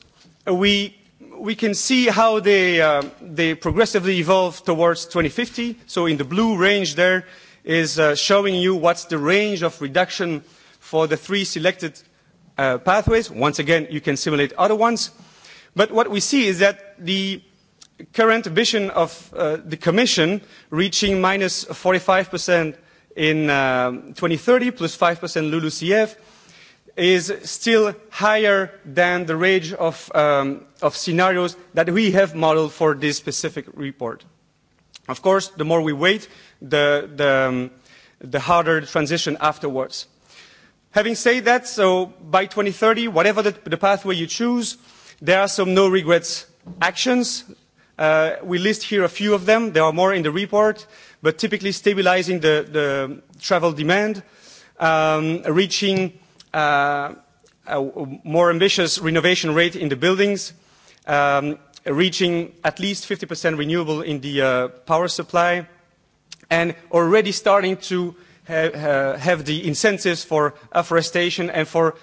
uh, we, we can see how they, uh, they progressively evolve towards 2050. So in the blue range there is uh, showing you what's the range of reduction for the three selected uh, pathways. Once again, you can simulate other ones. But what we see is that the current vision of uh, the Commission reaching minus 45% in um, 2030, plus 5% LULUCF, is still higher than the range of, um, of scenarios that we have modeled for this specific report. Of course, the more we wait, the, the, um, the harder the transition afterwards. Having said that, so by 2030, whatever the, the pathway you choose, there are some no-regrets actions. Uh, we list here a few of them. There are more in the report, but typically stabilizing the, the travel demand, um, reaching Uh, a more ambitious renovation rate in the buildings, um, reaching at least 50% renewable in the uh, power supply, and already starting to ha ha have the incentives for afforestation and for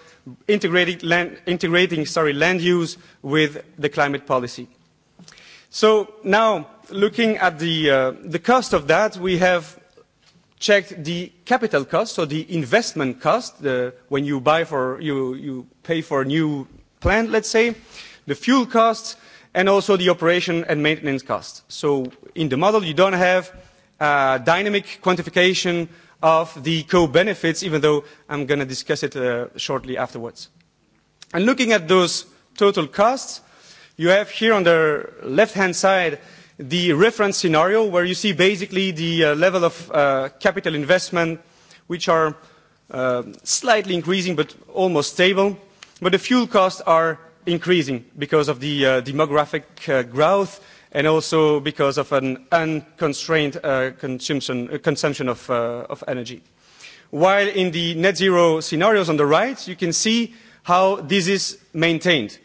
integrating, land, integrating sorry, land use with the climate policy. So now, looking at the, uh, the cost of that, we have checked the capital cost, so the investment cost, when you buy for... You pay for a new plant, let's say, the fuel costs, and also the operation and maintenance costs. So in the model, you don't have dynamic quantification of the co-benefits, even though I'm gonna discuss it uh, shortly afterwards. And looking at those total costs, you have here on the left-hand side, the reference scenario where you see basically the uh, level of uh, capital investment which are uh, slightly increasing but almost stable but the fuel costs are increasing because of the uh, demographic uh, growth and also because of an unconstrained uh, consumption, uh, consumption of, uh, of energy. While in the net zero scenarios on the right, you can see how this is maintained.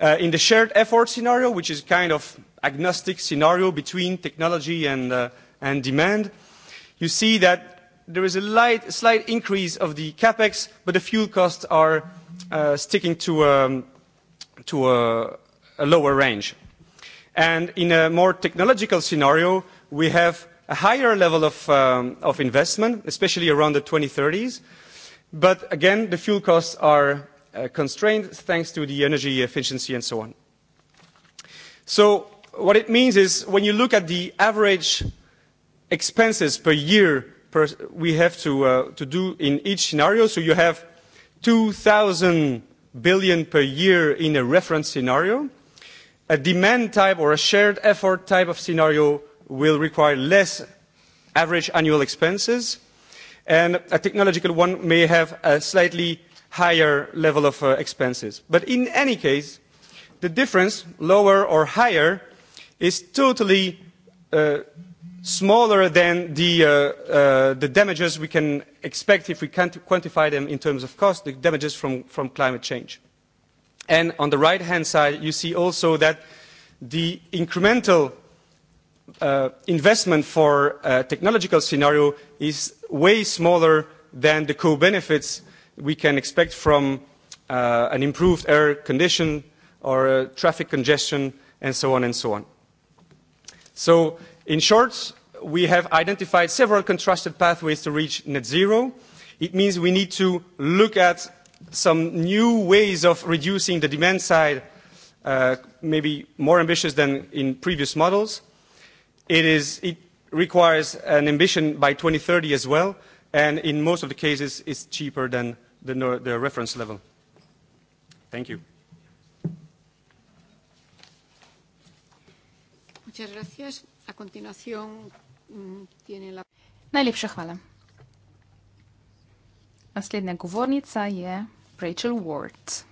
Uh, in the shared effort scenario, which is kind of agnostic scenario between technology and, uh, and demand. You see that there is a light, slight increase of the capex, but the fuel costs are uh, sticking to, um, to a, a lower range. And in a more technological scenario, we have a higher level of, um, of investment, especially around the 2030s. But again, the fuel costs are uh, constrained thanks to the energy efficiency and so on. So what it means is when you look at the average expenses per year per, we have to, uh, to do in each scenario, so you have 2,000 billion per year in a reference scenario. A demand type or a shared effort type of scenario will require less average annual expenses, and a technological one may have a slightly higher level of uh, expenses. But in any case, the difference, lower or higher, is totally uh, smaller than the, uh, uh, the damages we can expect if we can't quantify them in terms of cost, the damages from, from climate change. And on the right-hand side, you see also that the incremental uh, investment for a uh, technological scenario is way smaller than the co-benefits we can expect from uh, an improved air condition or uh, traffic congestion and so on and so on. So in short, we have identified several contrasted pathways to reach net zero. It means we need to look at some new ways of reducing the demand side, uh, maybe more ambitious than in previous models. It requires an ambition by 2030 as well, and in most of the cases, it's cheaper than the reference level. Thank you. Muchas gracias. A continuación mm, tiene la... Najlepša hvala. Naslednja govornica je Rachel Ward,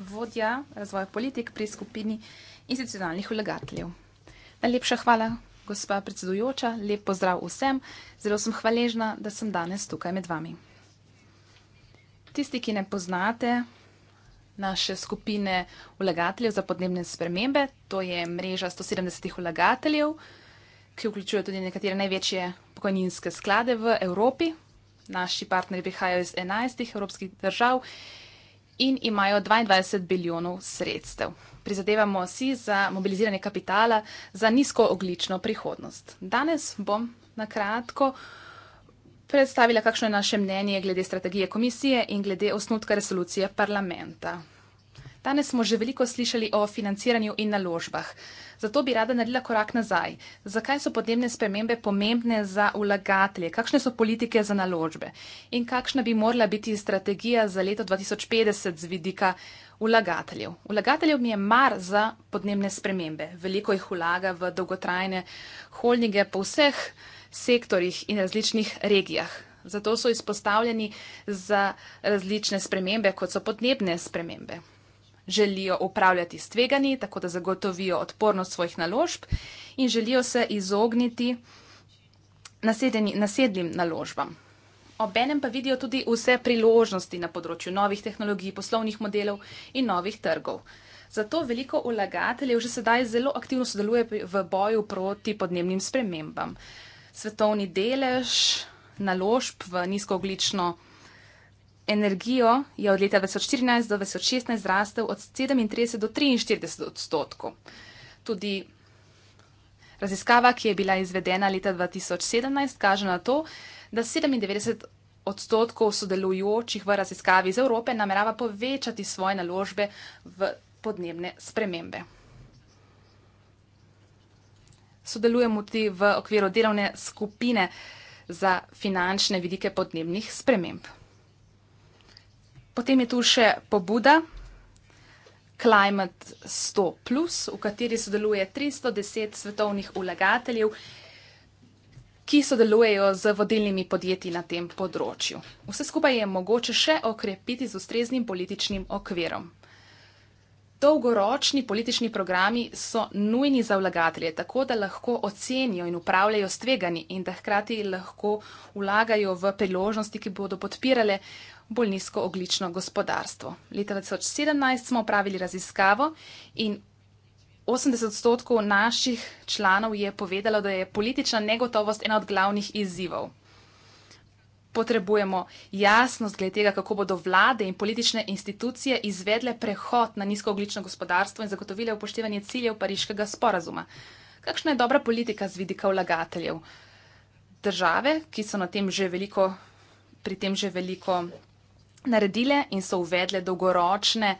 vodja razvoja politik pri skupini institucionalnih vlagateljev. Najlepša hvala, gospa predsedujoča, lep pozdrav vsem. Zelo sem hvaležna, da sem danes tukaj med vami. Tisti, ki ne poznate, naše skupine vlagateljev za podnebne spremembe. To je mreža 170 vlagateljev, ki vključuje tudi nekatere največje pokojninske sklade v Evropi. Naši partneri prihajajo iz 11 evropskih držav in imajo 22 biljonov sredstev. Prizadevamo si za mobiliziranje kapitala za nizkooglično prihodnost. Danes bom na kratko predstavila, kakšno je naše mnenje glede strategije komisije in glede osnutka resolucije parlamenta. Danes smo že veliko slišali o financiranju in naložbah. Zato bi rada naredila korak nazaj. Zakaj so podnebne spremembe pomembne za vlagatelje? Kakšne so politike za naložbe? In kakšna bi morala biti strategija za leto 2050 z vidika vlagateljev? Vlagateljev mi je mar za podnebne spremembe. Veliko jih vlaga v dolgotrajne holnige po vseh sektorjih in različnih regijah. Zato so izpostavljeni za različne spremembe, kot so podnebne spremembe. Želijo upravljati s tvegani, tako da zagotovijo odpornost svojih naložb in želijo se izogniti nasednim naložbam. Obenem pa vidijo tudi vse priložnosti na področju novih tehnologij, poslovnih modelov in novih trgov. Zato veliko vlagateljev že sedaj zelo aktivno sodeluje v boju proti podnebnim spremembam svetovni delež naložb v nizkooglično energijo je od leta 2014 do 2016 zrastel od 37 do 43 odstotkov. Tudi raziskava, ki je bila izvedena leta 2017, kaže na to, da 97 odstotkov sodelujočih v raziskavi iz Evrope namerava povečati svoje naložbe v podnebne spremembe sodelujemo tudi v okviru delovne skupine za finančne vidike podnebnih sprememb. Potem je tu še pobuda Climate 100, v kateri sodeluje 310 svetovnih vlagateljev, ki sodelujejo z vodilnimi podjetji na tem področju. Vse skupaj je mogoče še okrepiti z ustreznim političnim okvirom. Dolgoročni politični programi so nujni za vlagatelje, tako da lahko ocenijo in upravljajo s tvegani in da hkrati lahko vlagajo v priložnosti, ki bodo podpirale bolj nizko oglično gospodarstvo. Leta 2017 smo opravili raziskavo in 80 odstotkov naših članov je povedalo, da je politična negotovost ena od glavnih izzivov potrebujemo jasnost glede tega, kako bodo vlade in politične institucije izvedle prehod na nizkooglično gospodarstvo in zagotovile upoštevanje ciljev pariškega sporazuma. Kakšna je dobra politika z vidika vlagateljev? Države, ki so tem veliko, pri tem že veliko naredile in so uvedle dolgoročne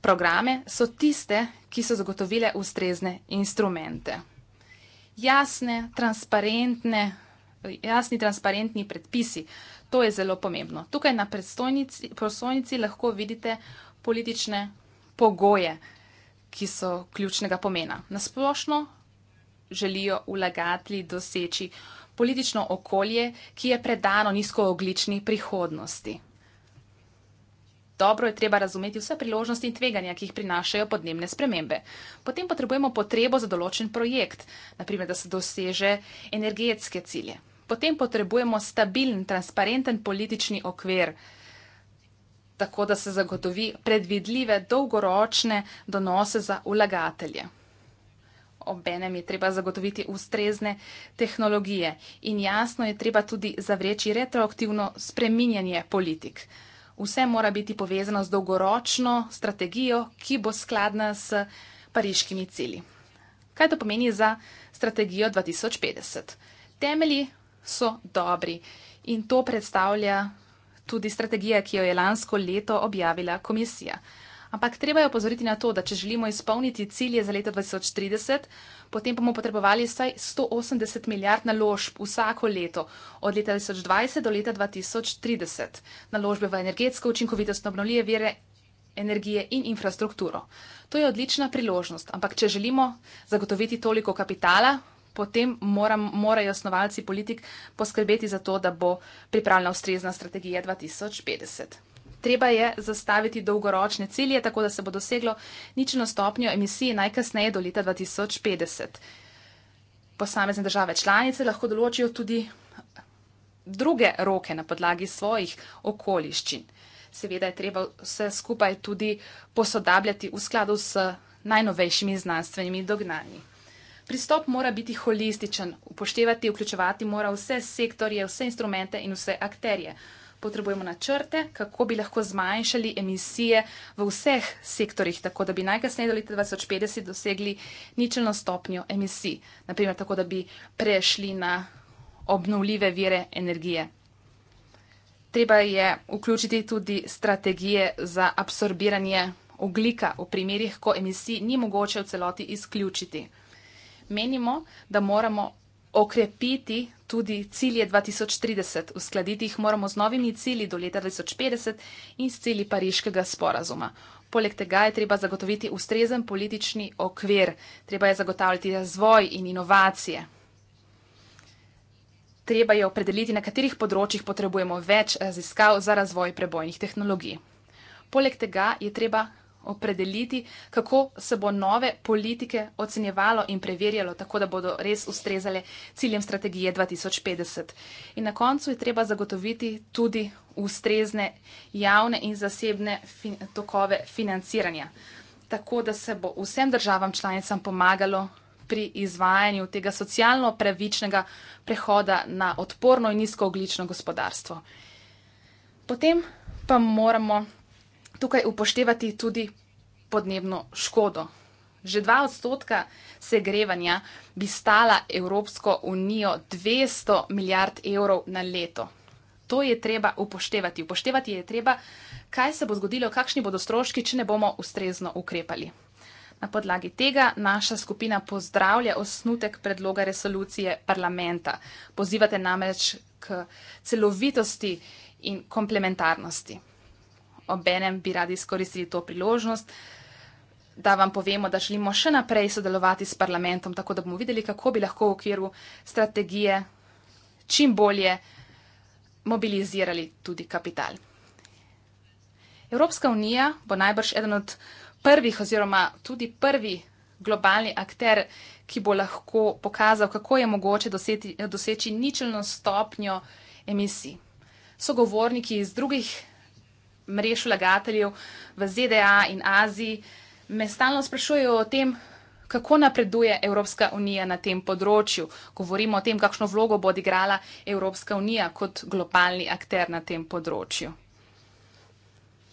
programe, so tiste, ki so zagotovile ustrezne instrumente. Jasne, transparentne, jasni, transparentni predpisi. To je zelo pomembno. Tukaj na predstojnici lahko vidite politične pogoje, ki so ključnega pomena. Nasplošno želijo vlagatelji doseči politično okolje, ki je predano nizkooglični prihodnosti. Dobro je treba razumeti vse priložnosti in tveganja, ki jih prinašajo podnebne spremembe. Potem potrebujemo potrebo za določen projekt, naprimer, da se doseže energetske cilje potem potrebujemo stabilen, transparenten politični okvir, tako da se zagotovi predvidljive dolgoročne donose za vlagatelje. Obenem je treba zagotoviti ustrezne tehnologije in jasno je treba tudi zavreči retroaktivno spreminjanje politik. Vse mora biti povezano z dolgoročno strategijo, ki bo skladna s pariškimi cilji. Kaj to pomeni za strategijo 2050? Temelji so dobri. In to predstavlja tudi strategija, ki jo je lansko leto objavila komisija. Ampak treba je opozoriti na to, da če želimo izpolniti cilje za leto 2030, potem bomo potrebovali vsaj 180 milijard naložb vsako leto, od leta 2020 do leta 2030. Naložbe v energetsko učinkovitost, obnovljive vere energije in infrastrukturo. To je odlična priložnost, ampak če želimo zagotoviti toliko kapitala, potem moram, morajo osnovalci politik poskrbeti za to, da bo pripravljena ustrezna strategija 2050. Treba je zastaviti dolgoročne cilje, tako da se bo doseglo ničeno stopnjo emisije najkasneje do leta 2050. Posamezne države članice lahko določijo tudi druge roke na podlagi svojih okoliščin. Seveda je treba vse skupaj tudi posodabljati v skladu s najnovejšimi znanstvenimi dognanji. Pristop mora biti holističen, upoštevati, vključevati mora vse sektorje, vse instrumente in vse akterje. Potrebujemo načrte, kako bi lahko zmanjšali emisije v vseh sektorjih, tako da bi najkasneje do leta 2050 dosegli ničelno stopnjo emisij, naprimer tako, da bi prešli na obnovljive vire energije. Treba je vključiti tudi strategije za absorbiranje oglika v primerjih, ko emisij ni mogoče v celoti izključiti menimo, da moramo okrepiti tudi cilje 2030, uskladiti jih moramo z novimi cilji do leta 2050 in s cilji pariškega sporazuma. Poleg tega je treba zagotoviti ustrezen politični okvir, treba je zagotavljati razvoj in inovacije. Treba je opredeliti, na katerih področjih potrebujemo več raziskav za razvoj prebojnih tehnologij. Poleg tega je treba opredeliti, kako se bo nove politike ocenjevalo in preverjalo, tako da bodo res ustrezale ciljem strategije 2050. In na koncu je treba zagotoviti tudi ustrezne javne in zasebne fin tokove financiranja, tako da se bo vsem državam članicam pomagalo pri izvajanju tega socialno pravičnega prehoda na odporno in nizkooglično gospodarstvo. Potem pa moramo tukaj upoštevati tudi podnebno škodo. Že dva odstotka segrevanja bi stala Evropsko unijo 200 milijard evrov na leto. To je treba upoštevati. Upoštevati je treba, kaj se bo zgodilo, kakšni bodo stroški, če ne bomo ustrezno ukrepali. Na podlagi tega naša skupina pozdravlja osnutek predloga resolucije parlamenta. Pozivate namreč k celovitosti in komplementarnosti obenem bi radi izkoristili to priložnost, da vam povemo, da želimo še naprej sodelovati s parlamentom, tako da bomo videli, kako bi lahko v okviru strategije čim bolje mobilizirali tudi kapital. Evropska unija bo najbrž eden od prvih oziroma tudi prvi globalni akter, ki bo lahko pokazal, kako je mogoče doseti, doseči ničelno stopnjo emisij. Sogovorniki iz drugih mrež vlagateljev v ZDA in Aziji, me stalno sprašujejo o tem, kako napreduje Evropska unija na tem področju. Govorimo o tem, kakšno vlogo bo odigrala Evropska unija kot globalni akter na tem področju.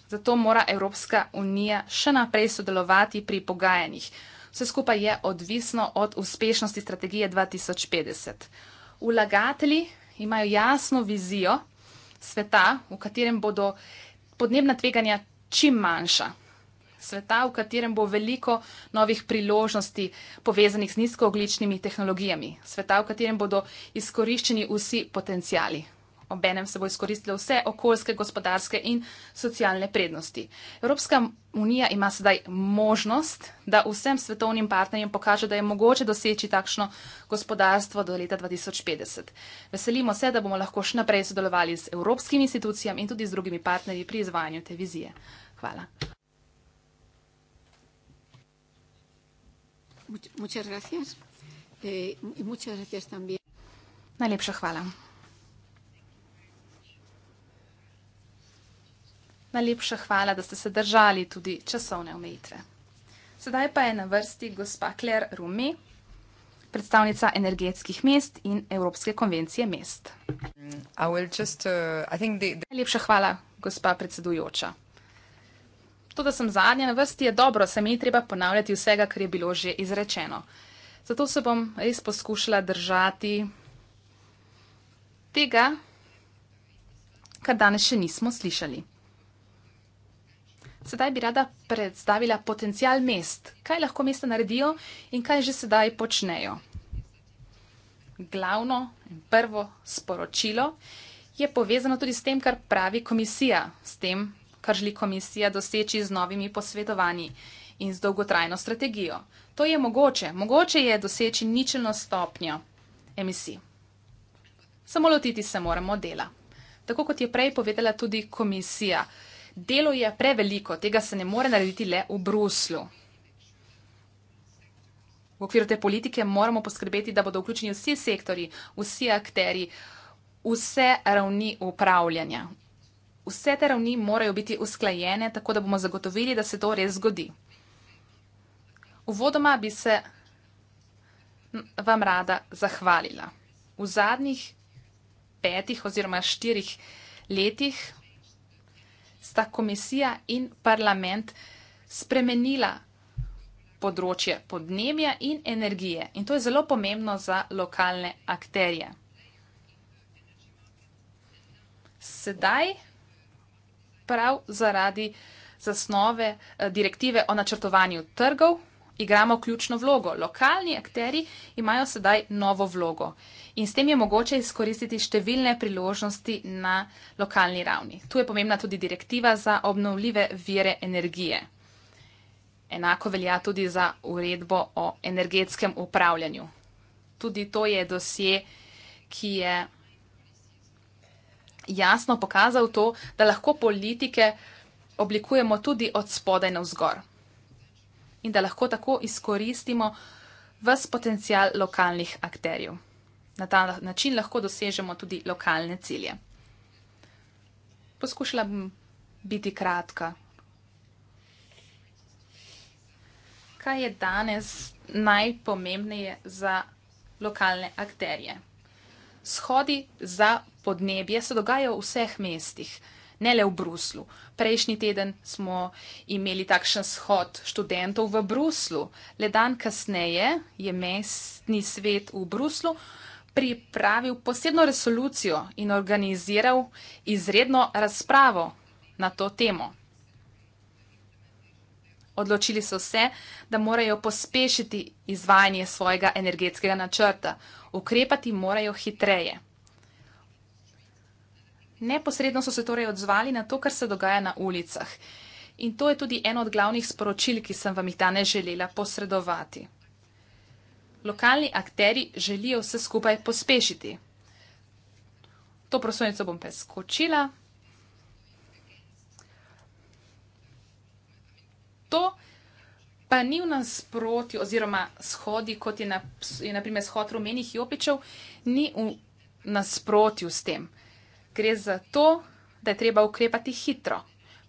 Zato mora Evropska unija še naprej sodelovati pri pogajanjih. Vse skupaj je odvisno od uspešnosti strategije 2050. Vlagatelji imajo jasno vizijo sveta, v katerem bodo podnebna tveganja čim manjša. Sveta, v katerem bo veliko novih priložnosti povezanih z nizkoogličnimi tehnologijami. Sveta, v katerem bodo izkoriščeni vsi potencijali. Obenem se bo izkoristilo vse okoljske, gospodarske in socialne prednosti. Evropska unija ima sedaj možnost, da vsem svetovnim partnerjem pokaže, da je mogoče doseči takšno gospodarstvo do leta 2050. Veselimo se, da bomo lahko še naprej sodelovali z evropskimi institucijami in tudi z drugimi partnerji pri izvajanju te vizije. Hvala. Eh, Najlepša hvala. Najlepša hvala, da ste se držali tudi časovne omejitve. Sedaj pa je na vrsti gospa Claire Rumi, predstavnica energetskih mest in Evropske konvencije mest. Mm, just, uh, the, the... Najlepša hvala, gospa predsedujoča. To, da sem zadnja na vrsti, je dobro, se mi ni treba ponavljati vsega, kar je bilo že izrečeno. Zato se bom res poskušala držati tega, kar danes še nismo slišali. Sedaj bi rada predstavila potencijal mest. Kaj lahko mesta naredijo in kaj že sedaj počnejo? Glavno in prvo sporočilo je povezano tudi s tem, kar pravi komisija, s tem, kar želi komisija doseči z novimi posvetovanji in z dolgotrajno strategijo. To je mogoče, mogoče je doseči ničelno stopnjo emisij. Samo lotiti se moramo dela. Tako kot je prej povedala tudi komisija, delo je preveliko, tega se ne more narediti le v Bruslu. V okviru te politike moramo poskrbeti, da bodo vključeni vsi sektori, vsi akteri, vse ravni upravljanja. Vse te ravni morajo biti usklajene, tako da bomo zagotovili, da se to res zgodi. Uvodoma bi se vam rada zahvalila. V zadnjih petih oziroma štirih letih sta komisija in parlament spremenila področje podnebja in energije. In to je zelo pomembno za lokalne akterje. Sedaj prav zaradi zasnove eh, direktive o načrtovanju trgov igramo ključno vlogo. Lokalni akteri imajo sedaj novo vlogo in s tem je mogoče izkoristiti številne priložnosti na lokalni ravni. Tu je pomembna tudi direktiva za obnovljive vire energije. Enako velja tudi za uredbo o energetskem upravljanju. Tudi to je dosje, ki je jasno pokazal to, da lahko politike oblikujemo tudi od spodaj na vzgor in da lahko tako izkoristimo ves potencial lokalnih akterjev. Na ta način lahko dosežemo tudi lokalne cilje. Poskušala bom biti kratka. Kaj je danes najpomembnejše za lokalne akterje? Shodi za podnebje se dogajajo v vseh mestih ne le v Bruslu. Prejšnji teden smo imeli takšen shod študentov v Bruslu, le dan kasneje je mestni svet v Bruslu pripravil posebno resolucijo in organiziral izredno razpravo na to temo. Odločili so se, da morajo pospešiti izvajanje svojega energetskega načrta, ukrepati morajo hitreje. Neposredno so se torej odzvali na to, kar se dogaja na ulicah. In to je tudi eno od glavnih sporočil, ki sem vam jih danes želela posredovati. Lokalni akteri želijo vse skupaj pospešiti. To prosojnico bom preskočila. To pa ni v nasprotju oziroma shodi, kot je na, je na primer shod rumenih jopičev, ni v nasprotju s tem gre za to, da je treba ukrepati hitro.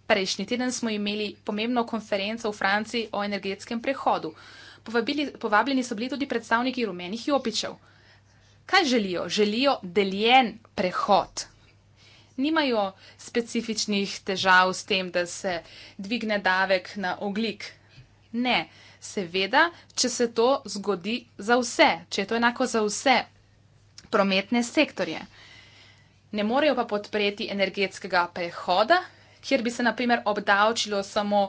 Prejšnji teden smo imeli pomembno konferenco v Franciji o energetskem prehodu. Povabili, povabljeni so bili tudi predstavniki rumenih jopičev. Kaj želijo? Želijo deljen prehod. Nimajo specifičnih težav s tem, da se dvigne davek na oglik. Ne, seveda, če se to zgodi za vse, če je to enako za vse prometne sektorje ne morejo pa podpreti energetskega prehoda, kjer bi se na primer obdavčilo samo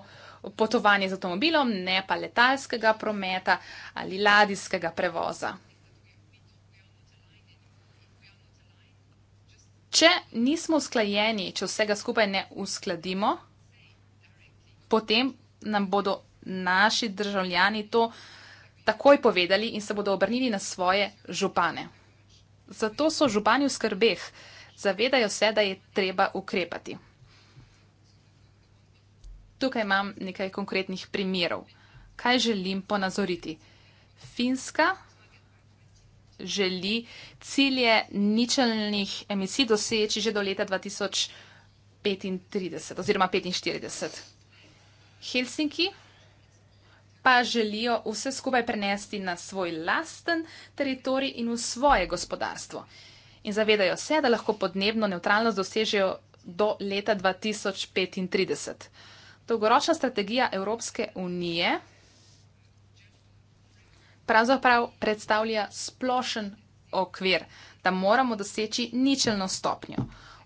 potovanje z avtomobilom, ne pa letalskega prometa ali ladijskega prevoza. Če nismo usklajeni, če vsega skupaj ne uskladimo, potem nam bodo naši državljani to takoj povedali in se bodo obrnili na svoje župane. Zato so župani v skrbeh zavedajo se, da je treba ukrepati. Tukaj imam nekaj konkretnih primerov. Kaj želim ponazoriti? Finska želi cilje ničelnih emisij doseči že do leta 2035 oziroma 45. Helsinki pa želijo vse skupaj prenesti na svoj lasten teritorij in v svoje gospodarstvo in zavedajo se, da lahko podnebno neutralnost dosežejo do leta 2035. Dolgoročna strategija Evropske unije pravzaprav predstavlja splošen okvir, da moramo doseči ničelno stopnjo.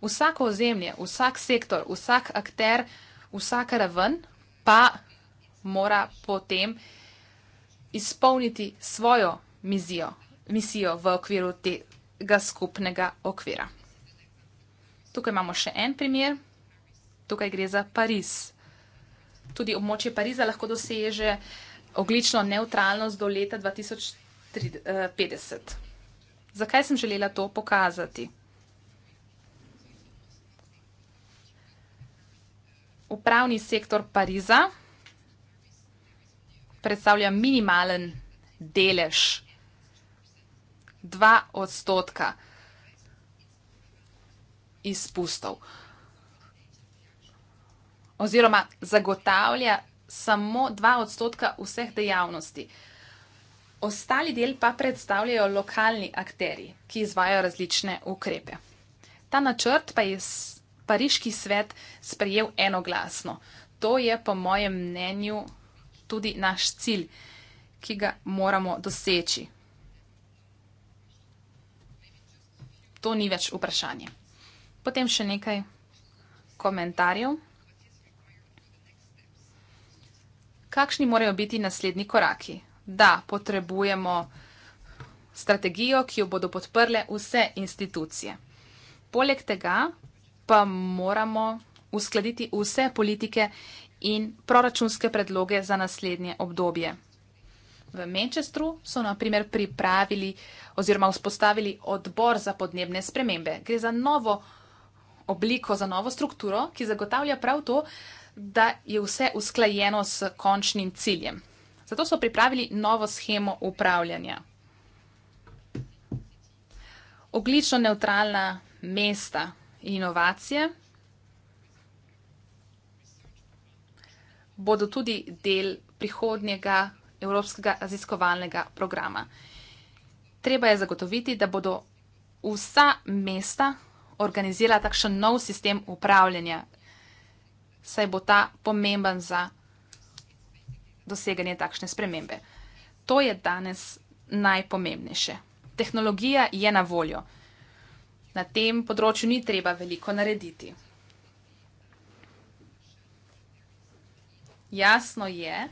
Vsako ozemlje, vsak sektor, vsak akter, vsaka raven pa mora potem izpolniti svojo mizijo, misijo v okviru te tega skupnega okvira. Tukaj imamo še en primer, tukaj gre za Pariz. Tudi območje Pariza lahko doseže oglično neutralnost do leta 2050. Zakaj sem želela to pokazati? Upravni sektor Pariza predstavlja minimalen delež 2 odstotka izpustov. Oziroma zagotavlja samo 2 odstotka vseh dejavnosti. Ostali del pa predstavljajo lokalni akteri, ki izvajo različne ukrepe. Ta načrt pa je Pariški svet sprejel enoglasno. To je po mojem mnenju tudi naš cilj, ki ga moramo doseči. to ni več vprašanje. Potem še nekaj komentarjev. Kakšni morajo biti naslednji koraki? Da, potrebujemo strategijo, ki jo bodo podprle vse institucije. Poleg tega pa moramo uskladiti vse politike in proračunske predloge za naslednje obdobje. V Manchestru so na primer pripravili oziroma vzpostavili odbor za podnebne spremembe. Gre za novo obliko, za novo strukturo, ki zagotavlja prav to, da je vse usklajeno s končnim ciljem. Zato so pripravili novo schemo upravljanja. Oglično neutralna mesta inovacije bodo tudi del prihodnjega Evropskega raziskovalnega programa. Treba je zagotoviti, da bodo vsa mesta organizirala takšen nov sistem upravljanja, saj bo ta pomemben za doseganje takšne spremembe. To je danes najpomembnejše. Tehnologija je na voljo. Na tem področju ni treba veliko narediti. Jasno je,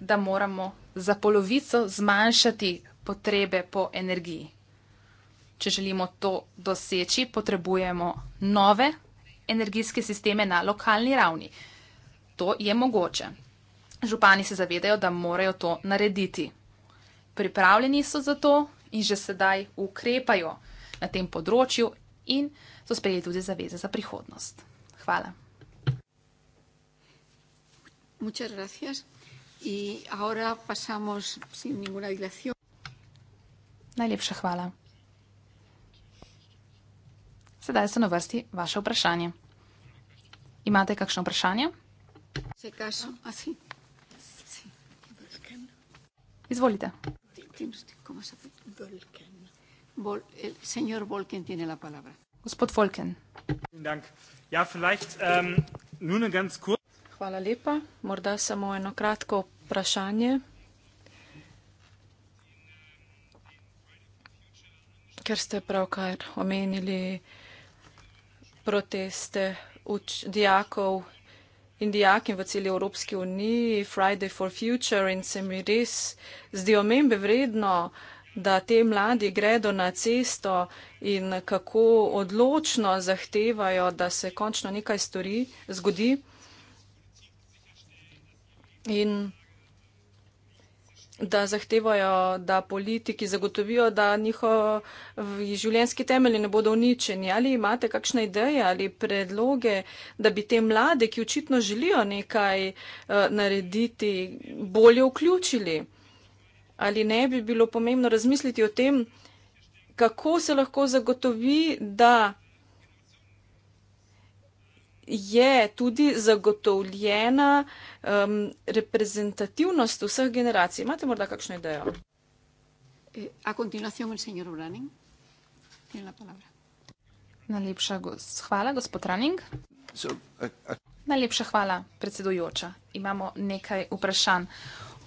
da moramo za polovico zmanjšati potrebe po energiji. Če želimo to doseči, potrebujemo nove energijske sisteme na lokalni ravni. To je mogoče. Župani se zavedajo, da morajo to narediti. Pripravljeni so za to in že sedaj ukrepajo na tem področju in so sprejeli tudi zaveze za prihodnost. Hvala. Muchas gracias. I ahora pasamos sin ninguna dilación. Najlepša hvala. Sedaj so na vrsti vaše vprašanje. Imate kakšno vprašanje? Se kažem, a ah, si? Si. Volken. Izvolite. Volken. Vol, el senjor Volken tiene la palabra. Gospod Volken. Dank. Ja, vielleicht um, nur eine ganz kurz. Hvala lepa. Morda samo eno kratko vprašanje. Ker ste pravkar omenili proteste uč, dijakov in dijakin v celi Evropski uniji, Friday for Future in se mi res zdi omembe vredno, da te mladi gredo na cesto in kako odločno zahtevajo, da se končno nekaj stori, zgodi in da zahtevajo, da politiki zagotovijo, da njihovi življenjski temelji ne bodo uničeni. Ali imate kakšne ideje ali predloge, da bi te mlade, ki očitno želijo nekaj eh, narediti, bolje vključili? Ali ne bi bilo pomembno razmisliti o tem, kako se lahko zagotovi, da je tudi zagotovljena um, reprezentativnost vseh generacij. Imate morda kakšno idejo? Eh, a continuación, el señor Running. Tiene la palabra. Najlepša hvala, gospod Running. So, uh, uh. Najlepša hvala, predsedujoča. Imamo nekaj vprašanj.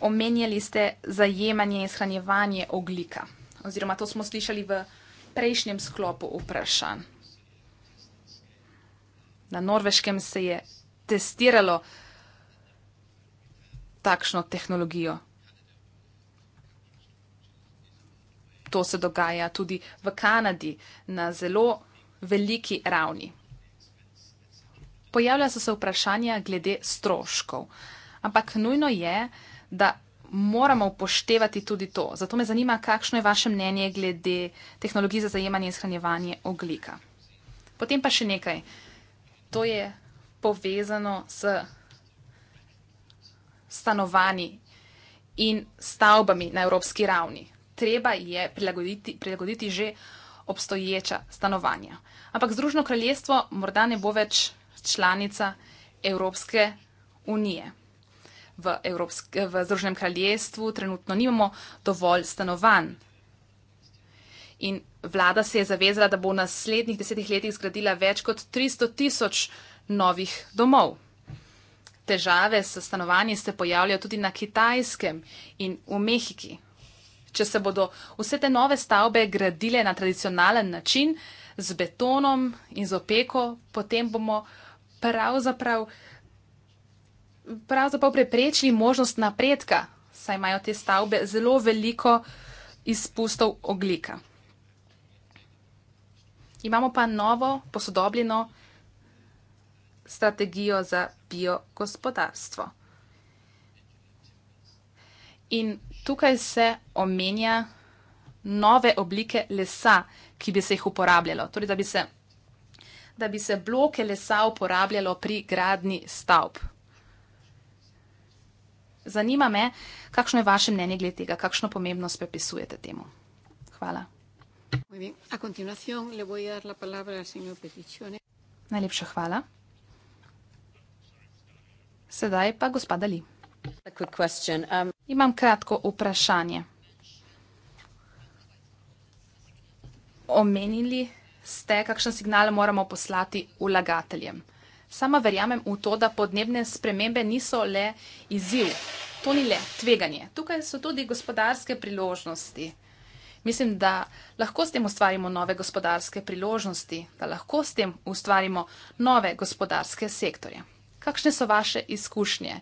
Omenjali ste zajemanje in shranjevanje oglika, oziroma to smo slišali v prejšnjem sklopu vprašanj na norveškem se je testiralo takšno tehnologijo. To se dogaja tudi v Kanadi na zelo veliki ravni. Pojavlja so se vprašanja glede stroškov, ampak nujno je, da moramo upoštevati tudi to. Zato me zanima, kakšno je vaše mnenje glede tehnologij za zajemanje in shranjevanje oglika. Potem pa še nekaj to je povezano s stanovanji in stavbami na evropski ravni. Treba je prilagoditi, prilagoditi že obstoječa stanovanja. Ampak Združeno kraljestvo morda ne bo več članica Evropske unije. V, v Združenem kraljestvu trenutno nimamo dovolj stanovanj. In Vlada se je zavezala, da bo v naslednjih desetih letih zgradila več kot 300 tisoč novih domov. Težave s stanovanji se pojavljajo tudi na Kitajskem in v Mehiki. Če se bodo vse te nove stavbe gradile na tradicionalen način, z betonom in z opeko, potem bomo pravzaprav, pravzaprav preprečili možnost napredka, saj imajo te stavbe zelo veliko izpustov oglika. Imamo pa novo posodobljeno strategijo za biogospodarstvo. In tukaj se omenja nove oblike lesa, ki bi se jih uporabljalo. Torej, da bi se, da bi se bloke lesa uporabljalo pri gradni stavb. Zanima me, kakšno je vaše mnenje glede tega, kakšno pomembnost prepisujete temu. Hvala. Muy bien. A continuación le voy a dar la palabra al señor Petitione. Najlepša hvala. Sedaj pa gospoda Li. Um, Imam kratko vprašanje. Omenili ste, kakšen signal moramo poslati vlagateljem. Sama verjamem v to, da podnebne spremembe niso le izziv, to ni le tveganje. Tukaj so tudi gospodarske priložnosti. Mislim, da lahko s tem ustvarimo nove gospodarske priložnosti, da lahko s tem ustvarimo nove gospodarske sektorje. Kakšne so vaše izkušnje?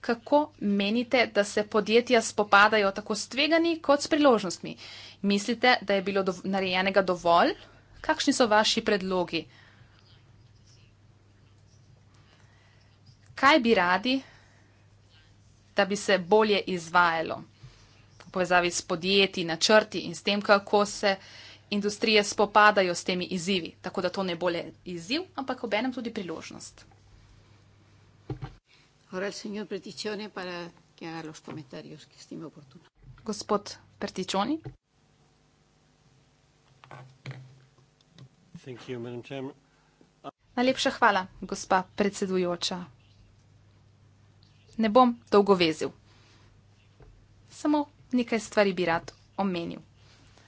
Kako menite, da se podjetja spopadajo tako s tvegani kot s priložnostmi? Mislite, da je bilo dov narejenega dovolj? Kakšni so vaši predlogi? Kaj bi radi, da bi se bolje izvajalo? v povezavi s podjetji, načrti in s tem, kako se industrije spopadajo s temi izzivi. Tako da to ne bo le izziv, ampak obenem tudi priložnost. Gospod Pertičoni. Najlepša hvala, gospa predsedujoča. Ne bom dolgo vezil. Samo nekaj stvari bi rad omenil.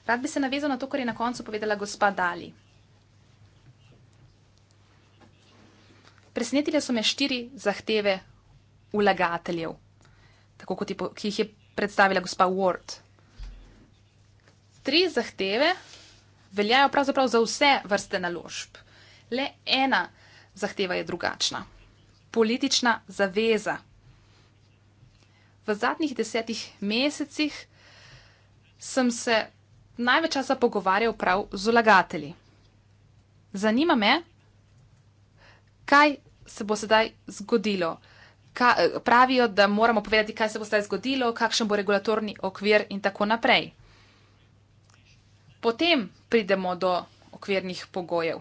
Rad bi se navezal na to, kar je na koncu povedala gospa Dali. Presenetile so me štiri zahteve vlagateljev, tako kot je, ki jih je predstavila gospa Ward. Tri zahteve veljajo pravzaprav za vse vrste naložb. Le ena zahteva je drugačna. Politična zaveza v zadnjih desetih mesecih sem se največ časa pogovarjal prav z vlagatelji. Zanima me, kaj se bo sedaj zgodilo. Ka, pravijo, da moramo povedati, kaj se bo zdaj zgodilo, kakšen bo regulatorni okvir in tako naprej. Potem pridemo do okvirnih pogojev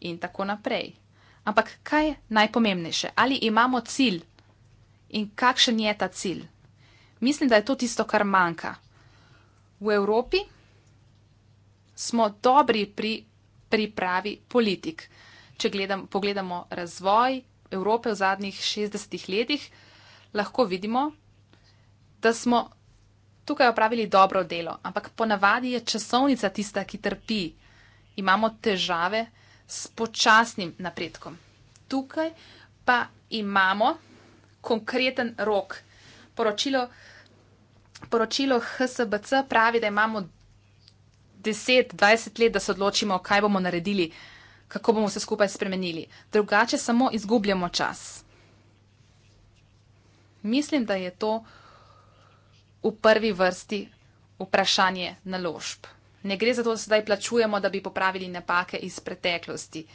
in tako naprej. Ampak kaj je najpomembnejše? Ali imamo cilj in kakšen je ta cilj? mislim, da je to tisto, kar manjka. V Evropi smo dobri pri pripravi politik. Če gledam, pogledamo razvoj Evrope v zadnjih 60 letih, lahko vidimo, da smo tukaj opravili dobro delo, ampak ponavadi je časovnica tista, ki trpi. Imamo težave s počasnim napredkom. Tukaj pa imamo konkreten rok. Poročilo poročilo HSBC pravi, da imamo 10-20 let, da se odločimo, kaj bomo naredili, kako bomo vse skupaj spremenili. Drugače samo izgubljamo čas. Mislim, da je to v prvi vrsti vprašanje naložb. Ne gre za to, da se zdaj plačujemo, da bi popravili napake iz preteklosti.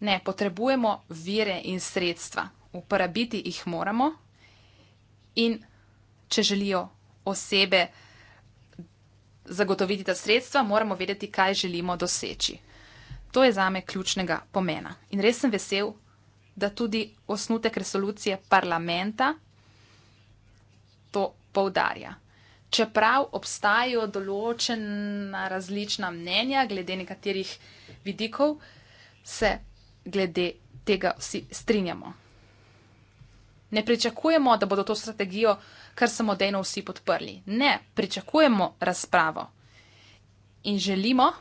Ne, potrebujemo vire in sredstva. Uporabiti jih moramo in če želijo osebe zagotoviti ta sredstva, moramo vedeti, kaj želimo doseči. To je zame ključnega pomena. In res sem vesel, da tudi osnutek resolucije parlamenta to povdarja. Čeprav obstajajo določena različna mnenja glede nekaterih vidikov, se glede tega vsi strinjamo. Ne pričakujemo, da bodo to strategijo kar smo dejno vsi podprli. Ne, pričakujemo razpravo in želimo,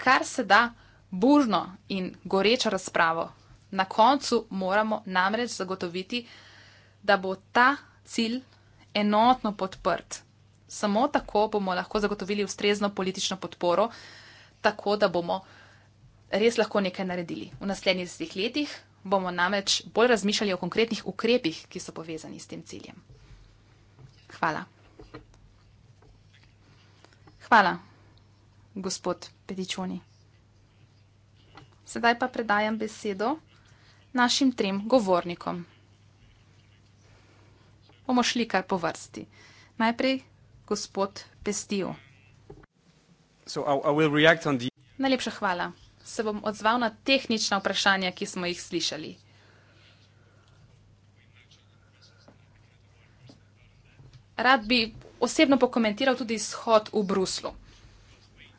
kar se da, burno in gorečo razpravo. Na koncu moramo namreč zagotoviti, da bo ta cilj enotno podprt. Samo tako bomo lahko zagotovili ustrezno politično podporo, tako da bomo res lahko nekaj naredili. V naslednjih desetih letih bomo namreč bolj razmišljali o konkretnih ukrepih, ki so povezani s tem ciljem. Hvala. Hvala, gospod Petičoni. Sedaj pa predajam besedo našim trem govornikom. Bomo šli kar po vrsti. Najprej gospod Pestijo. The... Najlepša hvala. Se bom odzval na tehnična vprašanja, ki smo jih slišali. rad bi osebno pokomentiral tudi shod v Bruslu.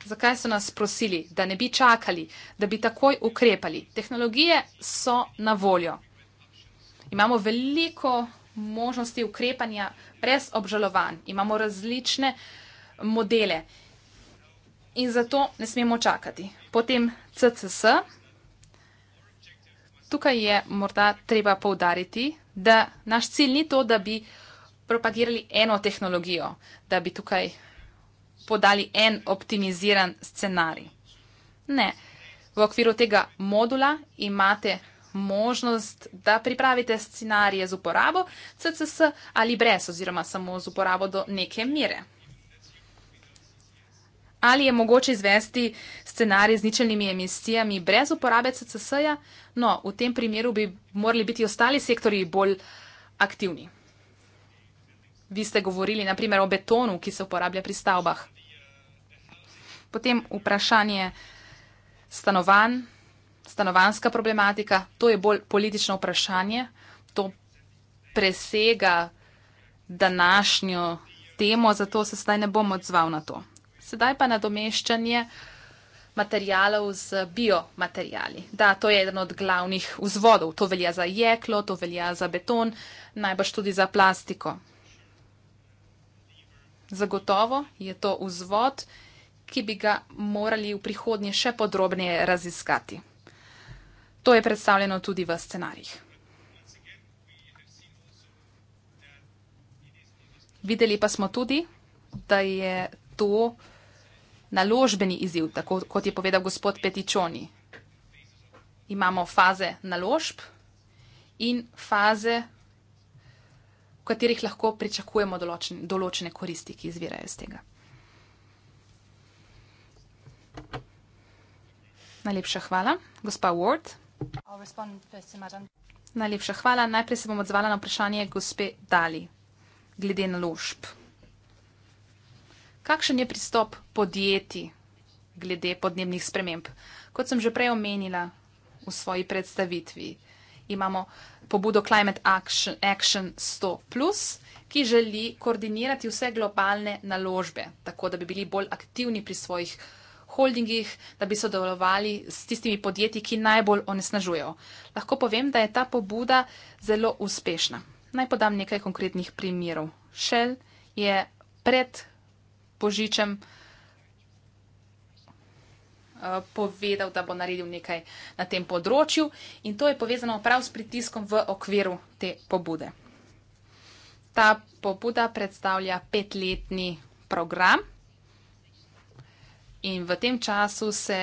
Zakaj so nas prosili, da ne bi čakali, da bi takoj ukrepali? Tehnologije so na voljo. Imamo veliko možnosti ukrepanja brez obžalovanj, imamo različne modele in zato ne smemo čakati. Potem CCS. Tukaj je morda treba povdariti, da naš cilj ni to, da bi propagirali eno tehnologijo, da bi tukaj podali en optimiziran scenarij. Ne, v okviru tega modula imate možnost, da pripravite scenarije z uporabo CCS ali brez, oziroma samo z uporabo do neke mire. Ali je mogoče izvesti scenarij z ničelnimi emisijami brez uporabe CCS-ja? No, v tem primeru bi morali biti ostali sektori bolj aktivni. Vi ste govorili naprimer o betonu, ki se uporablja pri stavbah. Potem vprašanje stanovanj, stanovanska problematika, to je bolj politično vprašanje, to presega današnjo temo, zato se zdaj ne bom odzval na to. Sedaj pa nadomeščanje materijalov z biomaterijali. Da, to je eden od glavnih vzvodov. To velja za jeklo, to velja za beton, najbrž tudi za plastiko. Zagotovo je to vzvod, ki bi ga morali v prihodnje še podrobneje raziskati. To je predstavljeno tudi v scenarijih. Videli pa smo tudi, da je to naložbeni izziv, tako kot je povedal gospod Petičoni. Imamo faze naložb in faze katerih lahko pričakujemo določene, določene koristi, ki izvirajo iz tega. Najlepša hvala, gospa Ward. Najlepša hvala. Najprej se bom odzvala na vprašanje gospe Dali glede naložb. Kakšen je pristop podjetij glede podnebnih sprememb? Kot sem že prej omenila v svoji predstavitvi, imamo pobudo Climate Action, Action 100, ki želi koordinirati vse globalne naložbe, tako da bi bili bolj aktivni pri svojih holdingih, da bi sodelovali s tistimi podjetji, ki najbolj onesnažujejo. Lahko povem, da je ta pobuda zelo uspešna. Naj podam nekaj konkretnih primerov. Shell je pred božičem. Eh, povedal, da bo naredil nekaj na tem področju in to je povezano prav s pritiskom v okviru te pobude. Ta pobuda predstavlja petletni program in v tem času se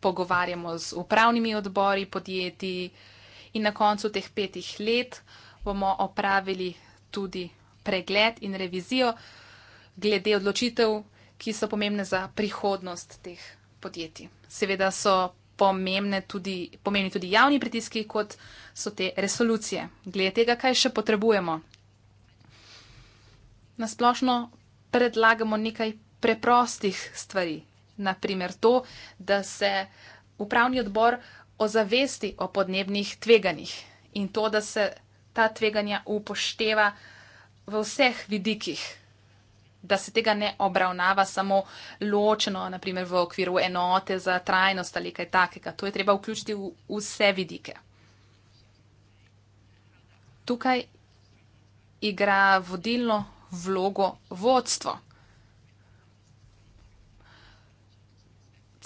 pogovarjamo z upravnimi odbori, podjetji in na koncu teh petih let bomo opravili tudi pregled in revizijo glede odločitev, ki so pomembne za prihodnost teh podjetij seveda so tudi, pomembni tudi javni pritiski, kot so te resolucije. Glede tega, kaj še potrebujemo. Nasplošno predlagamo nekaj preprostih stvari. Naprimer to, da se upravni odbor ozavesti o podnebnih tveganjih in to, da se ta tveganja upošteva v vseh vidikih da se tega ne obravnava samo ločeno, naprimer v okviru enote za trajnost ali kaj takega. To je treba vključiti v vse vidike. Tukaj igra vodilno vlogo vodstvo.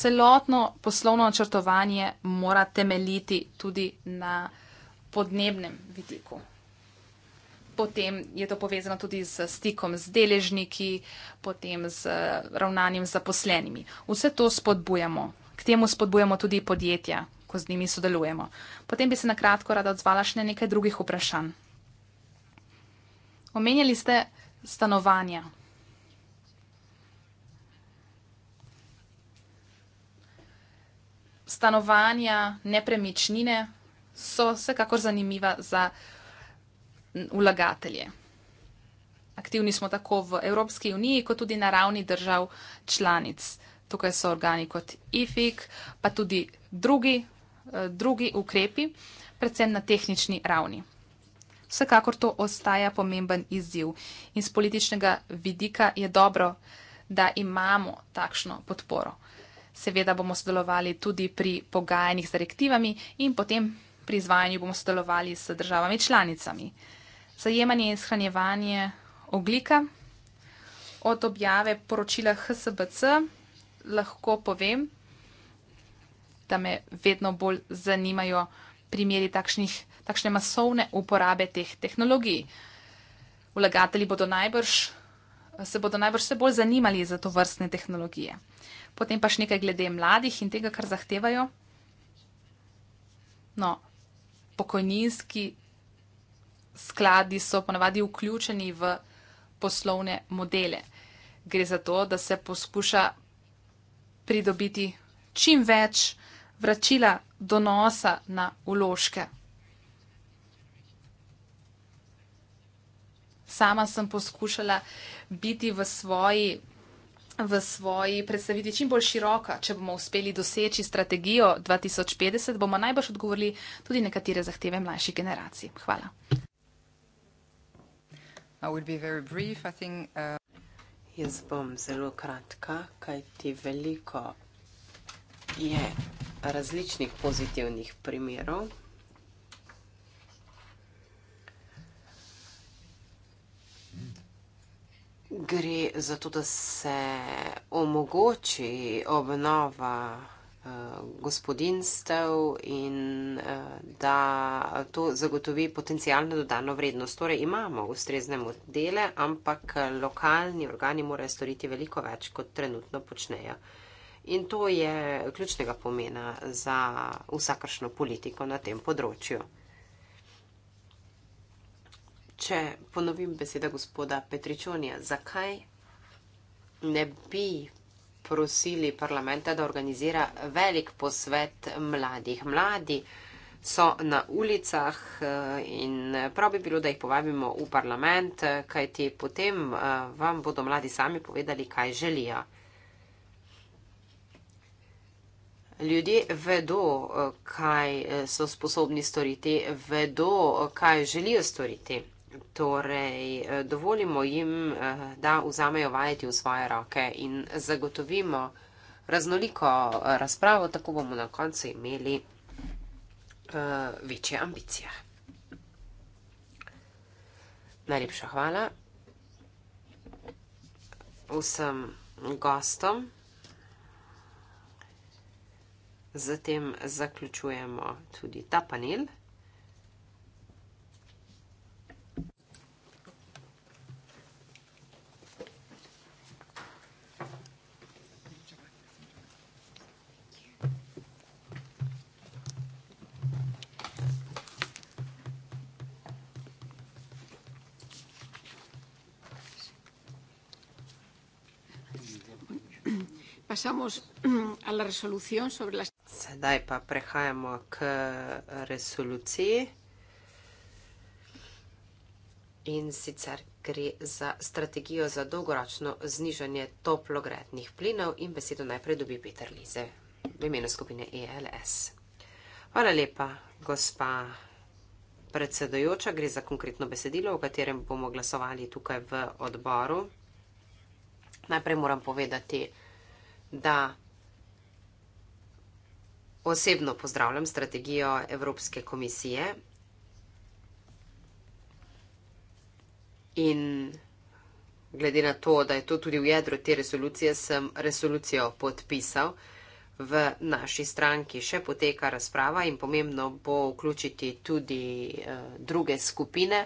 Celotno poslovno načrtovanje mora temeljiti tudi na podnebnem vidiku potem je to povezano tudi s stikom z deležniki, potem z eh, ravnanjem z zaposlenimi. Vse to spodbujamo. K temu spodbujamo tudi podjetja, ko z njimi sodelujemo. Potem bi se na kratko rada odzvala še na nekaj drugih vprašanj. Omenjali ste stanovanja. Stanovanja, nepremičnine so vsekakor zanimiva za vlagatelje. Aktivni smo tako v Evropski uniji, kot tudi na ravni držav članic. Tukaj so organi kot IFIC, pa tudi drugi, eh, drugi ukrepi, predvsem na tehnični ravni. Vsekakor to ostaja pomemben izziv in z političnega vidika je dobro, da imamo takšno podporo. Seveda bomo sodelovali tudi pri pogajanjih z direktivami in potem pri izvajanju bomo sodelovali s državami članicami zajemanje in shranjevanje oglika. Od objave poročila HSBC lahko povem, da me vedno bolj zanimajo primeri takšnih, takšne masovne uporabe teh tehnologij. Vlagatelji bodo najbrž, se bodo najbrž vse bolj zanimali za to vrstne tehnologije. Potem pa še nekaj glede mladih in tega, kar zahtevajo. No, pokojninski skladi so ponavadi vključeni v poslovne modele. Gre za to, da se poskuša pridobiti čim več vračila donosa na uložke. Sama sem poskušala biti v svoji, v svoji predstaviti čim bolj široka. Če bomo uspeli doseči strategijo 2050, bomo najbrž odgovorili tudi nekatere zahteve mlajših generacij. Hvala. Uh, Jaz bom zelo kratka, kajti veliko je različnih pozitivnih primerov. Gre za to, da se omogoči obnova. Eh, gospodinstv in eh, da to zagotovi potencijalno dodano vrednost. Torej imamo ustrezne modele, ampak eh, lokalni organi morajo storiti veliko več, kot trenutno počnejo. In to je ključnega pomena za vsakršno politiko na tem področju. Če ponovim beseda gospoda Petričonija, zakaj ne bi prosili parlamenta, da organizira velik posvet mladih. Mladi so na ulicah eh, in prav bi bilo, da jih povabimo v parlament, kajti potem eh, vam bodo mladi sami povedali, kaj želijo. Ljudje vedo, eh, kaj so sposobni storiti, vedo, kaj želijo storiti. Torej, eh, dovolimo jim, eh, da vzamejo vajeti v svoje roke in zagotovimo raznoliko eh, razpravo, tako bomo na koncu imeli uh, večje ambicije. Najlepša hvala vsem gostom. Zatem zaključujemo tudi ta panel. Pasamos a la resolución sobre las... Sedaj pa prehajamo k eh, resoluciji. In sicer gre za strategijo za dolgoročno znižanje toplogrednih plinov in besedo najprej dobi Peter Lize v imenu skupine ELS. Hvala lepa, gospa predsedojoča. Gre za konkretno besedilo, o katerem bomo glasovali tukaj v odboru. Najprej moram povedati, da da osebno pozdravljam strategijo Evropske komisije in glede na to, da je to tudi v jedru te resolucije, sem resolucijo podpisal. V naši stranki še poteka razprava in pomembno bo vključiti tudi eh, druge skupine.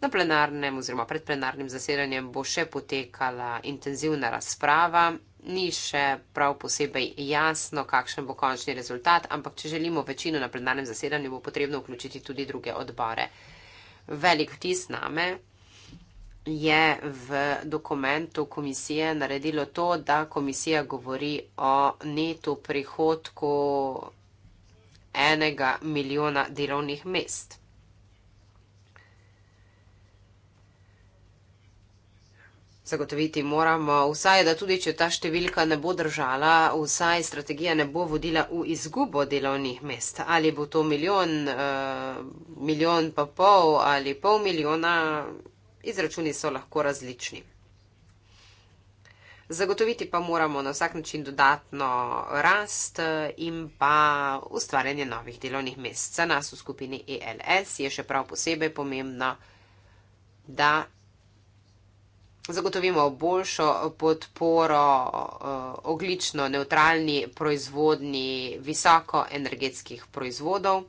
Na plenarnem oziroma predplenarnem zasedanjem bo še potekala intenzivna razprava ni še prav posebej jasno, kakšen bo končni rezultat, ampak če želimo večino na plenarnem zasedanju, bo potrebno vključiti tudi druge odbore. Velik vtis name je v dokumentu komisije naredilo to, da komisija govori o netu prihodku enega milijona delovnih mest. zagotoviti moramo, vsaj da tudi, če ta številka ne bo držala, vsaj strategija ne bo vodila v izgubo delovnih mest. Ali bo to milijon, eh, milijon pa pol ali pol milijona, izračuni so lahko različni. Zagotoviti pa moramo na vsak način dodatno rast eh, in pa ustvarjanje novih delovnih mest. Za nas v skupini ELS je še prav posebej pomembno, da zagotovimo boljšo podporo eh, oglično neutralni proizvodni visokoenergetskih proizvodov.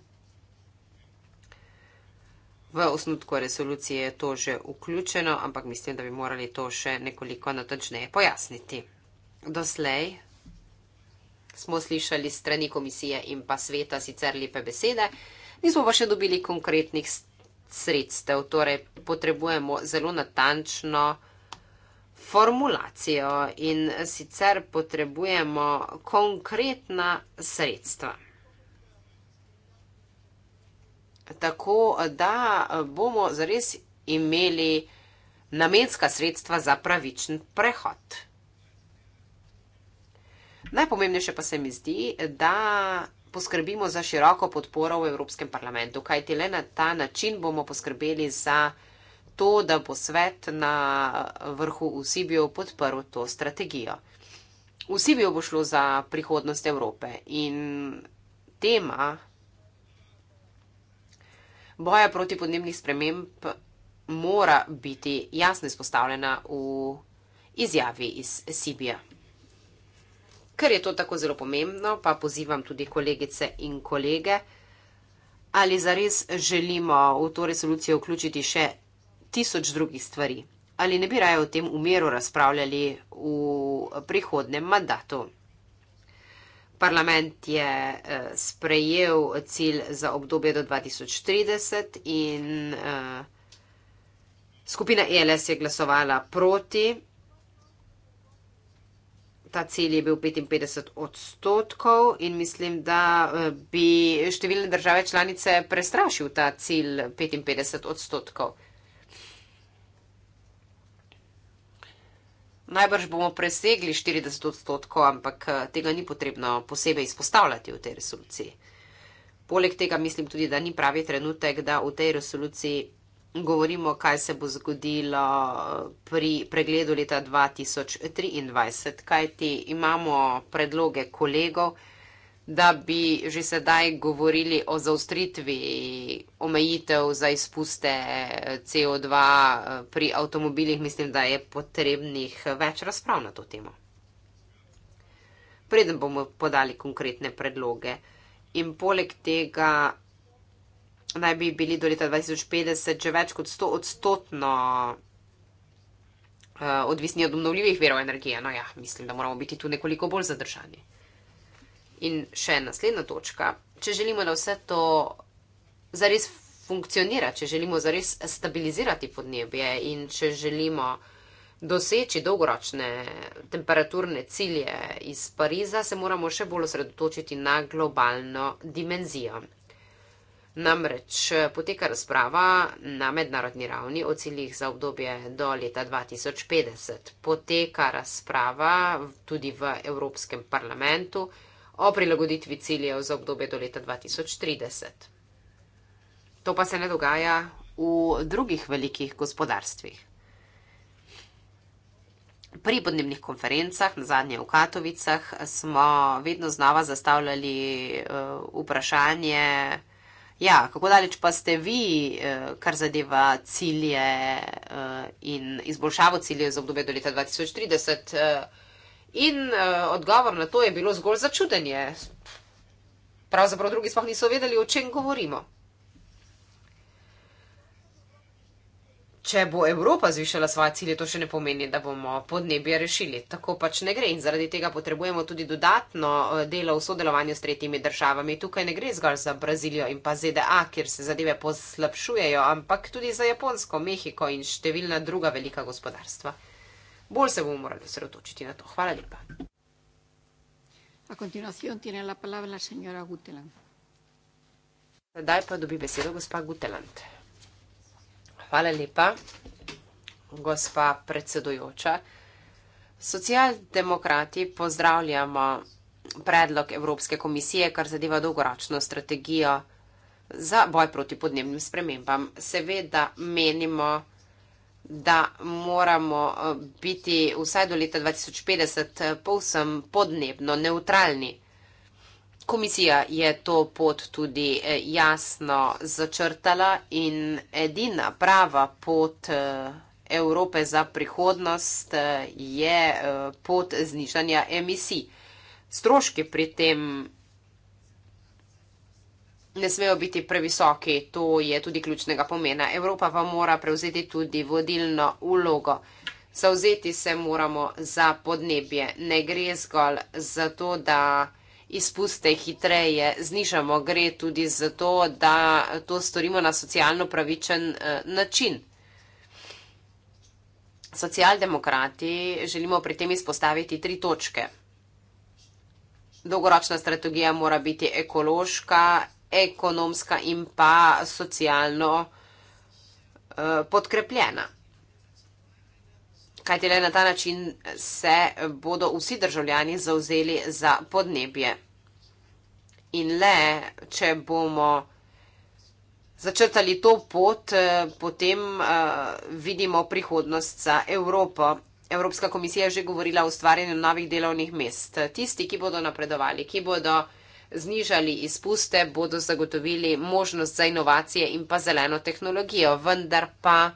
V osnutku resolucije je to že vključeno, ampak mislim, da bi morali to še nekoliko natačneje pojasniti. Doslej smo slišali strani komisije in pa sveta sicer lepe besede, nismo pa še dobili konkretnih sredstev, torej potrebujemo zelo natančno formulacijo in sicer potrebujemo konkretna sredstva. Tako da bomo zares imeli namenska sredstva za pravičen prehod. Najpomembnejše pa se mi zdi, da poskrbimo za široko podporo v Evropskem parlamentu, kajti le na ta način bomo poskrbeli za to, da bo svet na vrhu v Sibiju podprl to strategijo. V Sibiju bo šlo za prihodnost Evrope in tema boja proti podnebnih sprememb mora biti jasno izpostavljena v izjavi iz Sibija. Ker je to tako zelo pomembno, pa pozivam tudi kolegice in kolege, ali zares želimo v to resolucijo vključiti še tisoč drugih stvari. Ali ne bi raje o tem umeru razpravljali v prihodnem mandatu? Parlament je eh, sprejel cilj za obdobje do 2030 in eh, skupina ELS je glasovala proti. Ta cilj je bil 55 odstotkov in mislim, da eh, bi številne države članice prestrašil ta cilj 55 odstotkov. Najbrž bomo presegli 40 odstotkov, ampak eh, tega ni potrebno posebej izpostavljati v tej resoluciji. Poleg tega mislim tudi, da ni pravi trenutek, da v tej resoluciji govorimo, kaj se bo zgodilo eh, pri pregledu leta 2023, kajti imamo predloge kolegov, da bi že sedaj govorili o zaustritvi omejitev za izpuste CO2 eh, pri avtomobilih, mislim, da je potrebnih več razprav na to temo. Preden bomo podali konkretne predloge. In poleg tega naj bi bili do leta 2050 že več kot 100 odstotno eh, odvisni od obnovljivih verov energije. No ja, mislim, da moramo biti tu nekoliko bolj zadržani. In še naslednja točka. Če želimo, da vse to zares funkcionira, če želimo zares stabilizirati podnebje in če želimo doseči dolgoročne temperaturne cilje iz Pariza, se moramo še bolj osredotočiti na globalno dimenzijo. Namreč poteka razprava na mednarodni ravni o ciljih za obdobje do leta 2050. Poteka razprava tudi v Evropskem parlamentu o prilagoditvi ciljev za obdobje do leta 2030. To pa se ne dogaja v drugih velikih gospodarstvih. Pri podnebnih konferencah, na zadnje v Katovicah, smo vedno znova zastavljali eh, vprašanje, ja, kako daleč pa ste vi, eh, kar zadeva cilje eh, in izboljšavo ciljev za obdobje do leta 2030. In uh, odgovor na to je bilo zgolj začudenje. Pravzaprav drugi sploh niso vedeli, o čem govorimo. Če bo Evropa zvišala svoje cilje, to še ne pomeni, da bomo podnebje rešili. Tako pač ne gre in zaradi tega potrebujemo tudi dodatno eh, delo v sodelovanju s tretjimi državami. Tukaj ne gre zgolj za Brazilijo in pa ZDA, kjer se zadeve poslabšujejo, ampak tudi za Japonsko, Mehiko in številna druga velika gospodarstva bolj se bomo morali osredotočiti na to. Hvala lepa. Zdaj pa dobi besedo gospa Guteland. Hvala lepa, gospa predsedojoča. Socialdemokrati pozdravljamo predlog Evropske komisije, kar zadeva dolgoračno strategijo za boj proti podnebnim spremembam. Seveda menimo, da da moramo eh, biti vsaj do leta 2050 eh, povsem podnebno neutralni. Komisija je to pot tudi eh, jasno začrtala in edina prava pot Evrope za prihodnost je pot znižanja emisij. Stroške pri tem ne smejo biti previsoki, to je tudi ključnega pomena. Evropa pa mora prevzeti tudi vodilno ulogo. Zauzeti se moramo za podnebje. Ne gre zgolj za to, da izpuste hitreje znižamo, gre tudi za to, da to storimo na socialno pravičen eh, način. Socialdemokrati želimo pri tem izpostaviti tri točke. Dolgoročna strategija mora biti ekološka ekonomska in pa socialno eh, podkrepljena. Kajti le na ta način se bodo vsi državljani zauzeli za podnebje. In le, če bomo začrtali to pot, eh, potem eh, vidimo prihodnost za Evropo. Evropska komisija je že govorila o ustvarjanju novih delovnih mest. Tisti, ki bodo napredovali, ki bodo napredovali, znižali izpuste, bodo zagotovili možnost za inovacije in pa zeleno tehnologijo. Vendar pa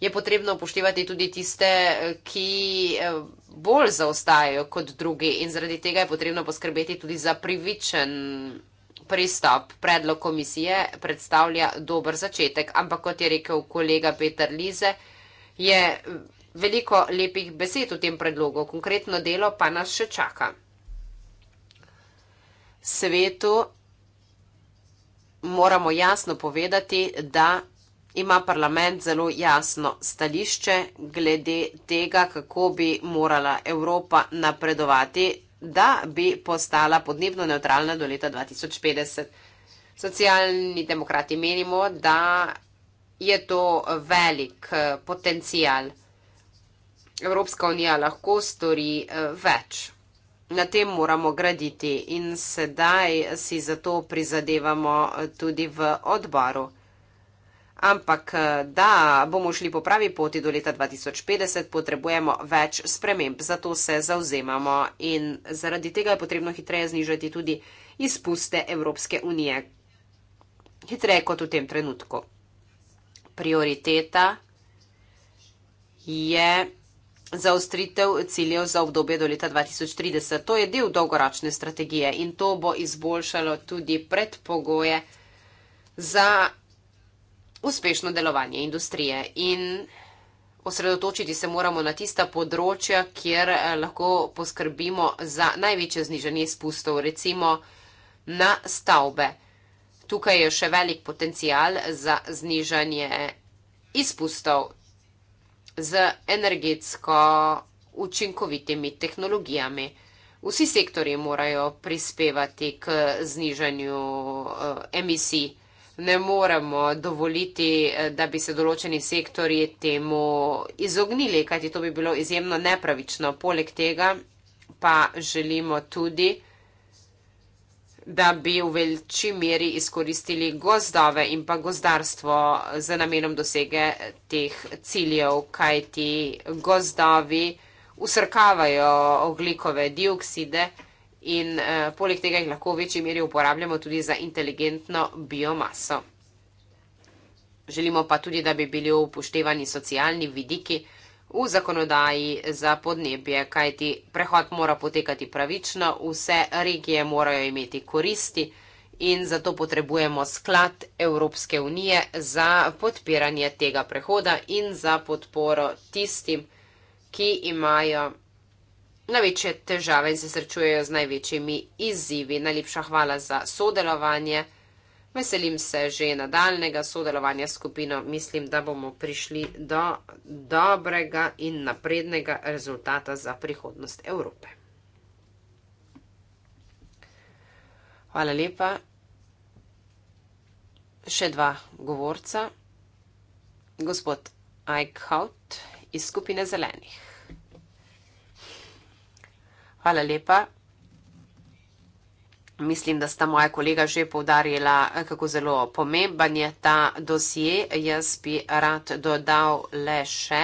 je potrebno upoštevati tudi tiste, ki eh, bolj zaostajajo kot drugi in zaradi tega je potrebno poskrbeti tudi za privičen pristop. Predlog komisije predstavlja dober začetek, ampak kot je rekel kolega Peter Lize, je veliko lepih besed v tem predlogu, konkretno delo pa nas še čaka svetu moramo jasno povedati, da ima parlament zelo jasno stališče glede tega, kako bi morala Evropa napredovati, da bi postala podnebno neutralna do leta 2050. Socialni demokrati menimo, da je to velik eh, potencial. Evropska unija lahko stori eh, več. Na tem moramo graditi in sedaj si zato prizadevamo tudi v odboru. Ampak da bomo šli po pravi poti do leta 2050, potrebujemo več sprememb, zato se zauzemamo in zaradi tega je potrebno hitreje znižati tudi izpuste Evropske unije. Hitreje kot v tem trenutku. Prioriteta je za ustritev ciljev za obdobje do leta 2030. To je del dolgoročne strategije in to bo izboljšalo tudi predpogoje za uspešno delovanje industrije. In osredotočiti se moramo na tista področja, kjer eh, lahko poskrbimo za največje zniženje izpustov, recimo na stavbe. Tukaj je še velik potencial za znižanje izpustov z energetsko učinkovitimi tehnologijami. Vsi sektori morajo prispevati k znižanju eh, emisij. Ne moremo dovoliti, eh, da bi se določeni sektori temu izognili, kajti to bi bilo izjemno nepravično. Poleg tega pa želimo tudi, da bi v večji meri izkoristili gozdove in pa gozdarstvo z namenom dosege teh ciljev, kajti gozdovi usrkavajo oglikove dioksidne in eh, poleg tega jih lahko v večji meri uporabljamo tudi za inteligentno biomaso. Želimo pa tudi, da bi bili upoštevani socialni vidiki, v zakonodaji za podnebje, kajti prehod mora potekati pravično, vse regije morajo imeti koristi in zato potrebujemo sklad Evropske unije za podpiranje tega prehoda in za podporo tistim, ki imajo največje težave in se srečujejo z največjimi izzivi. Najlepša hvala za sodelovanje. Veselim se že nadaljnega sodelovanja s skupino, mislim, da bomo prišli do dobrega in naprednega rezultata za prihodnost Evrope. Hvala lepa. Še dva govorca. Gospod Eichhout iz skupine zelenih. Hvala lepa. Mislim, da sta moja kolega že povdarjala, kako zelo pomemben je ta dosje. Jaz bi rad dodal le še,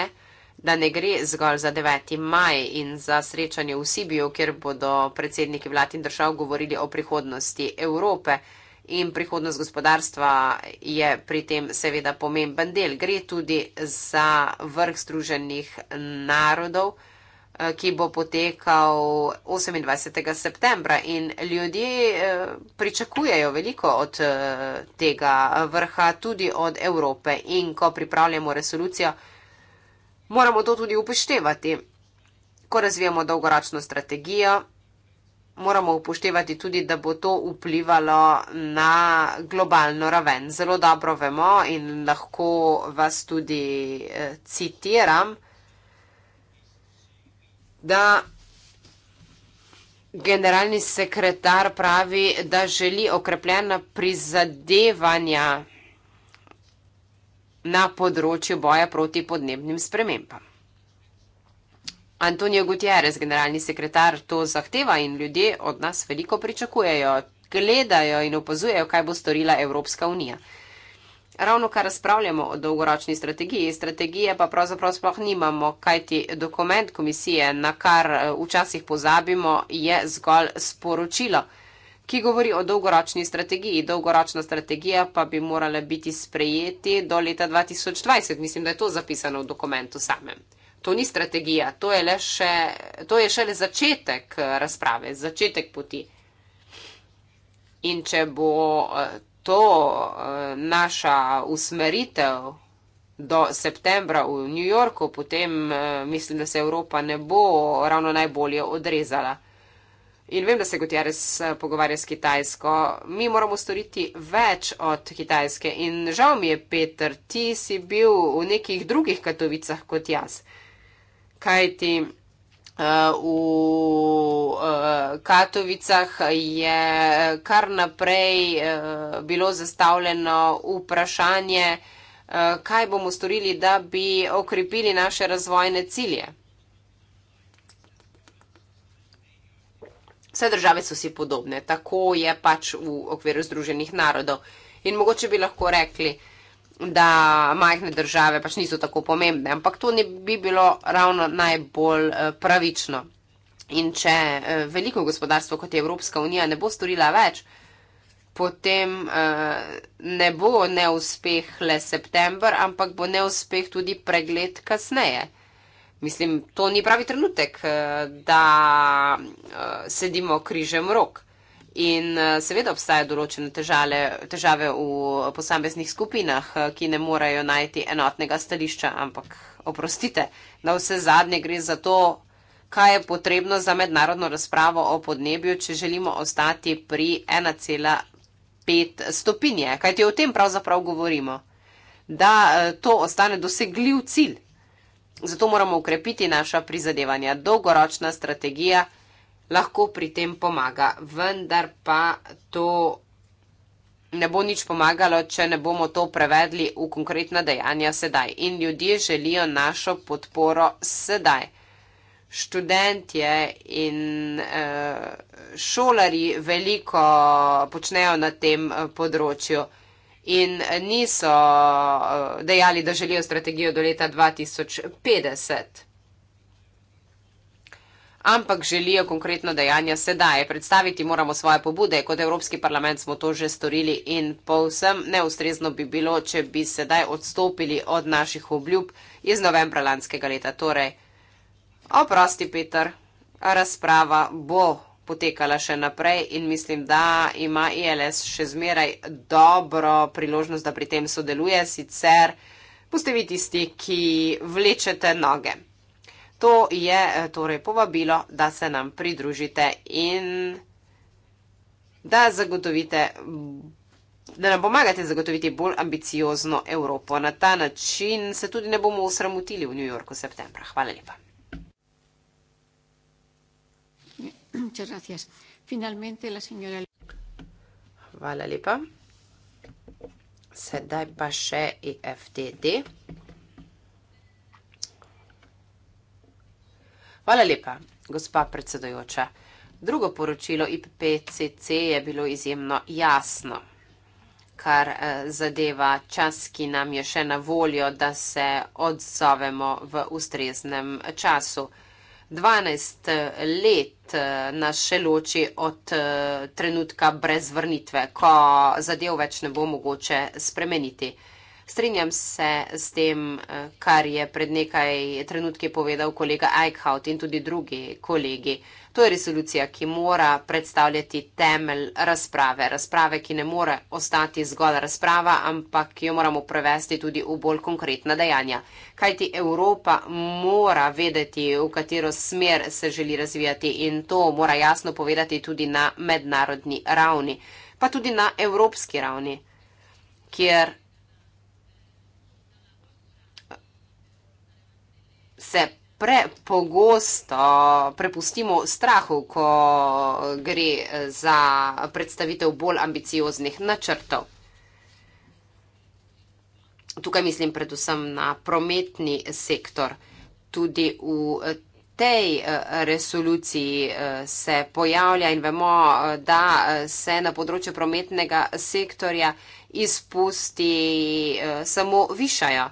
da ne gre zgolj za 9. maj in za srečanje v Sibiju, kjer bodo predsedniki vlad in držav govorili o prihodnosti Evrope. In prihodnost gospodarstva je pri tem seveda pomemben del. Gre tudi za vrh Združenih narodov Eh, ki bo potekal 28. septembra. In ljudje eh, pričakujejo veliko od eh, tega vrha, tudi od Evrope. In ko pripravljamo resolucijo, moramo to tudi upoštevati. Ko razvijamo dolgoročno strategijo, moramo upoštevati tudi, da bo to vplivalo na globalno raven. Zelo dobro vemo in lahko vas tudi citiram da generalni sekretar pravi, da želi okrepljena prizadevanja na področju boja proti podnebnim spremembam. Antonijo Gutierrez, generalni sekretar, to zahteva in ljudje od nas veliko pričakujejo, gledajo in opazujejo, kaj bo storila Evropska unija ravno kar razpravljamo o dolgoročni strategiji. Strategije pa pravzaprav sploh nimamo, kajti dokument komisije, na kar eh, včasih pozabimo, je zgolj sporočilo, ki govori o dolgoročni strategiji. Dolgoročna strategija pa bi morala biti sprejeti do leta 2020. Mislim, da je to zapisano v dokumentu samem. To ni strategija, to je, le še, to je šele začetek eh, razprave, začetek poti. In če bo eh, to eh, naša usmeritev do septembra v New Yorku, potem eh, mislim, da se Evropa ne bo ravno najbolje odrezala. In vem, da se Gutierrez eh, pogovarja s Kitajsko. Mi moramo storiti več od Kitajske. In žal mi je, Peter, ti si bil v nekih drugih katovicah kot jaz. Kaj ti? Eh, v eh, Katovicah je kar naprej eh, bilo zastavljeno vprašanje, kaj bomo storili, da bi okrepili naše razvojne cilje. Vse države so si podobne, tako je pač v okviru Združenih narodov. In mogoče bi lahko rekli, da majhne države pač niso tako pomembne, ampak to ne bi bilo ravno najbolj eh, pravično. In če eh, veliko gospodarstvo, kot je Evropska unija, ne bo storila več, potem eh, ne bo neuspeh le september, ampak bo neuspeh tudi pregled kasneje. Mislim, to ni pravi trenutek, da sedimo križem rok. In eh, seveda obstajajo določene težave, težave v posameznih skupinah, eh, ki ne morejo najti enotnega stališča, ampak oprostite, na vse zadnje gre za to, kaj je potrebno za mednarodno razpravo o podnebju, če želimo ostati pri 1,5 stopinje. Kaj ti o tem pravzaprav govorimo? Da eh, to ostane dosegljiv cilj. Zato moramo ukrepiti naša prizadevanja. Dolgoročna strategija lahko pri tem pomaga. Vendar pa to ne bo nič pomagalo, če ne bomo to prevedli v konkretna dejanja sedaj. In ljudje želijo našo podporo sedaj. Študentje in eh, šolari veliko počnejo na tem eh, področju. In niso eh, dejali, da želijo strategijo do leta 2050 ampak želijo konkretno dejanja sedaj. Predstaviti moramo svoje pobude, kot Evropski parlament smo to že storili in povsem neustrezno bi bilo, če bi sedaj odstopili od naših obljub iz novembra lanskega leta. Torej, oprosti, Peter, razprava bo potekala še naprej in mislim, da ima ILS še zmeraj dobro priložnost, da pri tem sodeluje, sicer postavi tisti, ki vlečete noge. To je eh, torej povabilo, da se nam pridružite in da zagotovite, da nam pomagate zagotoviti bolj ambiciozno Evropo. Na ta način se tudi ne bomo usramotili v New Yorku septembra. Hvala lepa. Hvala lepa. Sedaj pa še EFTD. Hvala lepa, gospa predsedojoča. Drugo poročilo IPCC je bilo izjemno jasno, kar eh, zadeva čas, ki nam je še na voljo, da se odzovemo v ustreznem času. 12 let eh, nas še loči od eh, trenutka brez vrnitve, ko zadev več ne bo mogoče spremeniti. Strinjam se s tem, eh, kar je pred nekaj trenutki povedal kolega Eichhout in tudi drugi kolegi. To je resolucija, ki mora predstavljati temelj razprave. Razprave, ki ne more ostati zgolj razprava, ampak jo moramo prevesti tudi v bolj konkretna dejanja. Kajti Evropa mora vedeti, v katero smer se želi razvijati in to mora jasno povedati tudi na mednarodni ravni, pa tudi na evropski ravni, kjer se prepogosto prepustimo strahu, ko gre za predstavitev bolj ambicioznih načrtov. Tukaj mislim predvsem na prometni sektor. Tudi v tej eh, resoluciji eh, se pojavlja in vemo, eh, da se na področju prometnega sektorja izpusti samo višajo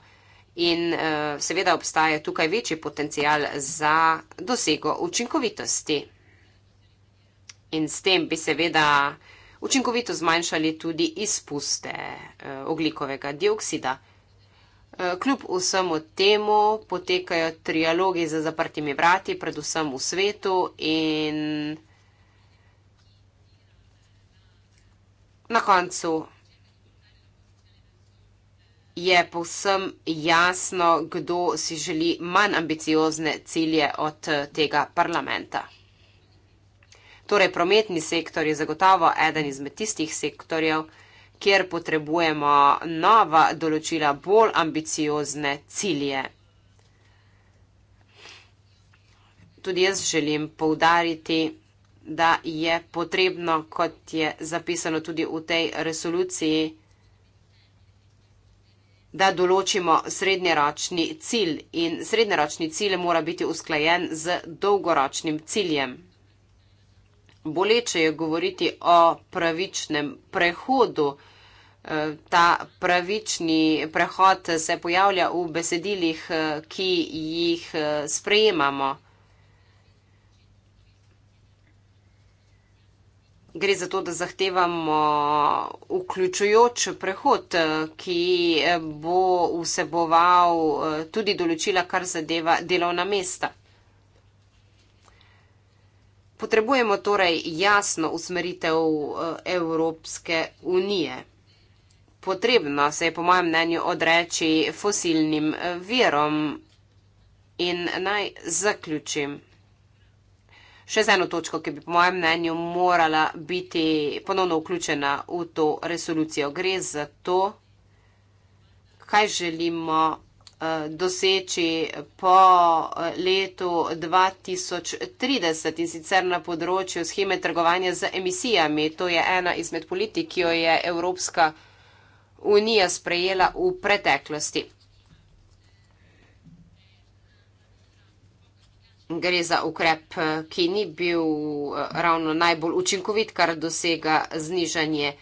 in uh, seveda obstaja tukaj večji potencial za dosego učinkovitosti. In s tem bi seveda učinkovito zmanjšali tudi izpuste uh, oglikovega dioksida. Eh, kljub vsemu temu potekajo trialogi za zaprtimi vrati, predvsem v svetu in na koncu je povsem jasno, kdo si želi manj ambiciozne cilje od eh, tega parlamenta. Torej, prometni sektor je zagotovo eden izmed tistih sektorjev, kjer potrebujemo nova določila, bolj ambiciozne cilje. Tudi jaz želim poudariti, da je potrebno, kot je zapisano tudi v tej resoluciji, da določimo srednjeročni cilj in srednjeročni cilj mora biti usklajen z dolgoročnim ciljem. Boleče je govoriti o pravičnem prehodu. E, ta pravični prehod se pojavlja v besedilih, e, ki jih e, sprejemamo. gre za to, da zahtevamo vključujoč prehod, ki bo vseboval eh, tudi določila, kar zadeva delovna mesta. Potrebujemo torej jasno usmeritev eh, Evropske unije. Potrebno se je, po mojem mnenju, odreči fosilnim eh, verom. In naj zaključim še z eno točko, ki bi po mojem mnenju morala biti ponovno vključena v to resolucijo. Gre za to, kaj želimo eh, doseči po eh, letu 2030 in sicer na področju scheme trgovanja z emisijami. To je ena izmed politik, ki jo je Evropska unija sprejela v preteklosti. gre za ukrep, ki ni bil eh, ravno najbolj učinkovit, kar dosega znižanje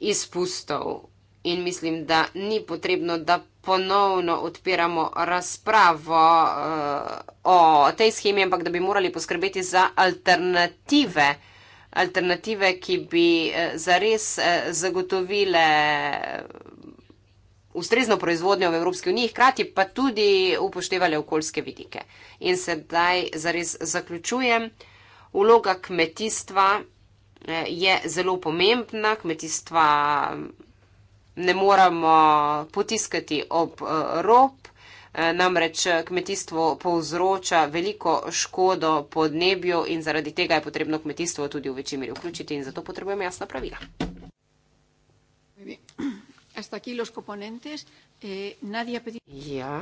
izpustov. In mislim, da ni potrebno, da ponovno odpiramo razpravo uh, o tej schemi, ampak da bi morali poskrbeti za alternative, alternative ki bi uh, zares uh, zagotovile. Uh, ustrezno proizvodnjo v Evropski uniji, hkrati pa tudi upoštevali okoljske vidike. In sedaj zares zaključujem, vloga kmetijstva eh, je zelo pomembna, kmetijstva mm, ne moramo potiskati ob eh, rob, eh, namreč kmetijstvo povzroča veliko škodo podnebju in zaradi tega je potrebno kmetijstvo tudi v večji meri vključiti in zato potrebujemo jasna pravila. Hasta aquí los componentes. Eh, nadie ha pedido. Ja,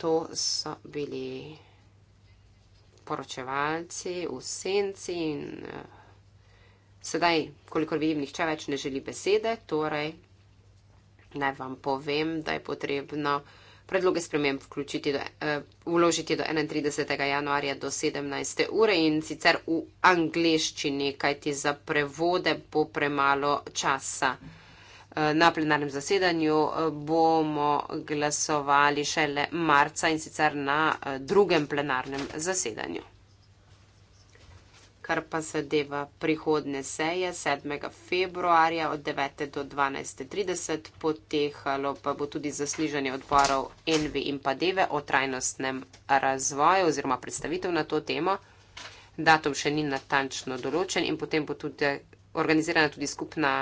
to so bili poročevalci v senci in eh, sedaj, kolikor vidim, nihče več ne želi besede, torej naj vam povem, da je potrebno predloge sprememb vključiti, do, eh, vložiti do 31. januarja do 17. ure in sicer v angliščini, kajti za prevode bo premalo časa. Mhm na plenarnem zasedanju eh, bomo glasovali šele marca in sicer na eh, drugem plenarnem zasedanju. Kar pa se deva prihodne seje 7. februarja od 9. do 12.30, potehalo pa bo tudi zaslišanje odborov Envi in pa Deve o trajnostnem razvoju oziroma predstavitev na to temo. Datum še ni natančno določen in potem bo tudi organizirana tudi skupna.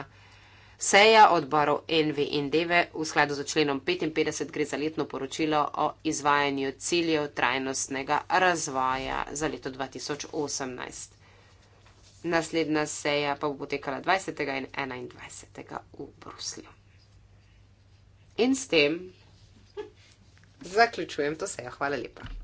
Seja odborov NV in DV v skladu z členom 55 gre za letno poročilo o izvajanju ciljev trajnostnega razvoja za leto 2018. Naslednja seja pa bo potekala 20. in 21. v Bruslju. In s tem zaključujem to sejo. Hvala lepa.